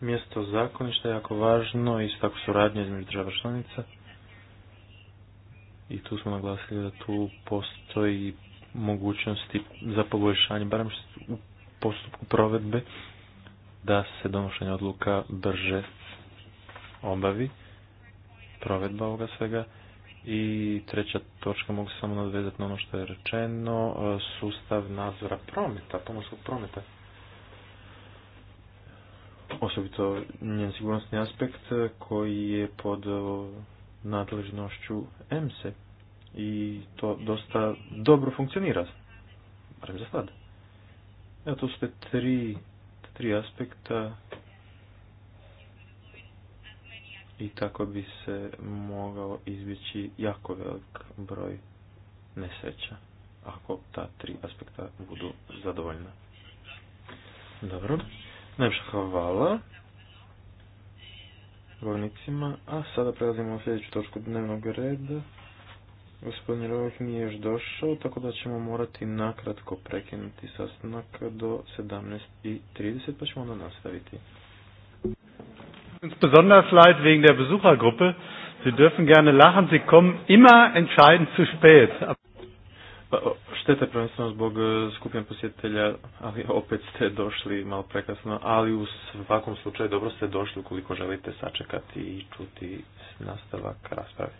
Mjesto zakoništa je jako važno i tako suradnje između država članica i tu smo naglasili da tu postoji mogućnosti za poboljšanje, barem u postupku provedbe, da se donošenje odluka brže obavi, provedba ovoga svega. I treća točka, mogu samo nadvezati na ono što je rečeno, e, sustav nadzora prometa, pomorskog prometa. Osobito njen sigurnosni aspekt e, koji je pod nadležnošću EMSE i to dosta dobro funkcionira, barem za sad. Evo to su te tri, tri aspekta i tako bi se mogao izbjeći jako velik broj nesreća ako ta tri aspekta budu zadovoljna. Dobro, najviše hvala govornicima. A sada prelazimo na sljedeću točku dnevnog reda. Gospodin Rovnik nije još došao, tako da ćemo morati nakratko prekinuti sastanak do 17.30, pa ćemo onda nastaviti. Uns besonders leid wegen der Besuchergruppe. Sie dürfen gerne lachen, Sie kommen immer entscheidend zu spät. Pa, Šteta prvenstveno zbog e, skupina posjetitelja, ali opet ste došli malo prekasno, ali u svakom slučaju dobro ste došli ukoliko želite sačekati i čuti nastavak rasprave.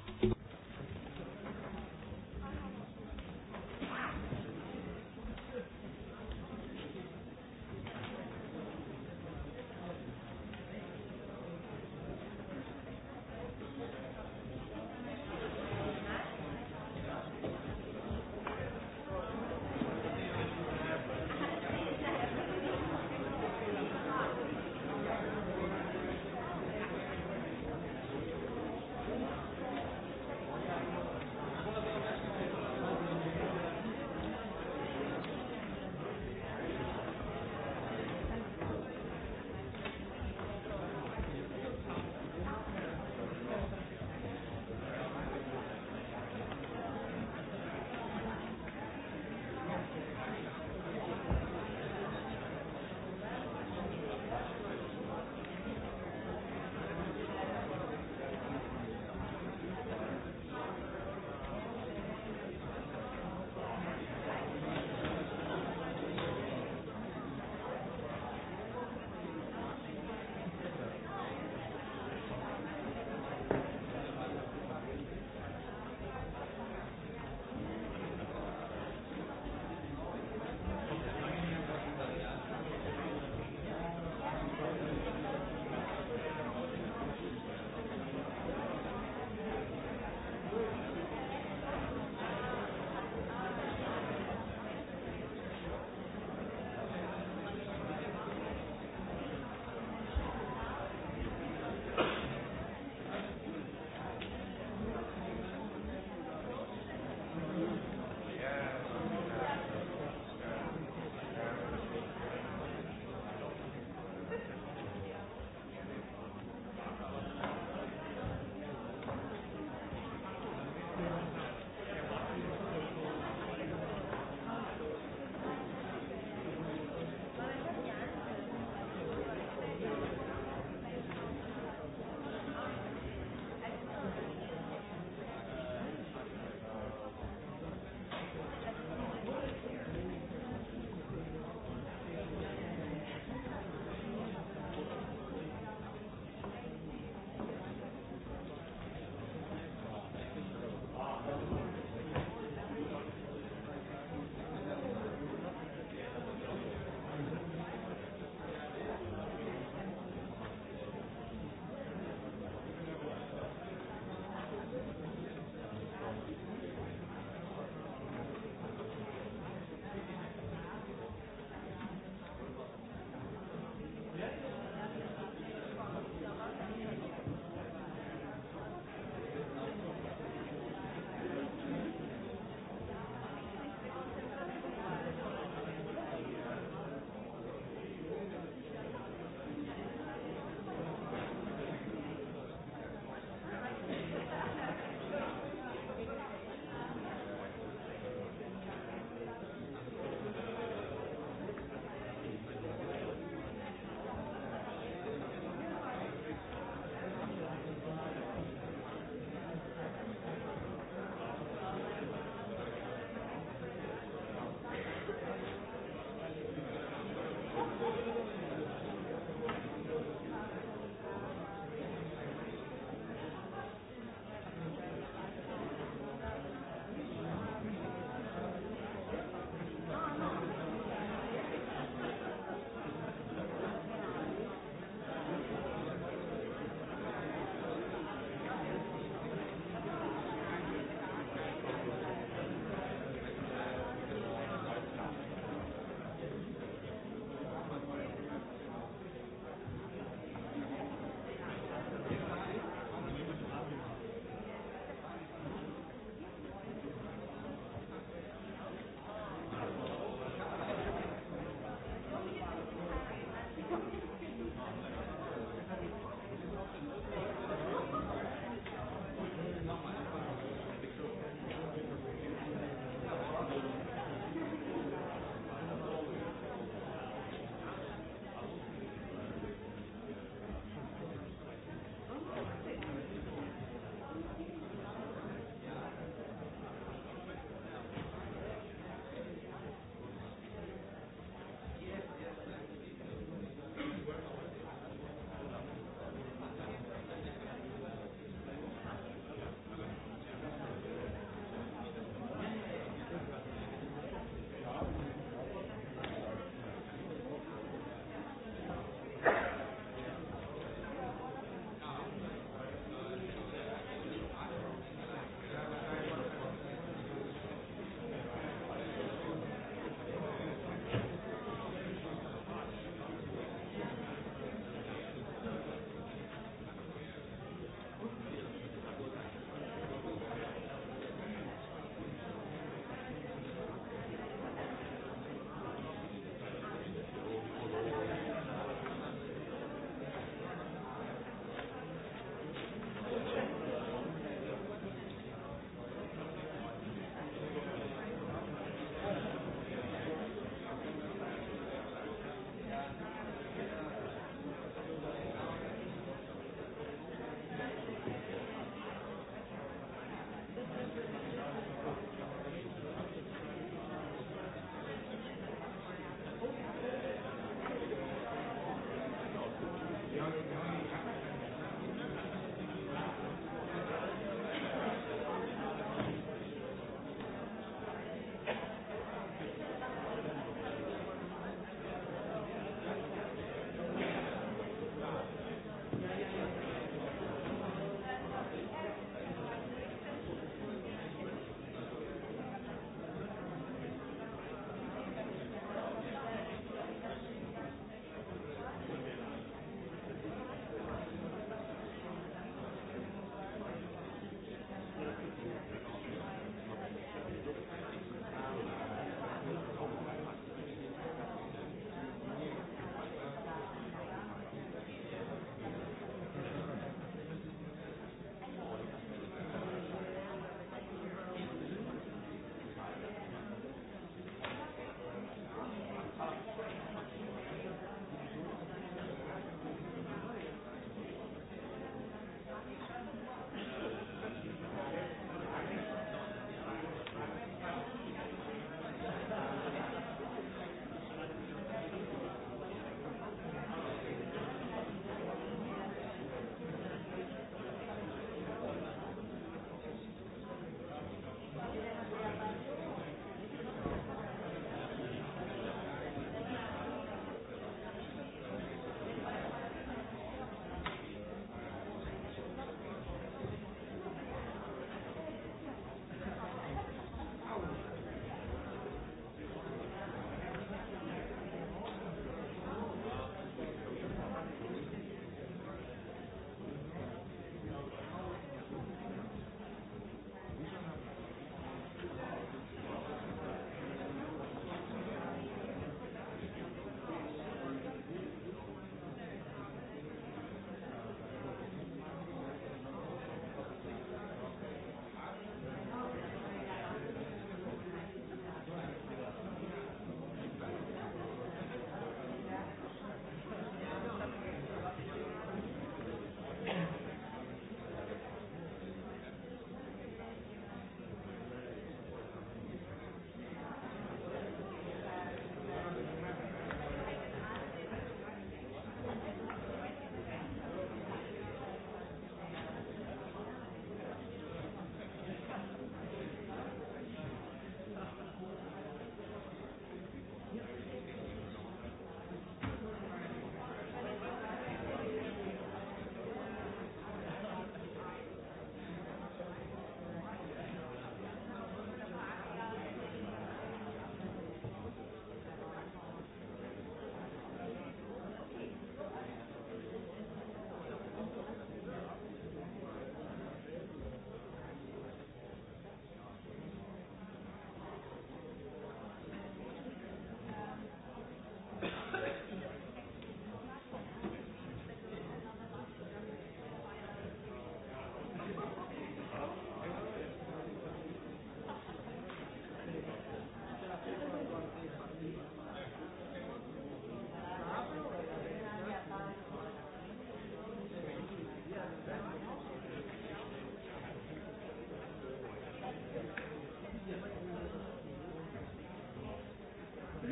Ja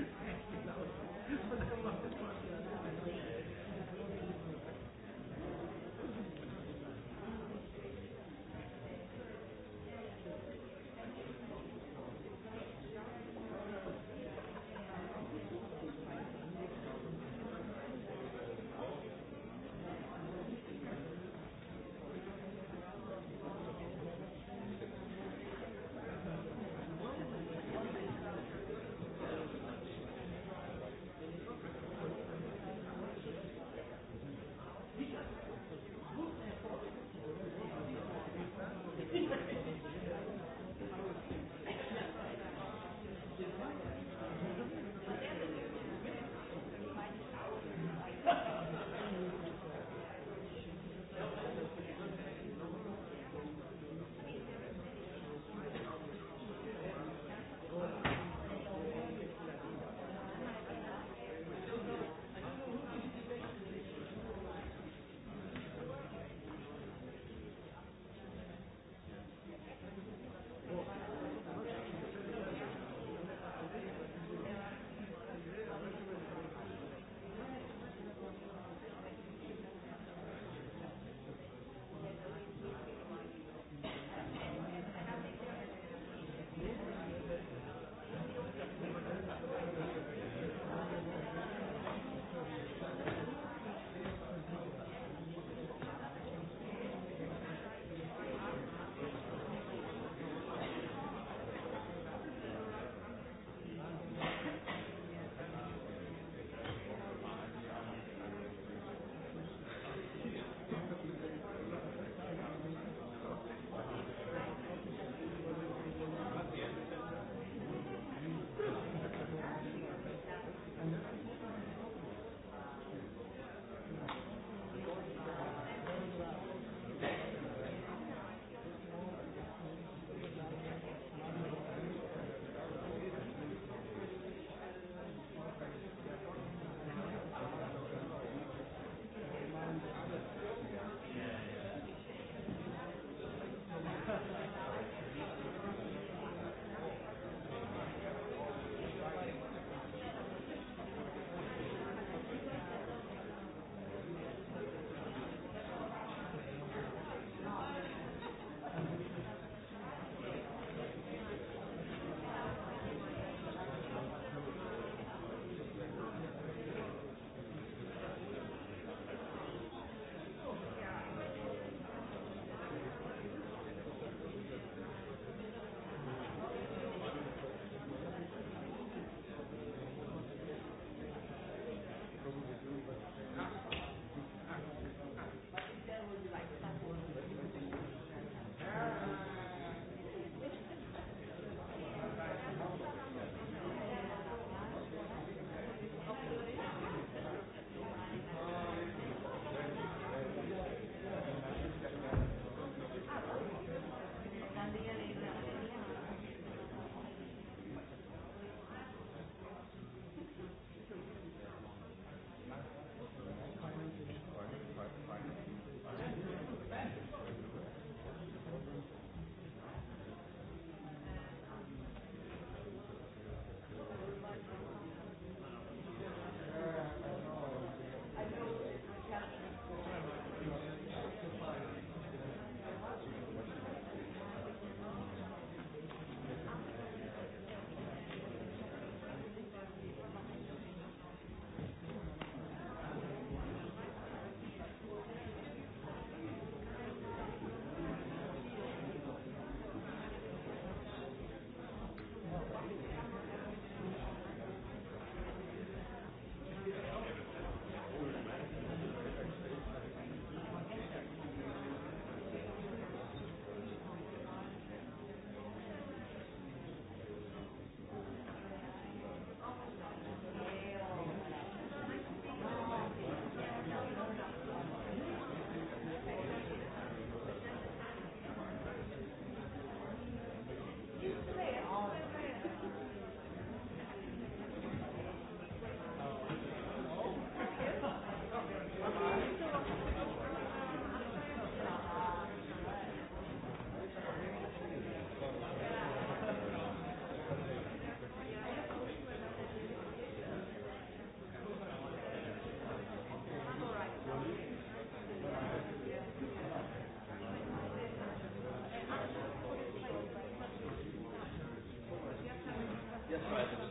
mislim Right.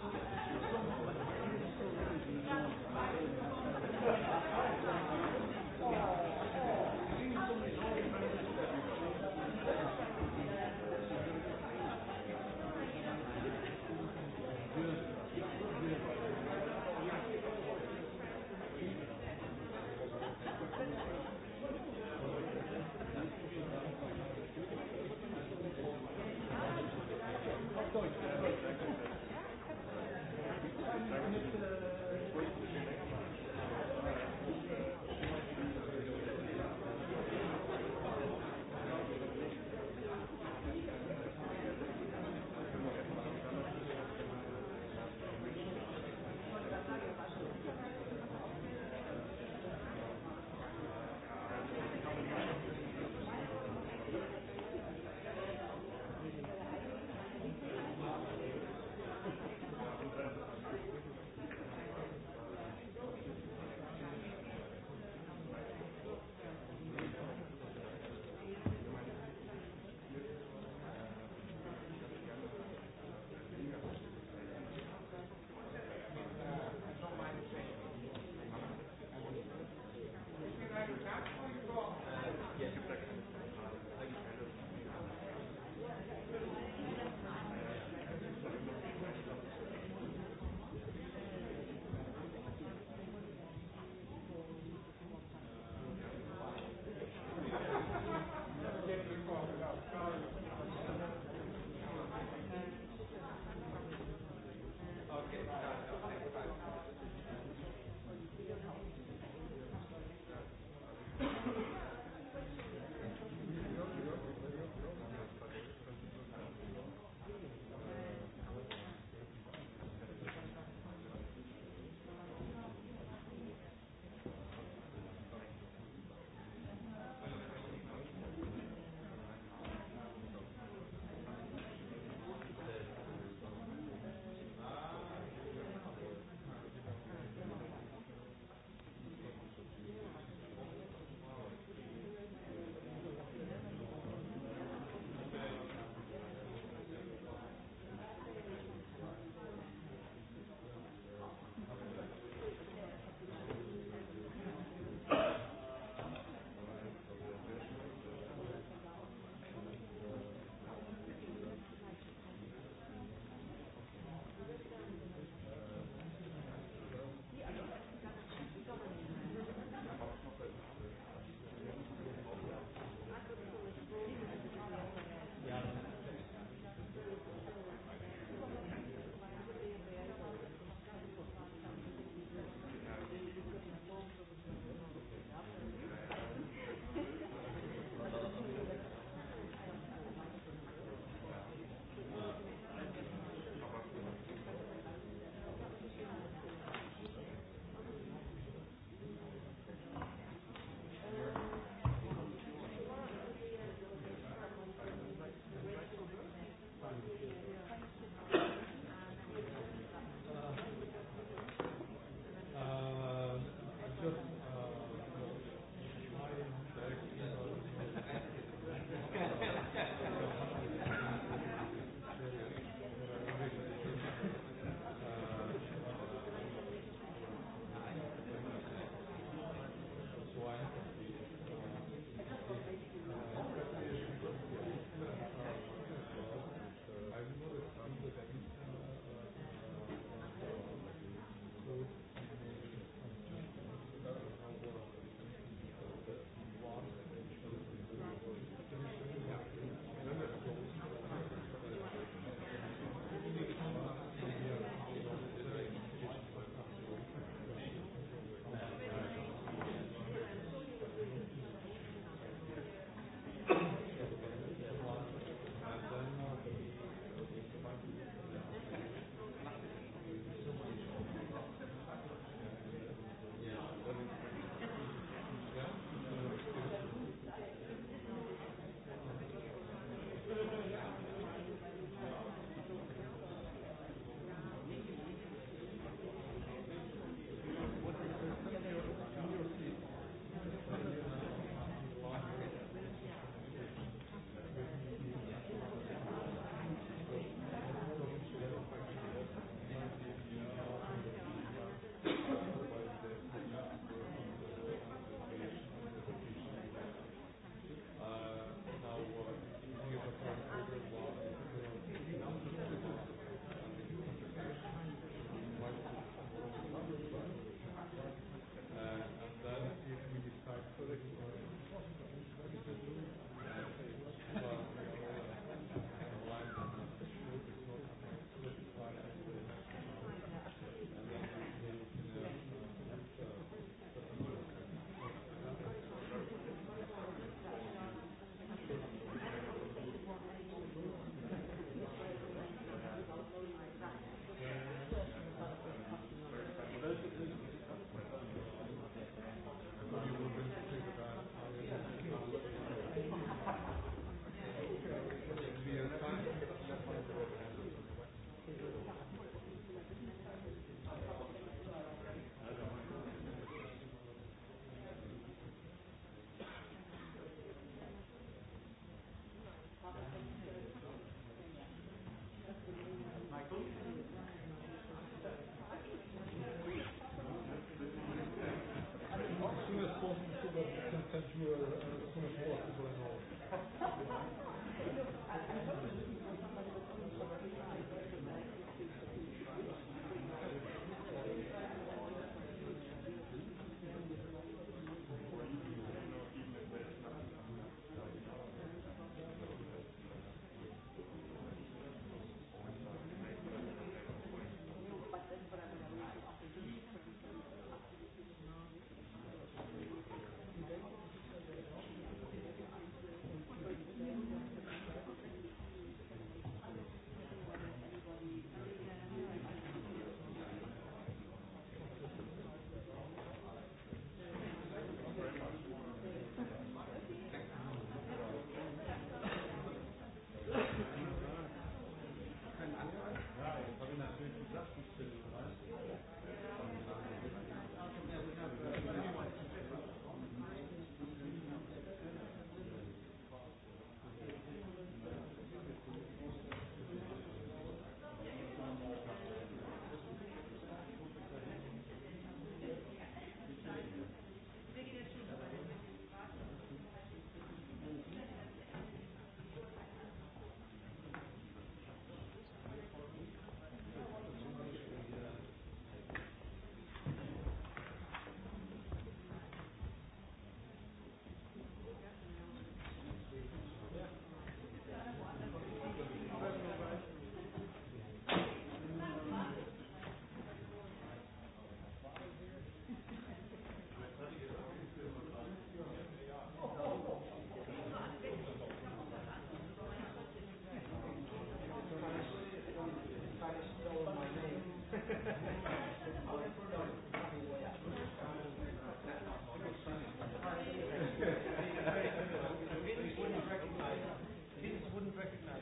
wouldn't recognize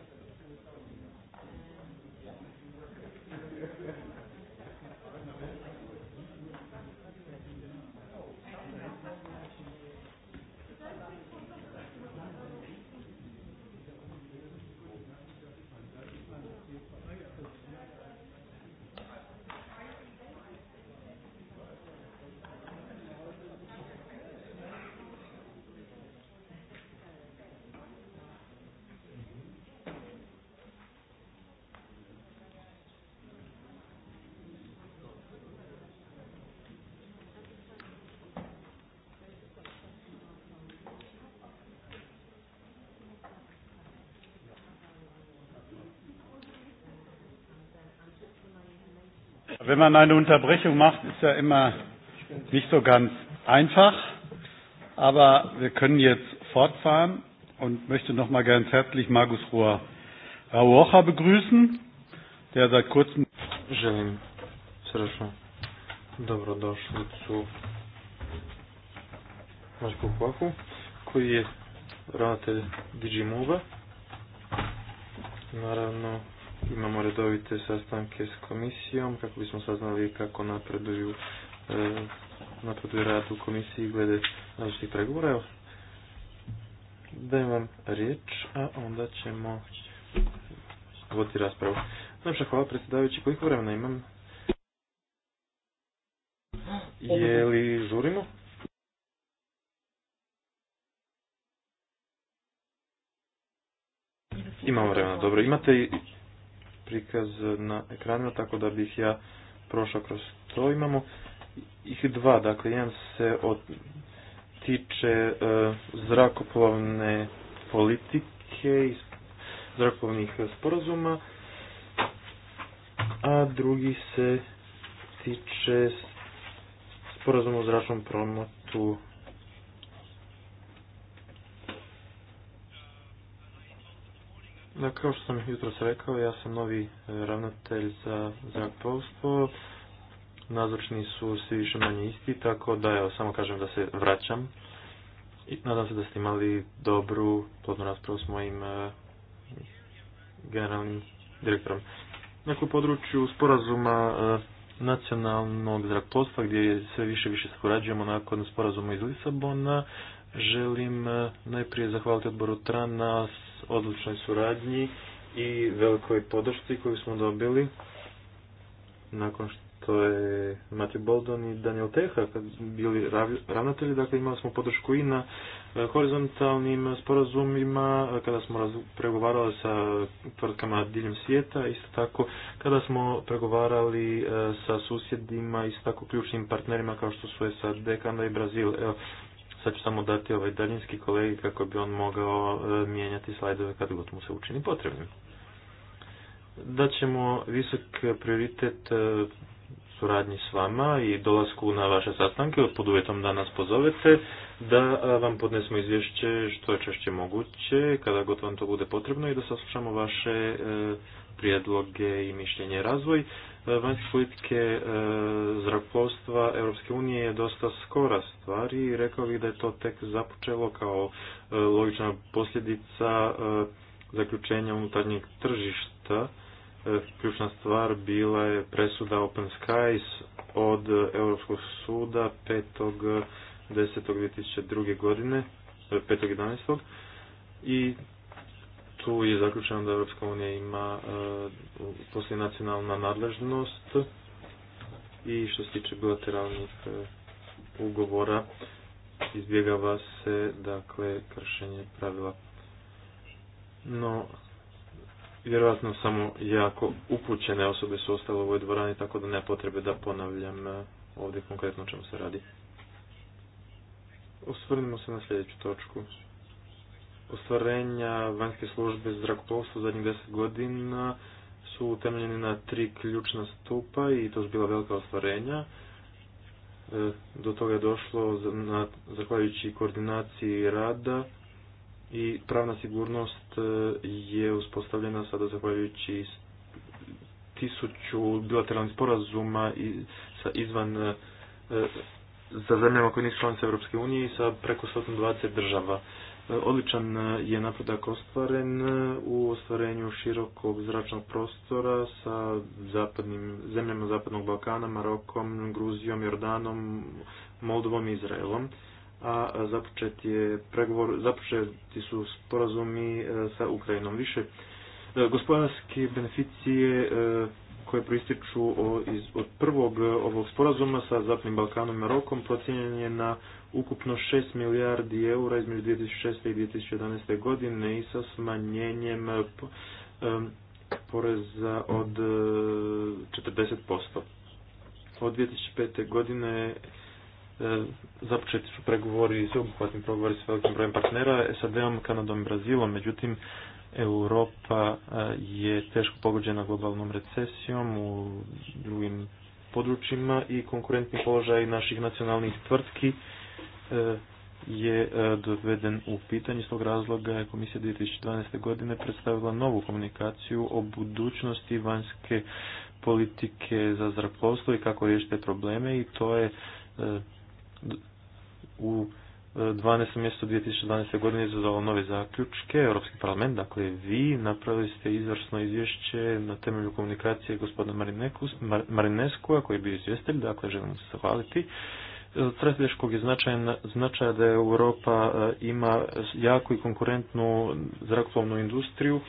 wenn man eine Unterbrechung macht, ist ja immer nicht so ganz einfach. Aber wir können jetzt fortfahren und möchte noch mal ganz herzlich Markus Rohr Rauocha begrüßen, der seit kurzem koji je ravnatelj Digimove. Naravno, imamo redovite sastanke s komisijom kako bismo saznali kako napreduju e, napreduje rad u komisiji glede različitih pregovora. dajem vam riječ, a onda ćemo voditi raspravu. Najpša hvala predsjedavajući, koliko vremena imam? Je li žurimo? Imamo vremena, dobro. Imate i prikaz na ekranima, tako da bih ja prošao kroz to. Imamo ih dva, dakle jedan se od, tiče e, zrakoplovne politike i zrakoplovnih sporazuma, a drugi se tiče sporazuma o zračnom prometu No, kao što sam jutro rekao, ja sam novi e, ravnatelj za zrakoplovstvo. Nazočni su svi više manje isti, tako da evo, samo kažem da se vraćam. I nadam se da ste imali dobru, plodnu raspravu s mojim e, generalnim direktorom. Dakle, području sporazuma e, nacionalnog zrakoplovstva gdje sve više više surađujemo nakon sporazuma iz Lisabona, Želim e, najprije zahvaliti odboru TRAN na odličnoj suradnji i velikoj podršci koju smo dobili nakon što je Matthew Boldon i Daniel Teha bili ravnatelji, dakle imali smo podršku i na e, horizontalnim sporazumima kada smo pregovarali sa tvrtkama diljem svijeta, isto tako kada smo pregovarali e, sa susjedima, isto tako ključnim partnerima kao što su SAD, Kanada i Brazil. Sad ću samo dati ovaj daljinski kolegi kako bi on mogao e, mijenjati slajdove kad god mu se učini potrebnim. ćemo visok prioritet e, suradnji s vama i dolasku na vaše sastanke, pod uvjetom da nas pozovete, da e, vam podnesemo izvješće što je češće moguće, kada god vam to bude potrebno i da saslušamo vaše prijedloge i mišljenje razvoj. E, vanjske politike e, zrakoplovstva Europske unije je dosta skora stvar i rekao bih da je to tek započelo kao e, logična posljedica zaključenja unutarnjeg tržišta. Ključna stvar bila je presuda Open Skies od Europskog suda 5.10.2002. godine, 5.11. i tu je zaključeno da Europska unija ima e, poslije nacionalna nadležnost i što se tiče bilateralnih e, ugovora izbjegava se dakle kršenje pravila. No, vjerojatno samo jako upućene osobe su ostale u ovoj dvorani, tako da ne potrebe da ponavljam e, ovdje konkretno o čemu se radi. Osvrnimo se na sljedeću točku ostvarenja vanjske službe zrakoplovstva u zadnjih deset godina su utemljeni na tri ključna stupa i to su bila velika ostvarenja. E, do toga je došlo zahvaljujući koordinaciji rada i pravna sigurnost e, je uspostavljena sada zahvaljujući tisuću bilateralnih sporazuma izvan e, za zemljama koje nisu članice Europske unije sa preko 120 država. E, odličan e, je napredak ostvaren e, u ostvarenju širokog zračnog prostora sa zapadnim, zemljama Zapadnog Balkana, Marokom, Gruzijom, Jordanom, Moldovom i Izraelom. A započet je pregovor, započeti su sporazumi sa Ukrajinom. Više gospodarske beneficije koje proističu od prvog ovog sporazuma sa Zapadnim Balkanom i Marokom procijenjen je na ukupno 6 milijardi eura između 2006. i 2011. godine i sa smanjenjem poreza od 40%. E, od 2005. godine e, započeti su pregovori, sveobuhvatni pregovori s velikim brojem partnera, SAD-om, Kanadom i Brazilom, međutim Europa e, je teško pogođena globalnom recesijom u drugim područjima i konkurentni položaj naših nacionalnih tvrtki je e, doveden u pitanje. S razloga je komisija 2012. godine predstavila novu komunikaciju o budućnosti vanjske politike za zrakoplovstvo i kako riješiti probleme i to je e, u 12. E, mjesecu 2012. godine izazvalo nove zaključke. Europski parlament, dakle vi, napravili ste izvrsno izvješće na temelju komunikacije gospodina Marinesku, koji je bio izvjestelj, dakle želim se zahvaliti strateškog je značaja da Europa e, ima jako i konkurentnu zrakoplovnu industriju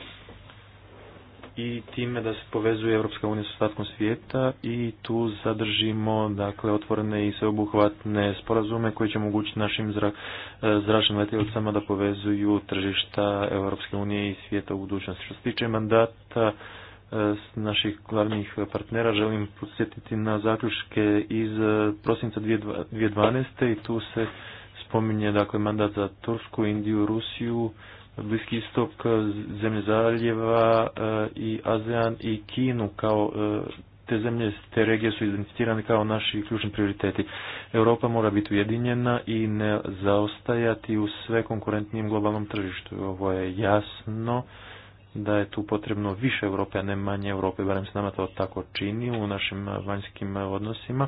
i time da se povezuje Europska unija s ostatkom svijeta i tu zadržimo dakle otvorene i sveobuhvatne sporazume koji će omogućiti našim e, zračnim letjelicama da povezuju tržišta Europske unije i svijeta u budućnosti. Što se tiče mandata naših glavnih partnera želim podsjetiti na zaključke iz e, prosinca 2012. i tu se spominje dakle, mandat za Tursku, Indiju, Rusiju, Bliski istok, zemlje Zaljeva e, i ASEAN i Kinu kao e, te zemlje, te regije su identificirane kao naši ključni prioriteti. Europa mora biti ujedinjena i ne zaostajati u sve konkurentnijem globalnom tržištu. Ovo je jasno da je tu potrebno više Europe, a ne manje Europe, barem se nama to tako čini u našim vanjskim odnosima.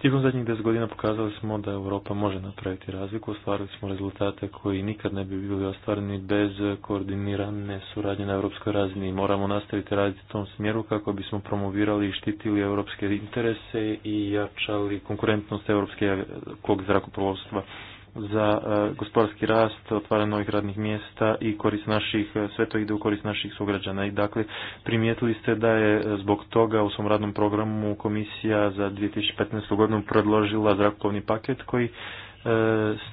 Tijekom zadnjih deset godina pokazali smo da Europa može napraviti razliku, ostvarili smo rezultate koji nikad ne bi bili ostvareni bez koordinirane suradnje na europskoj razini. Moramo nastaviti raditi u tom smjeru kako bismo promovirali i štitili europske interese i jačali konkurentnost europskog zrakoprovodstva za e, gospodarski rast, otvaranje novih radnih mjesta i korist naših, e, sve to ide u korist naših sugrađana. I dakle, primijetili ste da je e, zbog toga u svom radnom programu komisija za 2015. godinu predložila zrakoplovni paket koji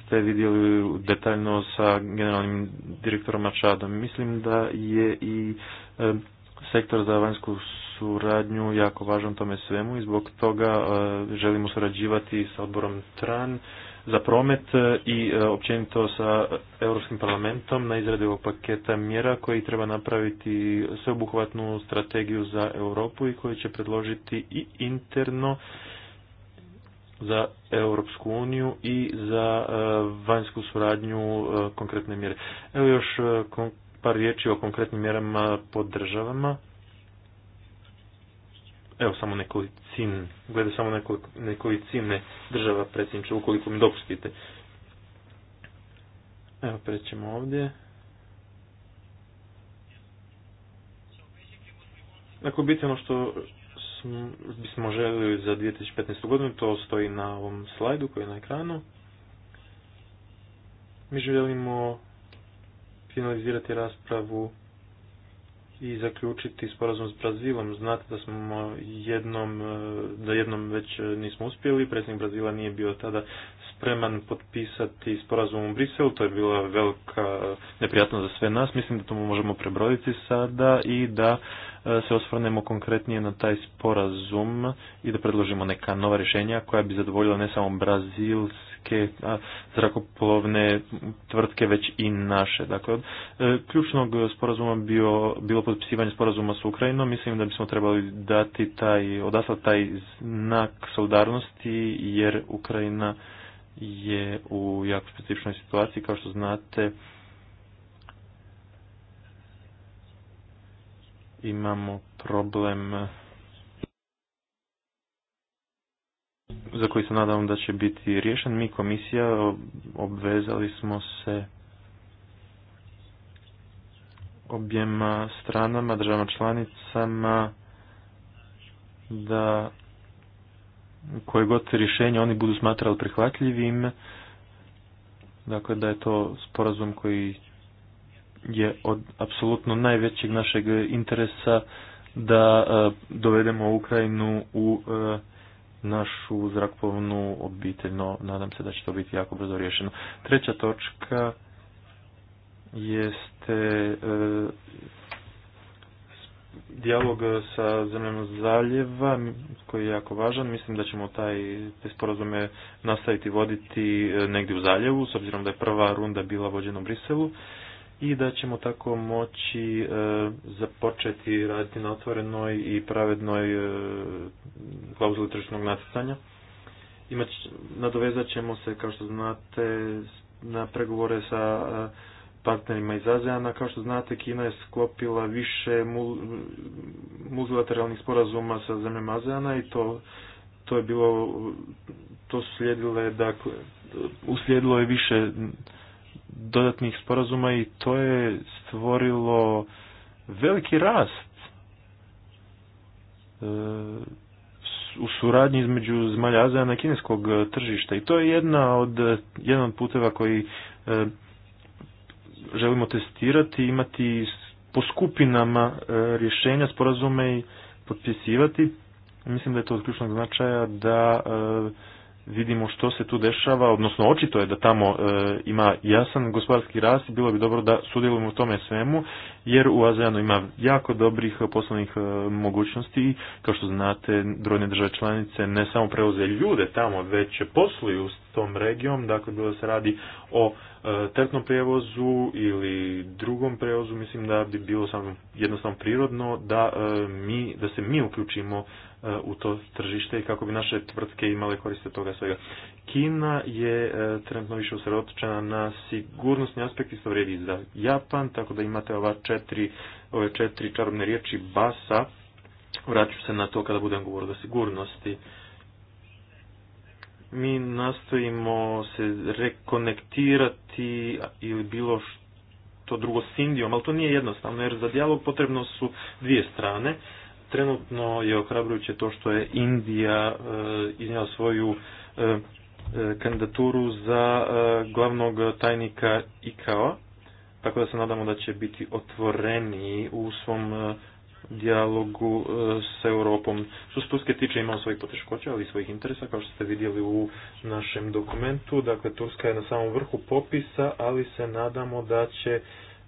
ste vidjeli detaljno sa generalnim direktorom Ačadom. Mislim da je i sektor za vanjsku suradnju jako važan tome svemu i zbog toga želimo surađivati sa odborom TRAN za promet e, i e, općenito sa Europskim parlamentom na izradi ovog paketa mjera koji treba napraviti sveobuhvatnu strategiju za Europu i koji će predložiti i interno za Europsku uniju i za e, vanjsku suradnju konkretne mjere. Evo još par riječi o konkretnim mjerama pod državama evo samo cin, glede samo nekoliko, nekolicine država predsjedniče, ukoliko mi dopustite. Evo, prećemo ovdje. Dakle, biti ono što bismo željeli za 2015. godinu, to stoji na ovom slajdu koji je na ekranu. Mi želimo finalizirati raspravu i zaključiti sporazum s Brazilom. Znate da smo jednom, e, da jednom već e, nismo uspjeli, predsjednik Brazila nije bio tada spreman potpisati sporazum u Briselu, to je bila velika e, neprijatnost za sve nas, mislim da to možemo prebroditi sada i da se osvrnemo konkretnije na taj sporazum i da predložimo neka nova rješenja koja bi zadovoljila ne samo brazilski američke zrakoplovne tvrtke već i naše. Dakle, e, ključnog sporazuma bio, bilo potpisivanje sporazuma s Ukrajinom, mislim da bismo trebali dati taj, odaslati taj znak solidarnosti jer Ukrajina je u jako specifičnoj situaciji, kao što znate, imamo problem za koji se nadam da će biti riješen. Mi komisija obvezali smo se objema stranama, državama članicama da koje god rješenje oni budu smatrali prihvatljivim, dakle da je to sporazum koji je od apsolutno najvećeg našeg interesa da e, dovedemo Ukrajinu u e, našu zrakovnu obitelj, no nadam se da će to biti jako brzo riješeno. Treća točka jeste e, dijalog sa zemljama zaljeva koji je jako važan. Mislim da ćemo taj, te sporazume nastaviti voditi e, negdje u zaljevu, s obzirom da je prva runda bila vođena u Briselu i da ćemo tako moći e, započeti raditi na otvorenoj i pravednoj e, klauzuli tržišnog natjecanja. Nadovezat ćemo se, kao što znate, na pregovore sa e, partnerima iz Azeana. Kao što znate, Kina je sklopila više multilateralnih sporazuma sa zemljama Azeana i to, to je bilo, to slijedile, dakle, uslijedilo je više dodatnih sporazuma i to je stvorilo veliki rast e, u suradnji između zmalja Azana i kineskog tržišta. I to je jedna od, jedan od puteva koji e, želimo testirati, imati po skupinama e, rješenja, sporazume i potpisivati. Mislim da je to od ključnog značaja da vidimo što se tu dešava, odnosno očito je da tamo e, ima jasan gospodarski rast i bilo bi dobro da sudjelujemo u tome svemu, jer u ASEANu ima jako dobrih poslovnih e, mogućnosti i kao što znate brojne države članice ne samo preuze ljude tamo, već posluju s tom regijom, dakle bilo da se radi o teretnom prijevozu ili drugom prijevozu, mislim da bi bilo samo jednostavno prirodno da, e, mi, da se mi uključimo e, u to tržište i kako bi naše tvrtke imale koriste toga svega. Kina je e, trenutno više usredotočena na sigurnosni aspekt, isto vrijedi za Japan, tako da imate ova četiri, ove četiri čarobne riječi basa, vratit ću se na to kada budem govorio o sigurnosti mi nastojimo se rekonektirati ili bilo što drugo s Indijom, ali to nije jednostavno jer za dijalog potrebno su dvije strane. Trenutno je okrabrujuće to što je Indija e, iznijela svoju e, e, kandidaturu za glavnog tajnika ICAO, tako da se nadamo da će biti otvoreni u svom dijalogu e, s Europom. Što se Turske tiče ima svojih poteškoća, ali i svojih interesa, kao što ste vidjeli u našem dokumentu. Dakle, Turska je na samom vrhu popisa, ali se nadamo da će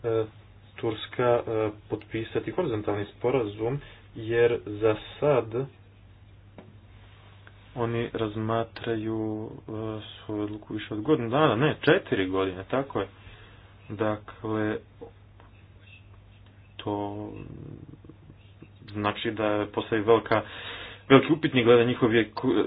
e, Turska e, potpisati horizontalni sporazum, jer za sad oni razmatraju svoju odluku više od godinu dana, ne, četiri godine, tako je. Dakle, to znači da postoji velika veliki upitnik glede njihove,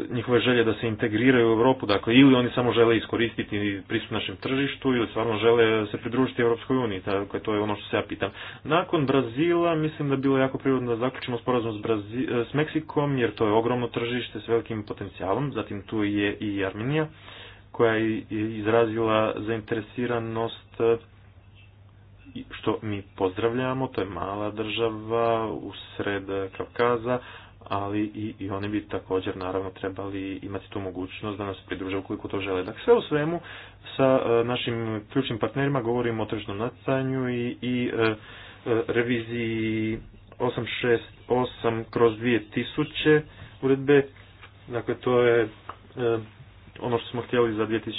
njihove želje da se integriraju u Europu, dakle ili oni samo žele iskoristiti pristup našem tržištu ili stvarno žele se pridružiti Europskoj uniji, dakle to je ono što se ja pitam. Nakon Brazila mislim da je bilo jako prirodno da zaključimo sporazum s, s Meksikom jer to je ogromno tržište s velikim potencijalom, zatim tu je i Armenija koja je izrazila zainteresiranost što mi pozdravljamo, to je mala država u sred Kavkaza, ali i, i oni bi također naravno trebali imati tu mogućnost da nas pridruže ukoliko to žele. Dakle, sve u svemu sa e, našim ključnim partnerima govorimo o tržnom nacanju i, i e, e, reviziji 868 kroz 2000 uredbe. Dakle, to je ono što smo htjeli za 2015.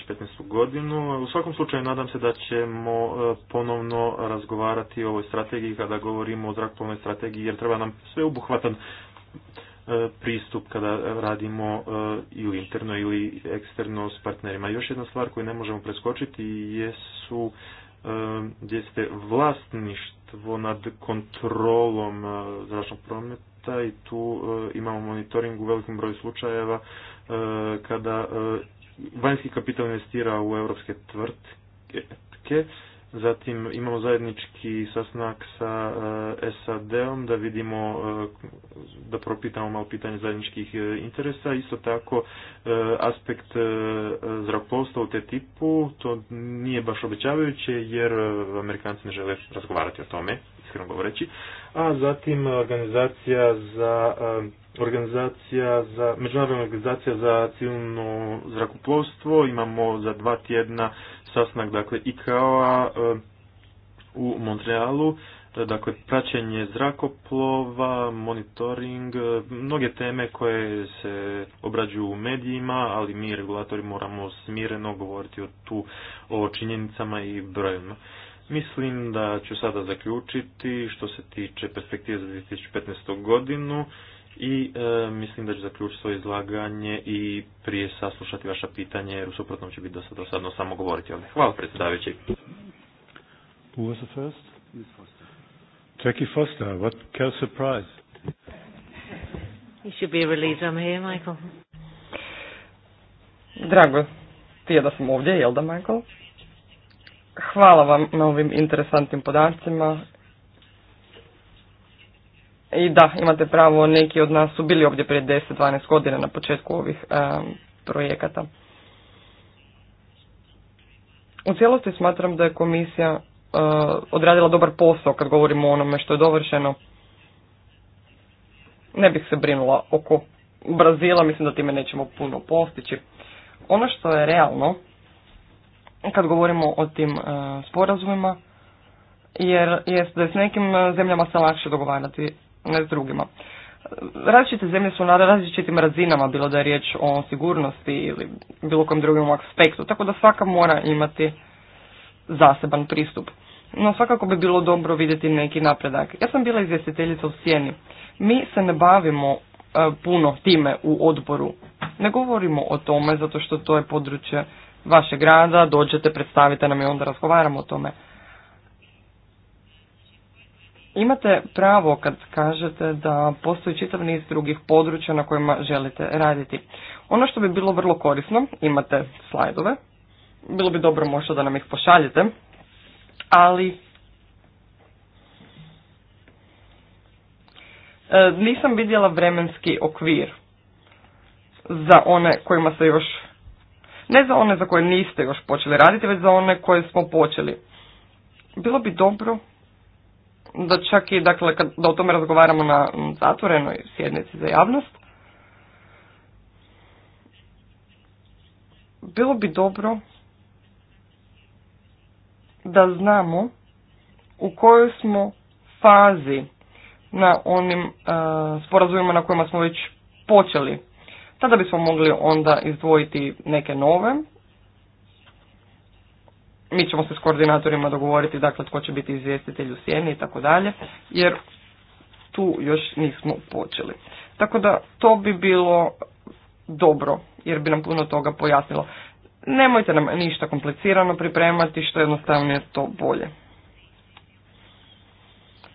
godinu. U svakom slučaju nadam se da ćemo e, ponovno razgovarati o ovoj strategiji kada govorimo o zrakoplovnoj strategiji jer treba nam sve e, pristup kada radimo ili e, interno ili eksterno s partnerima. Još jedna stvar koju ne možemo preskočiti jesu ste vlasništvo nad kontrolom zračnog prometa i tu imamo monitoring u velikom broju slučajeva Eh, kada eh, vanjski kapital investira u europske tvrtke, zatim imamo zajednički sasnak sa eh, SAD-om da vidimo, da propitamo malo pitanje zajedničkih interesa, isto tako aspekt zrakoplovstva u te tipu, to nije baš obećavajuće jer Amerikanci ne žele razgovarati o tome, iskreno govoreći, a zatim organizacija za organizacija za, međunarodna organizacija za civilno zrakoplovstvo, imamo za dva tjedna sastanak dakle ICAO-a e, u Montrealu, e, dakle praćenje zrakoplova, monitoring, e, mnoge teme koje se obrađuju u medijima, ali mi regulatori moramo smireno govoriti o tu o činjenicama i brojevima. Mislim da ću sada zaključiti što se tiče perspektive za 2015. godinu i e, mislim da ću zaključiti svoje izlaganje i prije saslušati vaša pitanje jer u suprotnom će biti dosta dosadno samo govoriti ovdje. Hvala predsjedavajući. Who was the Jackie Foster, what a surprise. You should be relieved I'm here, Michael. Drago, ti je da sam ovdje, jel da, Michael? Hvala vam na ovim interesantnim podacima i da, imate pravo, neki od nas su bili ovdje prije 10-12 godina na početku ovih e, projekata. U cijelosti smatram da je komisija e, odradila dobar posao kad govorimo o onome što je dovršeno. Ne bih se brinula oko Brazila, mislim da time nećemo puno postići. Ono što je realno, kad govorimo o tim e, sporazumima, jer jest da je s nekim zemljama se lakše dogovarati s drugima. Različite zemlje su na različitim razinama, bilo da je riječ o sigurnosti ili bilo kojem drugom aspektu, tako da svaka mora imati zaseban pristup. No svakako bi bilo dobro vidjeti neki napredak. Ja sam bila izvjestiteljica u Sjeni. Mi se ne bavimo e, puno time u odboru. Ne govorimo o tome zato što to je područje vašeg grada, dođete, predstavite nam i onda razgovaramo o tome. Imate pravo kad kažete da postoji čitav niz drugih područja na kojima želite raditi. Ono što bi bilo vrlo korisno, imate slajdove, bilo bi dobro možda da nam ih pošaljete, ali e, nisam vidjela vremenski okvir za one kojima se još, ne za one za koje niste još počeli raditi, već za one koje smo počeli. Bilo bi dobro da čak i dakle kad, da o tome razgovaramo na zatvorenoj sjednici za javnost. Bilo bi dobro da znamo u kojoj smo fazi na onim e, sporazumima na kojima smo već počeli. Tada bismo mogli onda izdvojiti neke nove mi ćemo se s koordinatorima dogovoriti dakle tko će biti izvjestitelj u sjeni i tako dalje, jer tu još nismo počeli. Tako da to bi bilo dobro, jer bi nam puno toga pojasnilo. Nemojte nam ništa komplicirano pripremati, što je to bolje.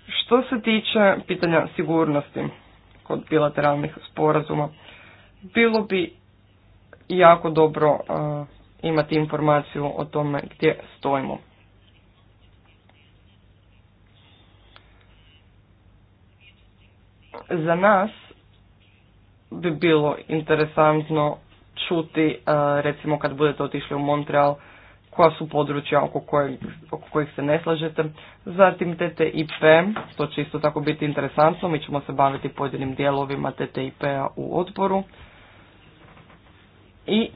Što se tiče pitanja sigurnosti kod bilateralnih sporazuma, bilo bi jako dobro e, imati informaciju o tome gdje stojimo. Za nas bi bilo interesantno čuti, e, recimo kad budete otišli u Montreal, koja su područja oko kojih, oko kojih se ne slažete. Zatim TTIP, to će isto tako biti interesantno, mi ćemo se baviti pojedinim dijelovima TTIP-a u odboru. I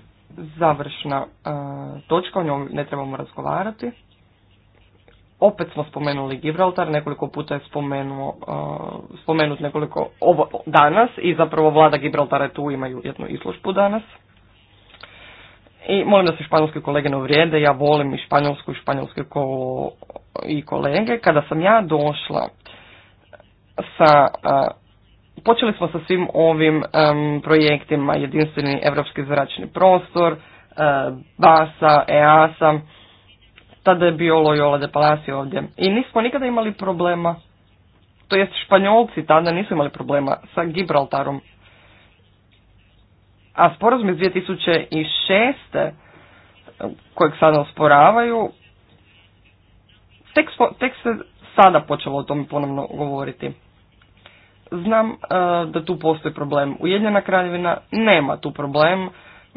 završna e, točka, o njoj ne trebamo razgovarati. Opet smo spomenuli Gibraltar, nekoliko puta je spomenuo, e, spomenut nekoliko ovo, danas i zapravo vlada Gibraltara tu imaju jednu izložbu danas. I molim da se španjolske kolege ne uvrijede, ja volim i španjolsku i španjolske ko, i kolege. Kada sam ja došla sa e, počeli smo sa svim ovim projektima, jedinstveni evropski zračni prostor, uh, BASA, EASA, tada je bio Loyola de Palacio ovdje. I nismo nikada imali problema, to jest Španjolci tada nisu imali problema sa Gibraltarom. A sporazum iz 2006. kojeg sada osporavaju, tek, tek se sada počelo o tome ponovno govoriti. Znam e, da tu postoji problem. Ujedinjena kraljevina nema tu problem.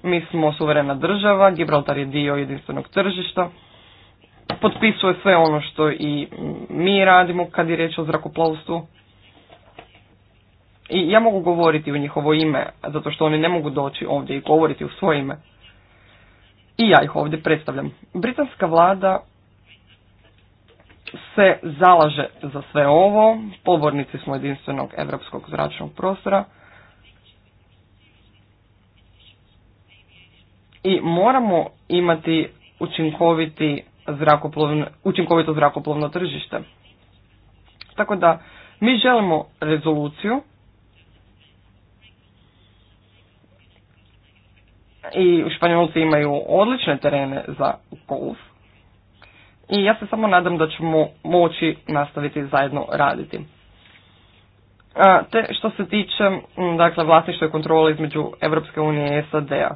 Mi smo suverena država, Gibraltar je dio jedinstvenog tržišta. Potpisuje sve ono što i mi radimo kad je riječ o zrakoplovstvu. I ja mogu govoriti u njihovo ime, zato što oni ne mogu doći ovdje i govoriti u svoje ime. I ja ih ovdje predstavljam. Britanska vlada se zalaže za sve ovo, pobornici smo jedinstvenog europskog zračnog prostora i moramo imati učinkoviti zrakoplovno, učinkovito zrakoplovno tržište. Tako da mi želimo rezoluciju i Španjolci imaju odlične terene za golf i ja se samo nadam da ćemo moći nastaviti zajedno raditi. Te što se tiče dakle, vlasništva i kontrole između Europske unije i SAD-a.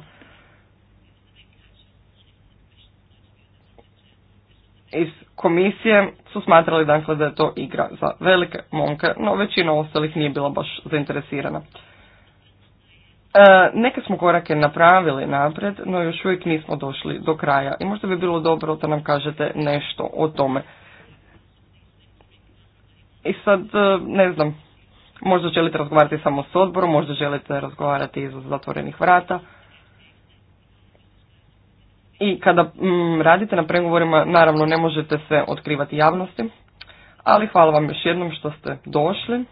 Iz komisije su smatrali dakle, da je to igra za velike momke, no većina ostalih nije bila baš zainteresirana. E, neke smo korake napravili napred, no još uvijek nismo došli do kraja i možda bi bilo dobro da nam kažete nešto o tome. I sad, e, ne znam, možda želite razgovarati samo s odborom, možda želite razgovarati iz zatvorenih vrata. I kada mm, radite na pregovorima, naravno ne možete se otkrivati javnosti, ali hvala vam još jednom što ste došli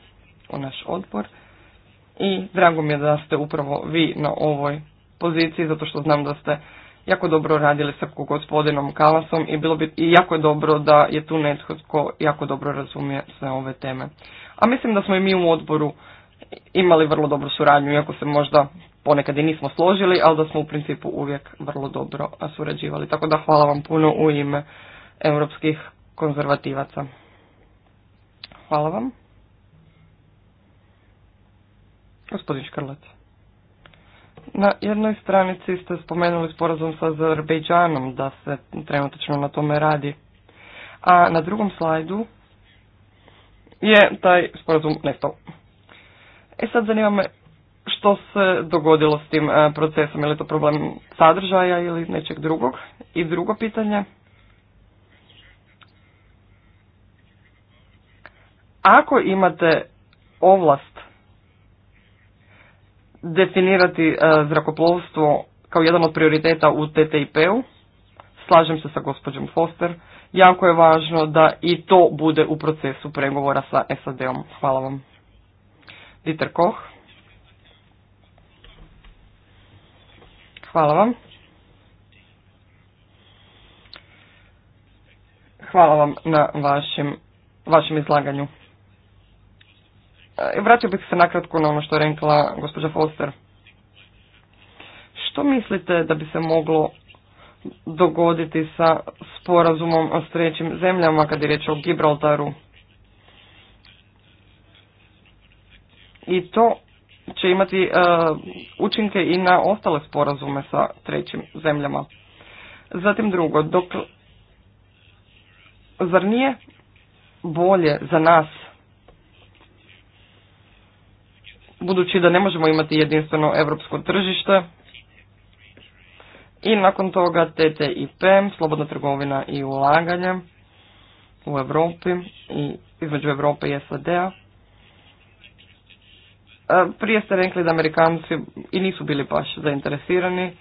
u naš odbor i drago mi je da ste upravo vi na ovoj poziciji zato što znam da ste jako dobro radili sa gospodinom Kalasom i bilo bi i jako dobro da je tu netko tko jako dobro razumije sve ove teme. A mislim da smo i mi u odboru imali vrlo dobru suradnju, iako se možda ponekad i nismo složili, ali da smo u principu uvijek vrlo dobro surađivali. Tako da hvala vam puno u ime europskih konzervativaca. Hvala vam. Gospodin Škrlac. Na jednoj stranici ste spomenuli sporazum sa Azerbejdžanom da se trenutačno na tome radi. A na drugom slajdu je taj sporazum nestao. E sad zanima me što se dogodilo s tim e, procesom, je li to problem sadržaja ili nečeg drugog? I drugo pitanje, ako imate ovlast definirati e, zrakoplovstvo kao jedan od prioriteta u TTIP-u. Slažem se sa gospođom Foster. Jako je važno da i to bude u procesu pregovora sa SAD-om. Hvala vam. Dieter Koch. Hvala vam. Hvala vam na vašem, vašem izlaganju. E, vratio bih se nakratko na ono što je rekla gospođa Foster. Što mislite da bi se moglo dogoditi sa sporazumom s trećim zemljama kad je riječ o Gibraltaru? I to će imati e, učinke i na ostale sporazume sa trećim zemljama. Zatim drugo, dok, zar nije bolje za nas budući da ne možemo imati jedinstveno europsko tržište. I nakon toga TTIP, slobodna trgovina i ulaganje u Europi i između Europe i SAD-a. E, prije ste rekli da Amerikanci i nisu bili baš zainteresirani.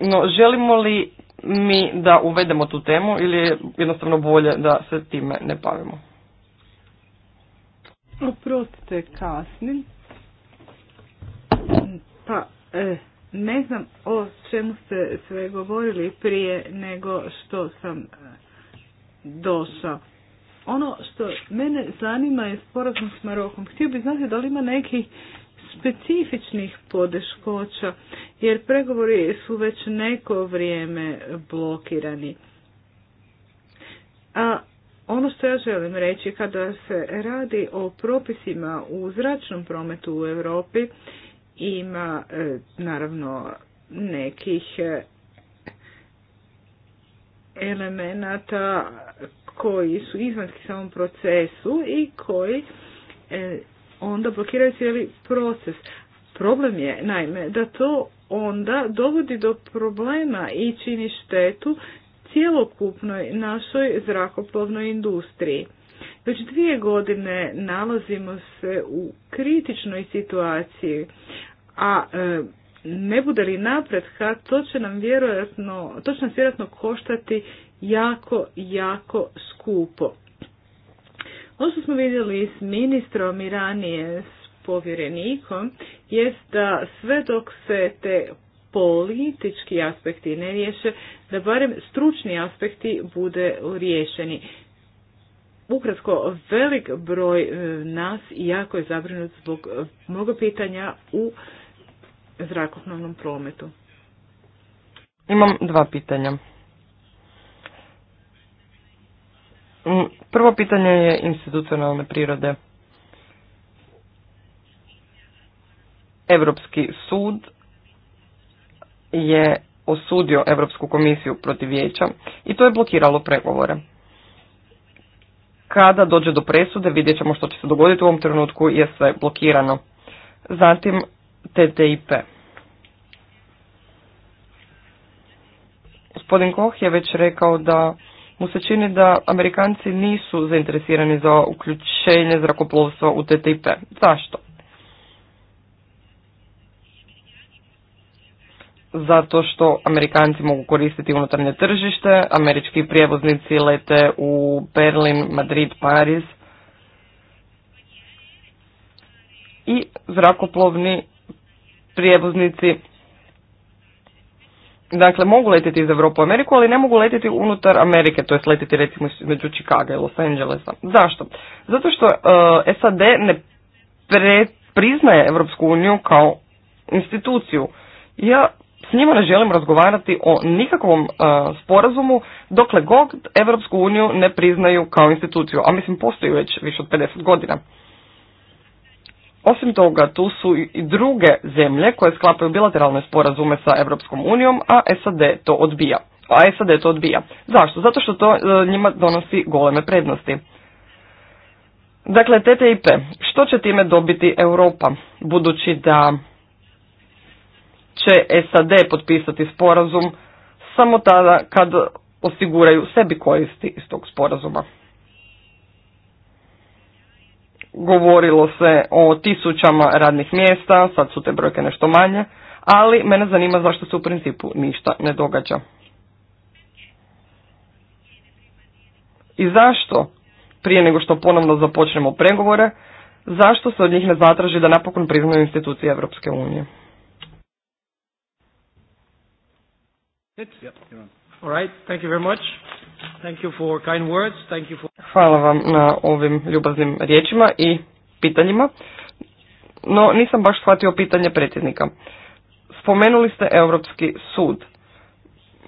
No, želimo li mi da uvedemo tu temu ili je jednostavno bolje da se time ne bavimo? Oprostite, kasnim. Pa, e, ne znam o čemu ste sve govorili prije nego što sam e, došao. Ono što mene zanima je sporazum s Marokom. Htio bih znati da li ima nekih specifičnih podeškoća, jer pregovori su već neko vrijeme blokirani. A ono što ja želim reći kada se radi o propisima u zračnom prometu u Europi ima e, naravno nekih e, elemenata koji su izvanski samom procesu i koji e, onda blokiraju cijeli proces. Problem je naime da to onda dovodi do problema i čini štetu cjelokupnoj našoj zrakoplovnoj industriji. Već dvije godine nalazimo se u kritičnoj situaciji, a e, ne bude li napretka, to će nam vjerojatno, to će nas vjerojatno koštati jako, jako skupo. Ono što smo vidjeli s ministrom i ranije s povjerenikom jest da sve dok se te politički aspekti ne riješe, da barem stručni aspekti bude riješeni. Ukratko, velik broj e, nas jako je zabrinut zbog e, mnogo pitanja u zrakoplovnom prometu. Imam dva pitanja. Mm, prvo pitanje je institucionalne prirode. Europski sud je osudio Europsku komisiju protiv vijeća i to je blokiralo pregovore. Kada dođe do presude vidjet ćemo što će se dogoditi u ovom trenutku je sve blokirano. Zatim TTIP. Gospodin Koch je već rekao da mu se čini da Amerikanci nisu zainteresirani za uključenje zrakoplovstva u TTIP. Zašto? zato što Amerikanci mogu koristiti unutarnje tržište, američki prijevoznici lete u Berlin, Madrid, Pariz i zrakoplovni prijevoznici dakle mogu letjeti iz Europu u Ameriku, ali ne mogu letjeti unutar Amerike, to jest letjeti recimo među Chicago i Los Angelesa. Zašto? Zato što e, SAD ne priznaje Europsku uniju kao instituciju. Ja s njima ne želim razgovarati o nikakvom e, sporazumu dokle god Europsku uniju ne priznaju kao instituciju, a mislim postoji već više od 50 godina. Osim toga, tu su i druge zemlje koje sklapaju bilateralne sporazume sa Europskom unijom, a SAD to odbija. A SAD to odbija. Zašto? Zato što to e, njima donosi goleme prednosti. Dakle, TTIP, što će time dobiti Europa, budući da će SAD potpisati sporazum samo tada kad osiguraju sebi koristi iz tog sporazuma. Govorilo se o tisućama radnih mjesta, sad su te brojke nešto manje, ali mene zanima zašto se u principu ništa ne događa. I zašto, prije nego što ponovno započnemo pregovore, zašto se od njih ne zatraži da napokon priznaju institucije Europske unije? Hvala vam na ovim ljubaznim riječima i pitanjima. No, nisam baš shvatio pitanje predsjednika. Spomenuli ste Europski sud.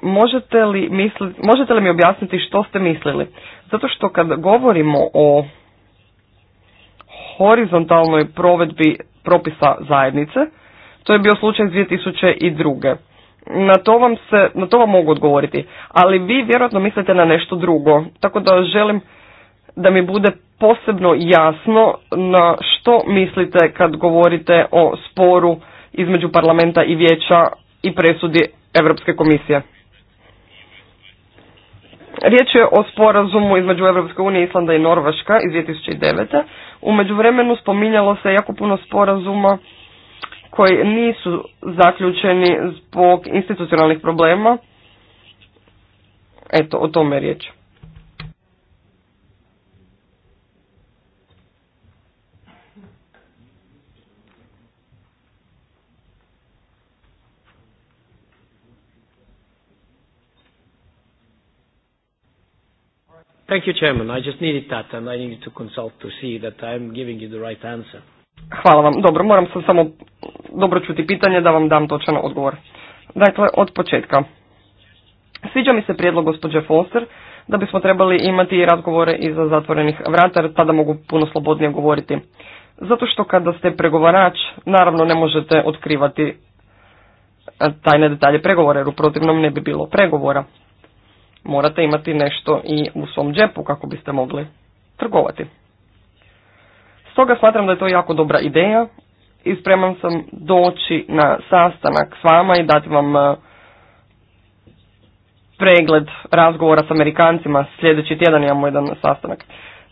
Možete li, možete li mi objasniti što ste mislili? Zato što kad govorimo o horizontalnoj provedbi propisa zajednice, to je bio slučaj 2002 na to, vam se, na to vam mogu odgovoriti. Ali vi vjerojatno mislite na nešto drugo. Tako da želim da mi bude posebno jasno na što mislite kad govorite o sporu između parlamenta i vijeća i presudi Europske komisije. Riječ je o sporazumu između Europske unije, Islanda i Norveška iz 2009. U međuvremenu spominjalo se jako puno sporazuma koji nisu zaključeni zbog institucionalnih problema. Eto, o tome riječ. Thank you, Chairman. I just needed that, and I needed to consult to see that I'm giving you the right answer. Hvala vam. Dobro, moram sam samo dobro čuti pitanje da vam dam točan odgovor. Dakle, od početka. Sviđa mi se prijedlog gospođe Foster da bismo trebali imati i razgovore iza zatvorenih vrata, jer tada mogu puno slobodnije govoriti. Zato što kada ste pregovarač, naravno ne možete otkrivati e, tajne detalje pregovora, jer u protivnom ne bi bilo pregovora. Morate imati nešto i u svom džepu kako biste mogli trgovati. Stoga smatram da je to jako dobra ideja i spreman sam doći na sastanak s vama i dati vam e, pregled razgovora s Amerikancima. Sljedeći tjedan imamo jedan sastanak.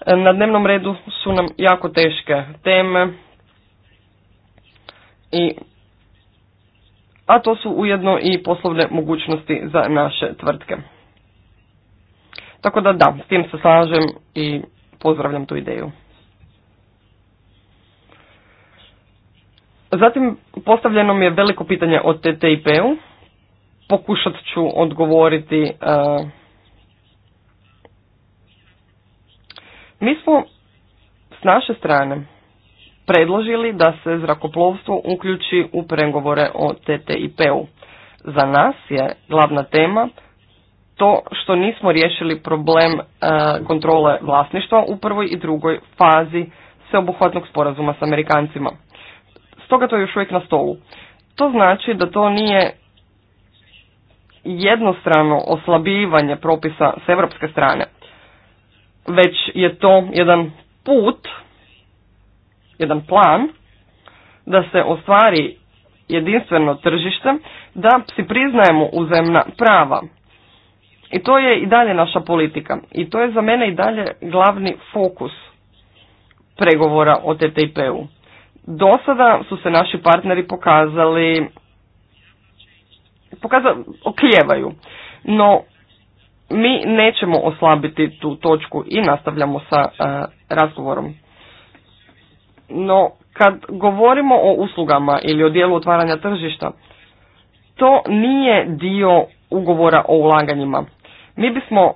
E, na dnevnom redu su nam jako teške teme i a to su ujedno i poslovne mogućnosti za naše tvrtke. Tako da da, s tim se slažem i pozdravljam tu ideju. Zatim postavljeno mi je veliko pitanje o TTIP-u. Pokušat ću odgovoriti. E, mi smo s naše strane predložili da se zrakoplovstvo uključi u pregovore o TTIP-u. Za nas je glavna tema to što nismo riješili problem e, kontrole vlasništva u prvoj i drugoj fazi sveobuhvatnog sporazuma s Amerikancima. Stoga to je još uvijek na stolu. To znači da to nije jednostrano oslabivanje propisa s europske strane, već je to jedan put, jedan plan da se ostvari jedinstveno tržište, da si priznajemo uzemna prava. I to je i dalje naša politika. I to je za mene i dalje glavni fokus pregovora o TTIP-u. Do sada su se naši partneri pokazali, pokazali okljevaju, no mi nećemo oslabiti tu točku i nastavljamo sa e, razgovorom. No, kad govorimo o uslugama ili o dijelu otvaranja tržišta, to nije dio ugovora o ulaganjima. Mi bismo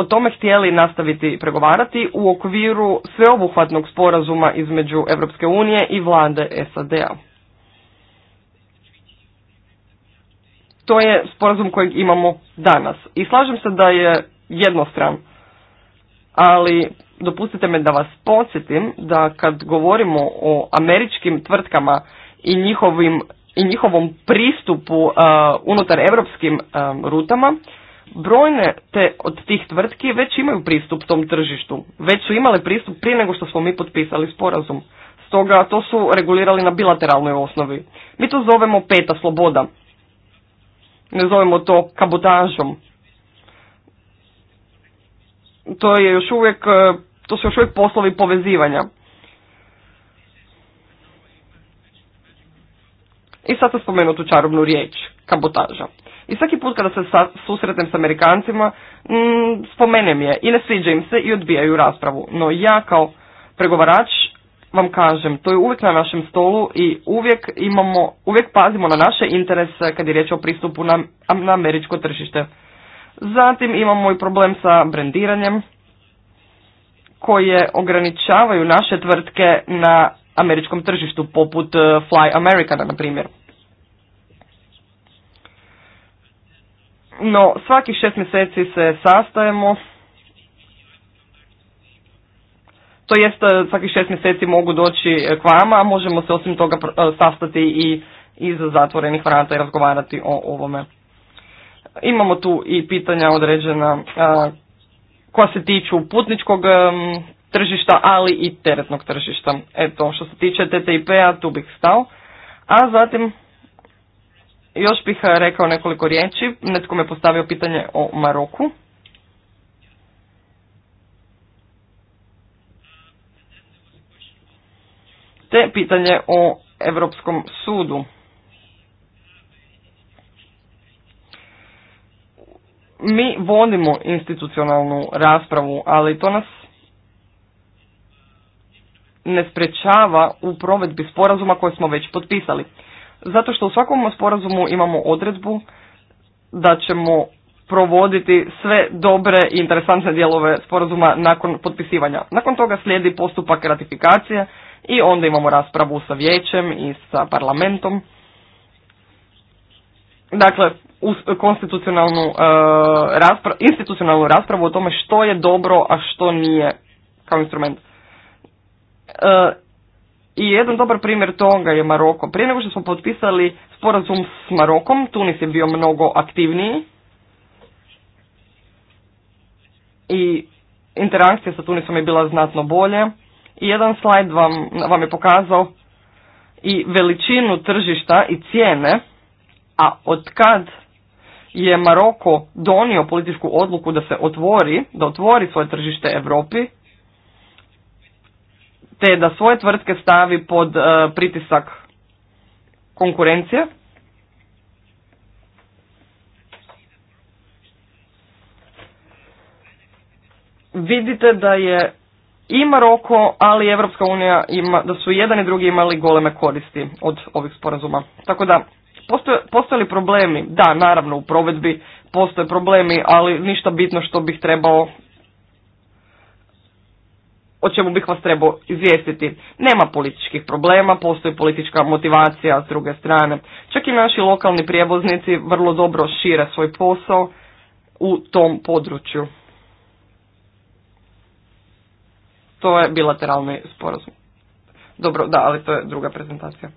o tome htjeli nastaviti pregovarati u okviru sveobuhvatnog sporazuma između Europske unije i vlade SAD-a. To je sporazum kojeg imamo danas. I slažem se da je jednostran, ali dopustite me da vas podsjetim da kad govorimo o američkim tvrtkama i njihovim i njihovom pristupu unutar europskim rutama brojne te od tih tvrtki već imaju pristup tom tržištu, već su imale pristup prije nego što smo mi potpisali sporazum. Stoga to su regulirali na bilateralnoj osnovi. Mi to zovemo peta sloboda. Ne zovemo to kabotažom. To je još uvijek, e, to su još uvijek poslovi povezivanja. I sad sam spomenuo tu čarobnu riječ, kabotaža. I svaki put kada se sa, susretnem s Amerikancima, mm, spomenem je i ne sviđa im se i odbijaju raspravu. No ja kao pregovarač vam kažem, to je uvijek na našem stolu i uvijek imamo, uvijek pazimo na naše interese kad je riječ o pristupu na, na američko tržište. Zatim imamo i problem sa brendiranjem koje ograničavaju naše tvrtke na američkom tržištu poput eh, Fly Americana na primjer. No, svakih šest mjeseci se sastajemo. To jest, e, svaki šest mjeseci mogu doći e, k vama, a možemo se osim toga e, sastati i iz zatvorenih vrata i razgovarati o ovome. Imamo tu i pitanja određena koja se tiču putničkog tržišta, ali i teretnog tržišta. Eto, što se tiče TTIP-a, tu bih stao. A zatim još bih eh, rekao nekoliko riječi. Netko me postavio pitanje o Maroku. Te pitanje o Europskom sudu. Mi vodimo institucionalnu raspravu, ali to nas ne sprečava u provedbi sporazuma koje smo već potpisali. Zato što u svakom sporazumu imamo odredbu da ćemo provoditi sve dobre i interesantne dijelove sporazuma nakon potpisivanja. Nakon toga slijedi postupak ratifikacije i onda imamo raspravu sa vijećem i sa parlamentom. Dakle, uz konstitucionalnu e, institucionalnu raspravu o tome što je dobro, a što nije kao instrument. E, i jedan dobar primjer toga je Maroko. Prije nego što smo potpisali sporazum s Marokom, Tunis je bio mnogo aktivniji i interakcija sa Tunisom je bila znatno bolje. I jedan slajd vam, vam je pokazao i veličinu tržišta i cijene, a od kad je Maroko donio političku odluku da se otvori, da otvori svoje tržište Europi, te da svoje tvrtke stavi pod e, pritisak konkurencije. Vidite da je i Maroko, ali i Evropska unija ima, da su jedan i drugi imali goleme koristi od ovih sporazuma. Tako da, postoje, postoje li problemi? Da, naravno, u provedbi postoje problemi, ali ništa bitno što bih trebao o čemu bih vas trebao izvijestiti. Nema političkih problema, postoji politička motivacija s druge strane. Čak i naši lokalni prijevoznici vrlo dobro šire svoj posao u tom području. To je bilateralni sporazum. Dobro, da, ali to je druga prezentacija.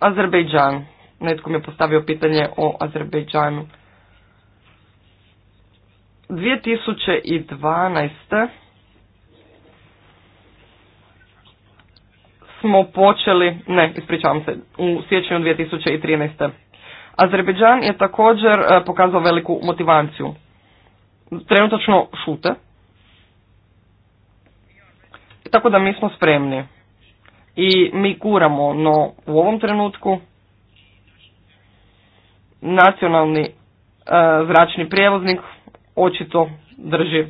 Azerbejdžan. Netko mi je postavio pitanje o Azerbejdžanu. 2012. smo počeli, ne, ispričavam se, u siječnju 2013. Azerbejdžan je također e, pokazao veliku motivaciju. Trenutačno šute. Tako da mi smo spremni. I mi kuramo, no u ovom trenutku nacionalni e, zračni prijevoznik očito drži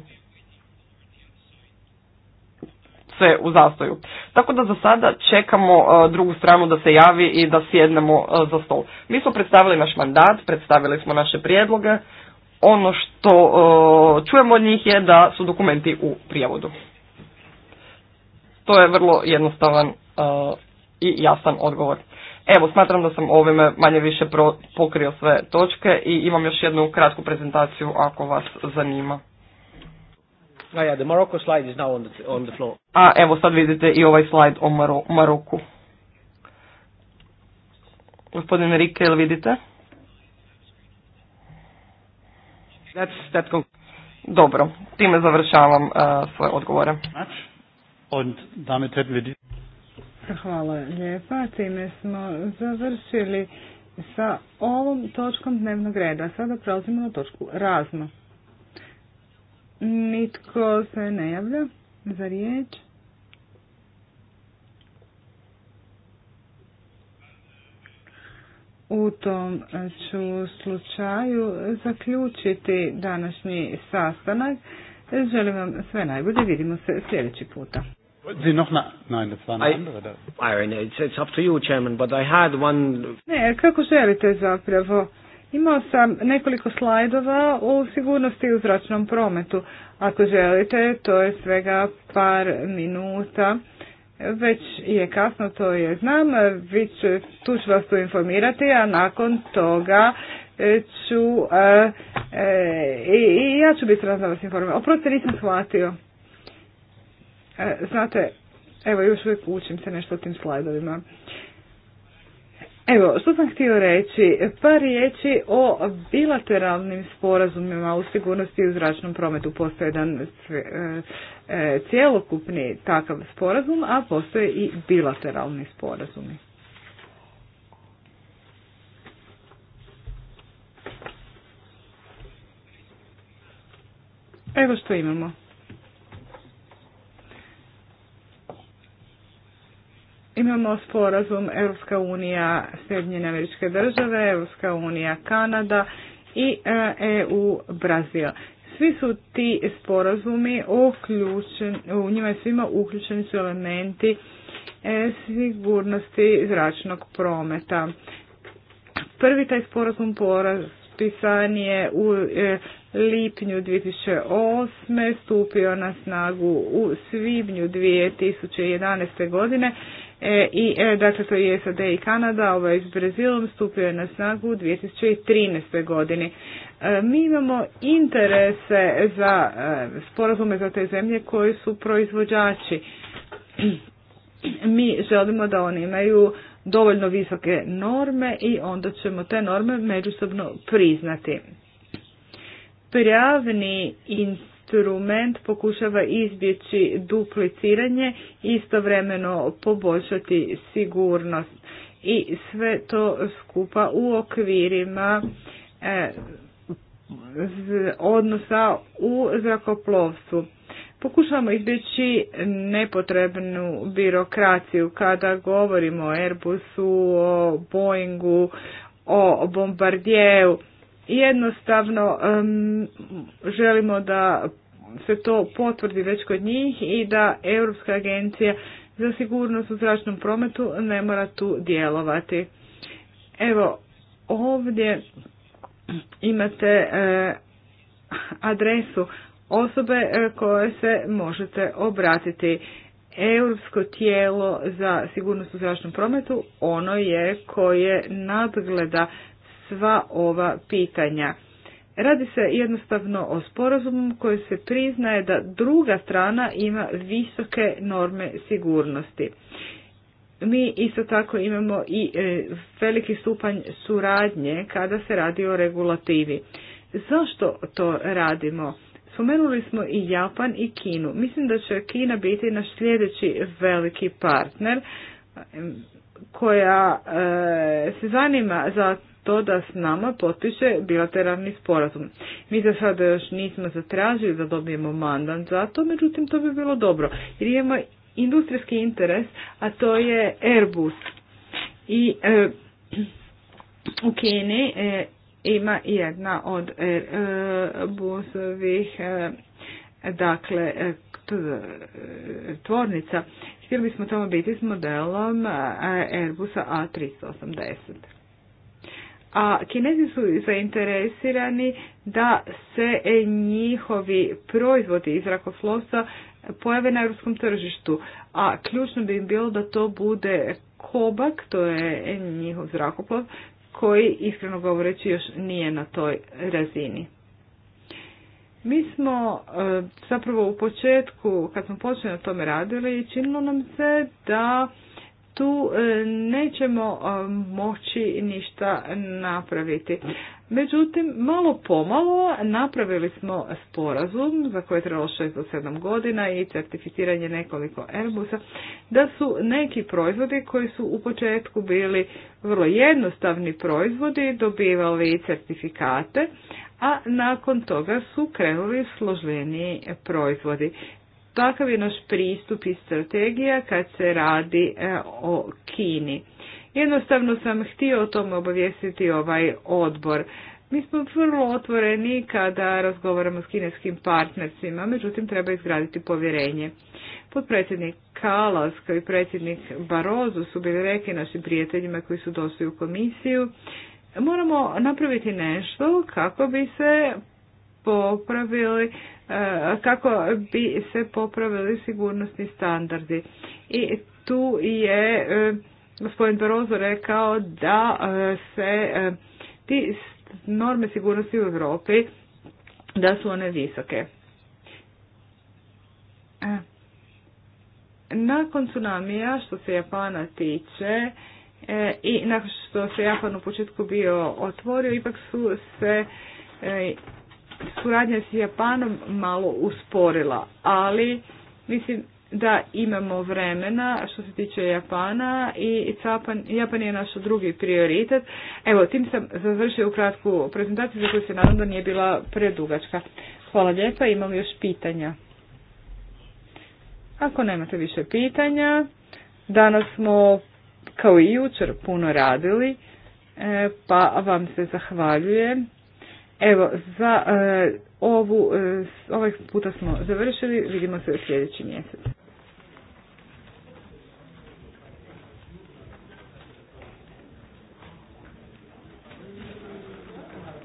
sve u zastoju. Tako da za sada čekamo e, drugu stranu da se javi i da sjednemo e, za stol. Mi smo predstavili naš mandat, predstavili smo naše prijedloge. Ono što e, čujemo od njih je da su dokumenti u prijevodu. To je vrlo jednostavan i jasan odgovor. Evo, smatram da sam ovime manje više pokrio sve točke i imam još jednu kratku prezentaciju ako vas zanima. A evo sad vidite i ovaj slajd o Maroku. Gospodin Rike, vidite? Dobro, time završavam eh, svoje odgovore. Und Hvala lijepa. Time smo završili sa ovom točkom dnevnog reda. Sada prelazimo na točku razno. Nitko se ne javlja za riječ. U tom ću slučaju zaključiti današnji sastanak. Želim vam sve najbolje. Vidimo se sljedeći puta. Sie Ne, kako želite zapravo. Imao sam nekoliko slajdova o sigurnosti u zračnom prometu. Ako želite, to je svega par minuta. Već je kasno, to je znam. Vi ću, tu ću vas tu informirati, a nakon toga e, ću... E, e, I ja ću biti razna vas informirati. Oprosti, nisam shvatio. E, znate, evo još uvijek učim se nešto o tim slajdovima. Evo, što sam htio reći? Par riječi o bilateralnim sporazumima u sigurnosti i u zračnom prometu. Postoje jedan e, e, cijelokupni takav sporazum, a postoje i bilateralni sporazumi. Evo što imamo. Imamo sporazum Europska unija Sjedinjene američke države, Europska unija Kanada i EU e Brazil. Svi su ti sporazumi uključeni, u njima je svima uključeni su elementi e, sigurnosti zračnog prometa. Prvi taj sporazum potpisan je u e, lipnju 2008. stupio na snagu u svibnju 2011. godine E, i e, dakle to je SAD i Kanada, ovaj s Brazilom, stupio je na snagu u 2013. godini. E, mi imamo interese za sporazume za te zemlje koji su proizvođači. Mi želimo da oni imaju dovoljno visoke norme i onda ćemo te norme međusobno priznati. Prijavni interes instrument pokušava izbjeći dupliciranje i istovremeno poboljšati sigurnost i sve to skupa u okvirima e, odnosa u zrakoplovstvu. Pokušavamo izbjeći nepotrebnu birokraciju kada govorimo o Airbusu, o Boeingu, o Bombardijevu jednostavno želimo da se to potvrdi već kod njih i da Europska agencija za sigurnost u zračnom prometu ne mora tu djelovati. Evo, ovdje imate e, adresu osobe e, koje se možete obratiti. Europsko tijelo za sigurnost u zračnom prometu ono je koje nadgleda sva ova pitanja. Radi se jednostavno o sporazumu koji se priznaje da druga strana ima visoke norme sigurnosti. Mi isto tako imamo i e, veliki stupanj suradnje kada se radi o regulativi. Zašto to radimo? Spomenuli smo i Japan i Kinu. Mislim da će Kina biti naš sljedeći veliki partner koja e, se zanima za to da s nama potiše bilateralni sporazum. Mi za sada još nismo zatražili da dobijemo mandat za to, međutim to bi bilo dobro. Jer imamo industrijski interes, a to je Airbus. I e, u Kini e, ima jedna od Airbusovih e, dakle tvornica. Htjeli bismo tamo biti s modelom Airbusa A380 a kinezi su zainteresirani da se njihovi proizvodi iz rakoslovstva pojave na europskom tržištu, a ključno bi im bilo da to bude kobak, to je njihov zrakoplov, koji iskreno govoreći još nije na toj razini. Mi smo e, zapravo u početku, kad smo počeli na tome radili, činilo nam se da tu e, nećemo e, moći ništa napraviti. Međutim, malo pomalo napravili smo sporazum za koje je trebalo 6 do 7 godina i certificiranje nekoliko Airbusa, da su neki proizvodi koji su u početku bili vrlo jednostavni proizvodi dobivali certifikate, a nakon toga su krenuli složeniji proizvodi. Takav je naš pristup i strategija kad se radi e, o Kini. Jednostavno sam htio o tome obavijestiti ovaj odbor. Mi smo vrlo otvoreni kada razgovaramo s kineskim partnercima, međutim treba izgraditi povjerenje. Potpredsjednik Kalas i predsjednik Barozu su bili reke našim prijateljima koji su došli u komisiju. Moramo napraviti nešto kako bi se popravili kako bi se popravili sigurnosni standardi. I tu je e, gospodin Barozo rekao da e, se e, ti norme sigurnosti u Europi da su one visoke. Nakon tsunamija, što se Japana tiče, i nakon što se Japan u početku bio otvorio, ipak su se suradnja s Japanom malo usporila, ali mislim da imamo vremena što se tiče Japana i Japan, Japan je naš drugi prioritet. Evo, tim sam završio kratku prezentaciju za koju se nadam da nije bila predugačka. Hvala lijepa, imam još pitanja. Ako nemate više pitanja, danas smo kao i jučer puno radili, e, pa vam se zahvaljujem. Evo, za e, ovu, e, ovaj puta smo završili, vidimo se u sljedeći mjesec.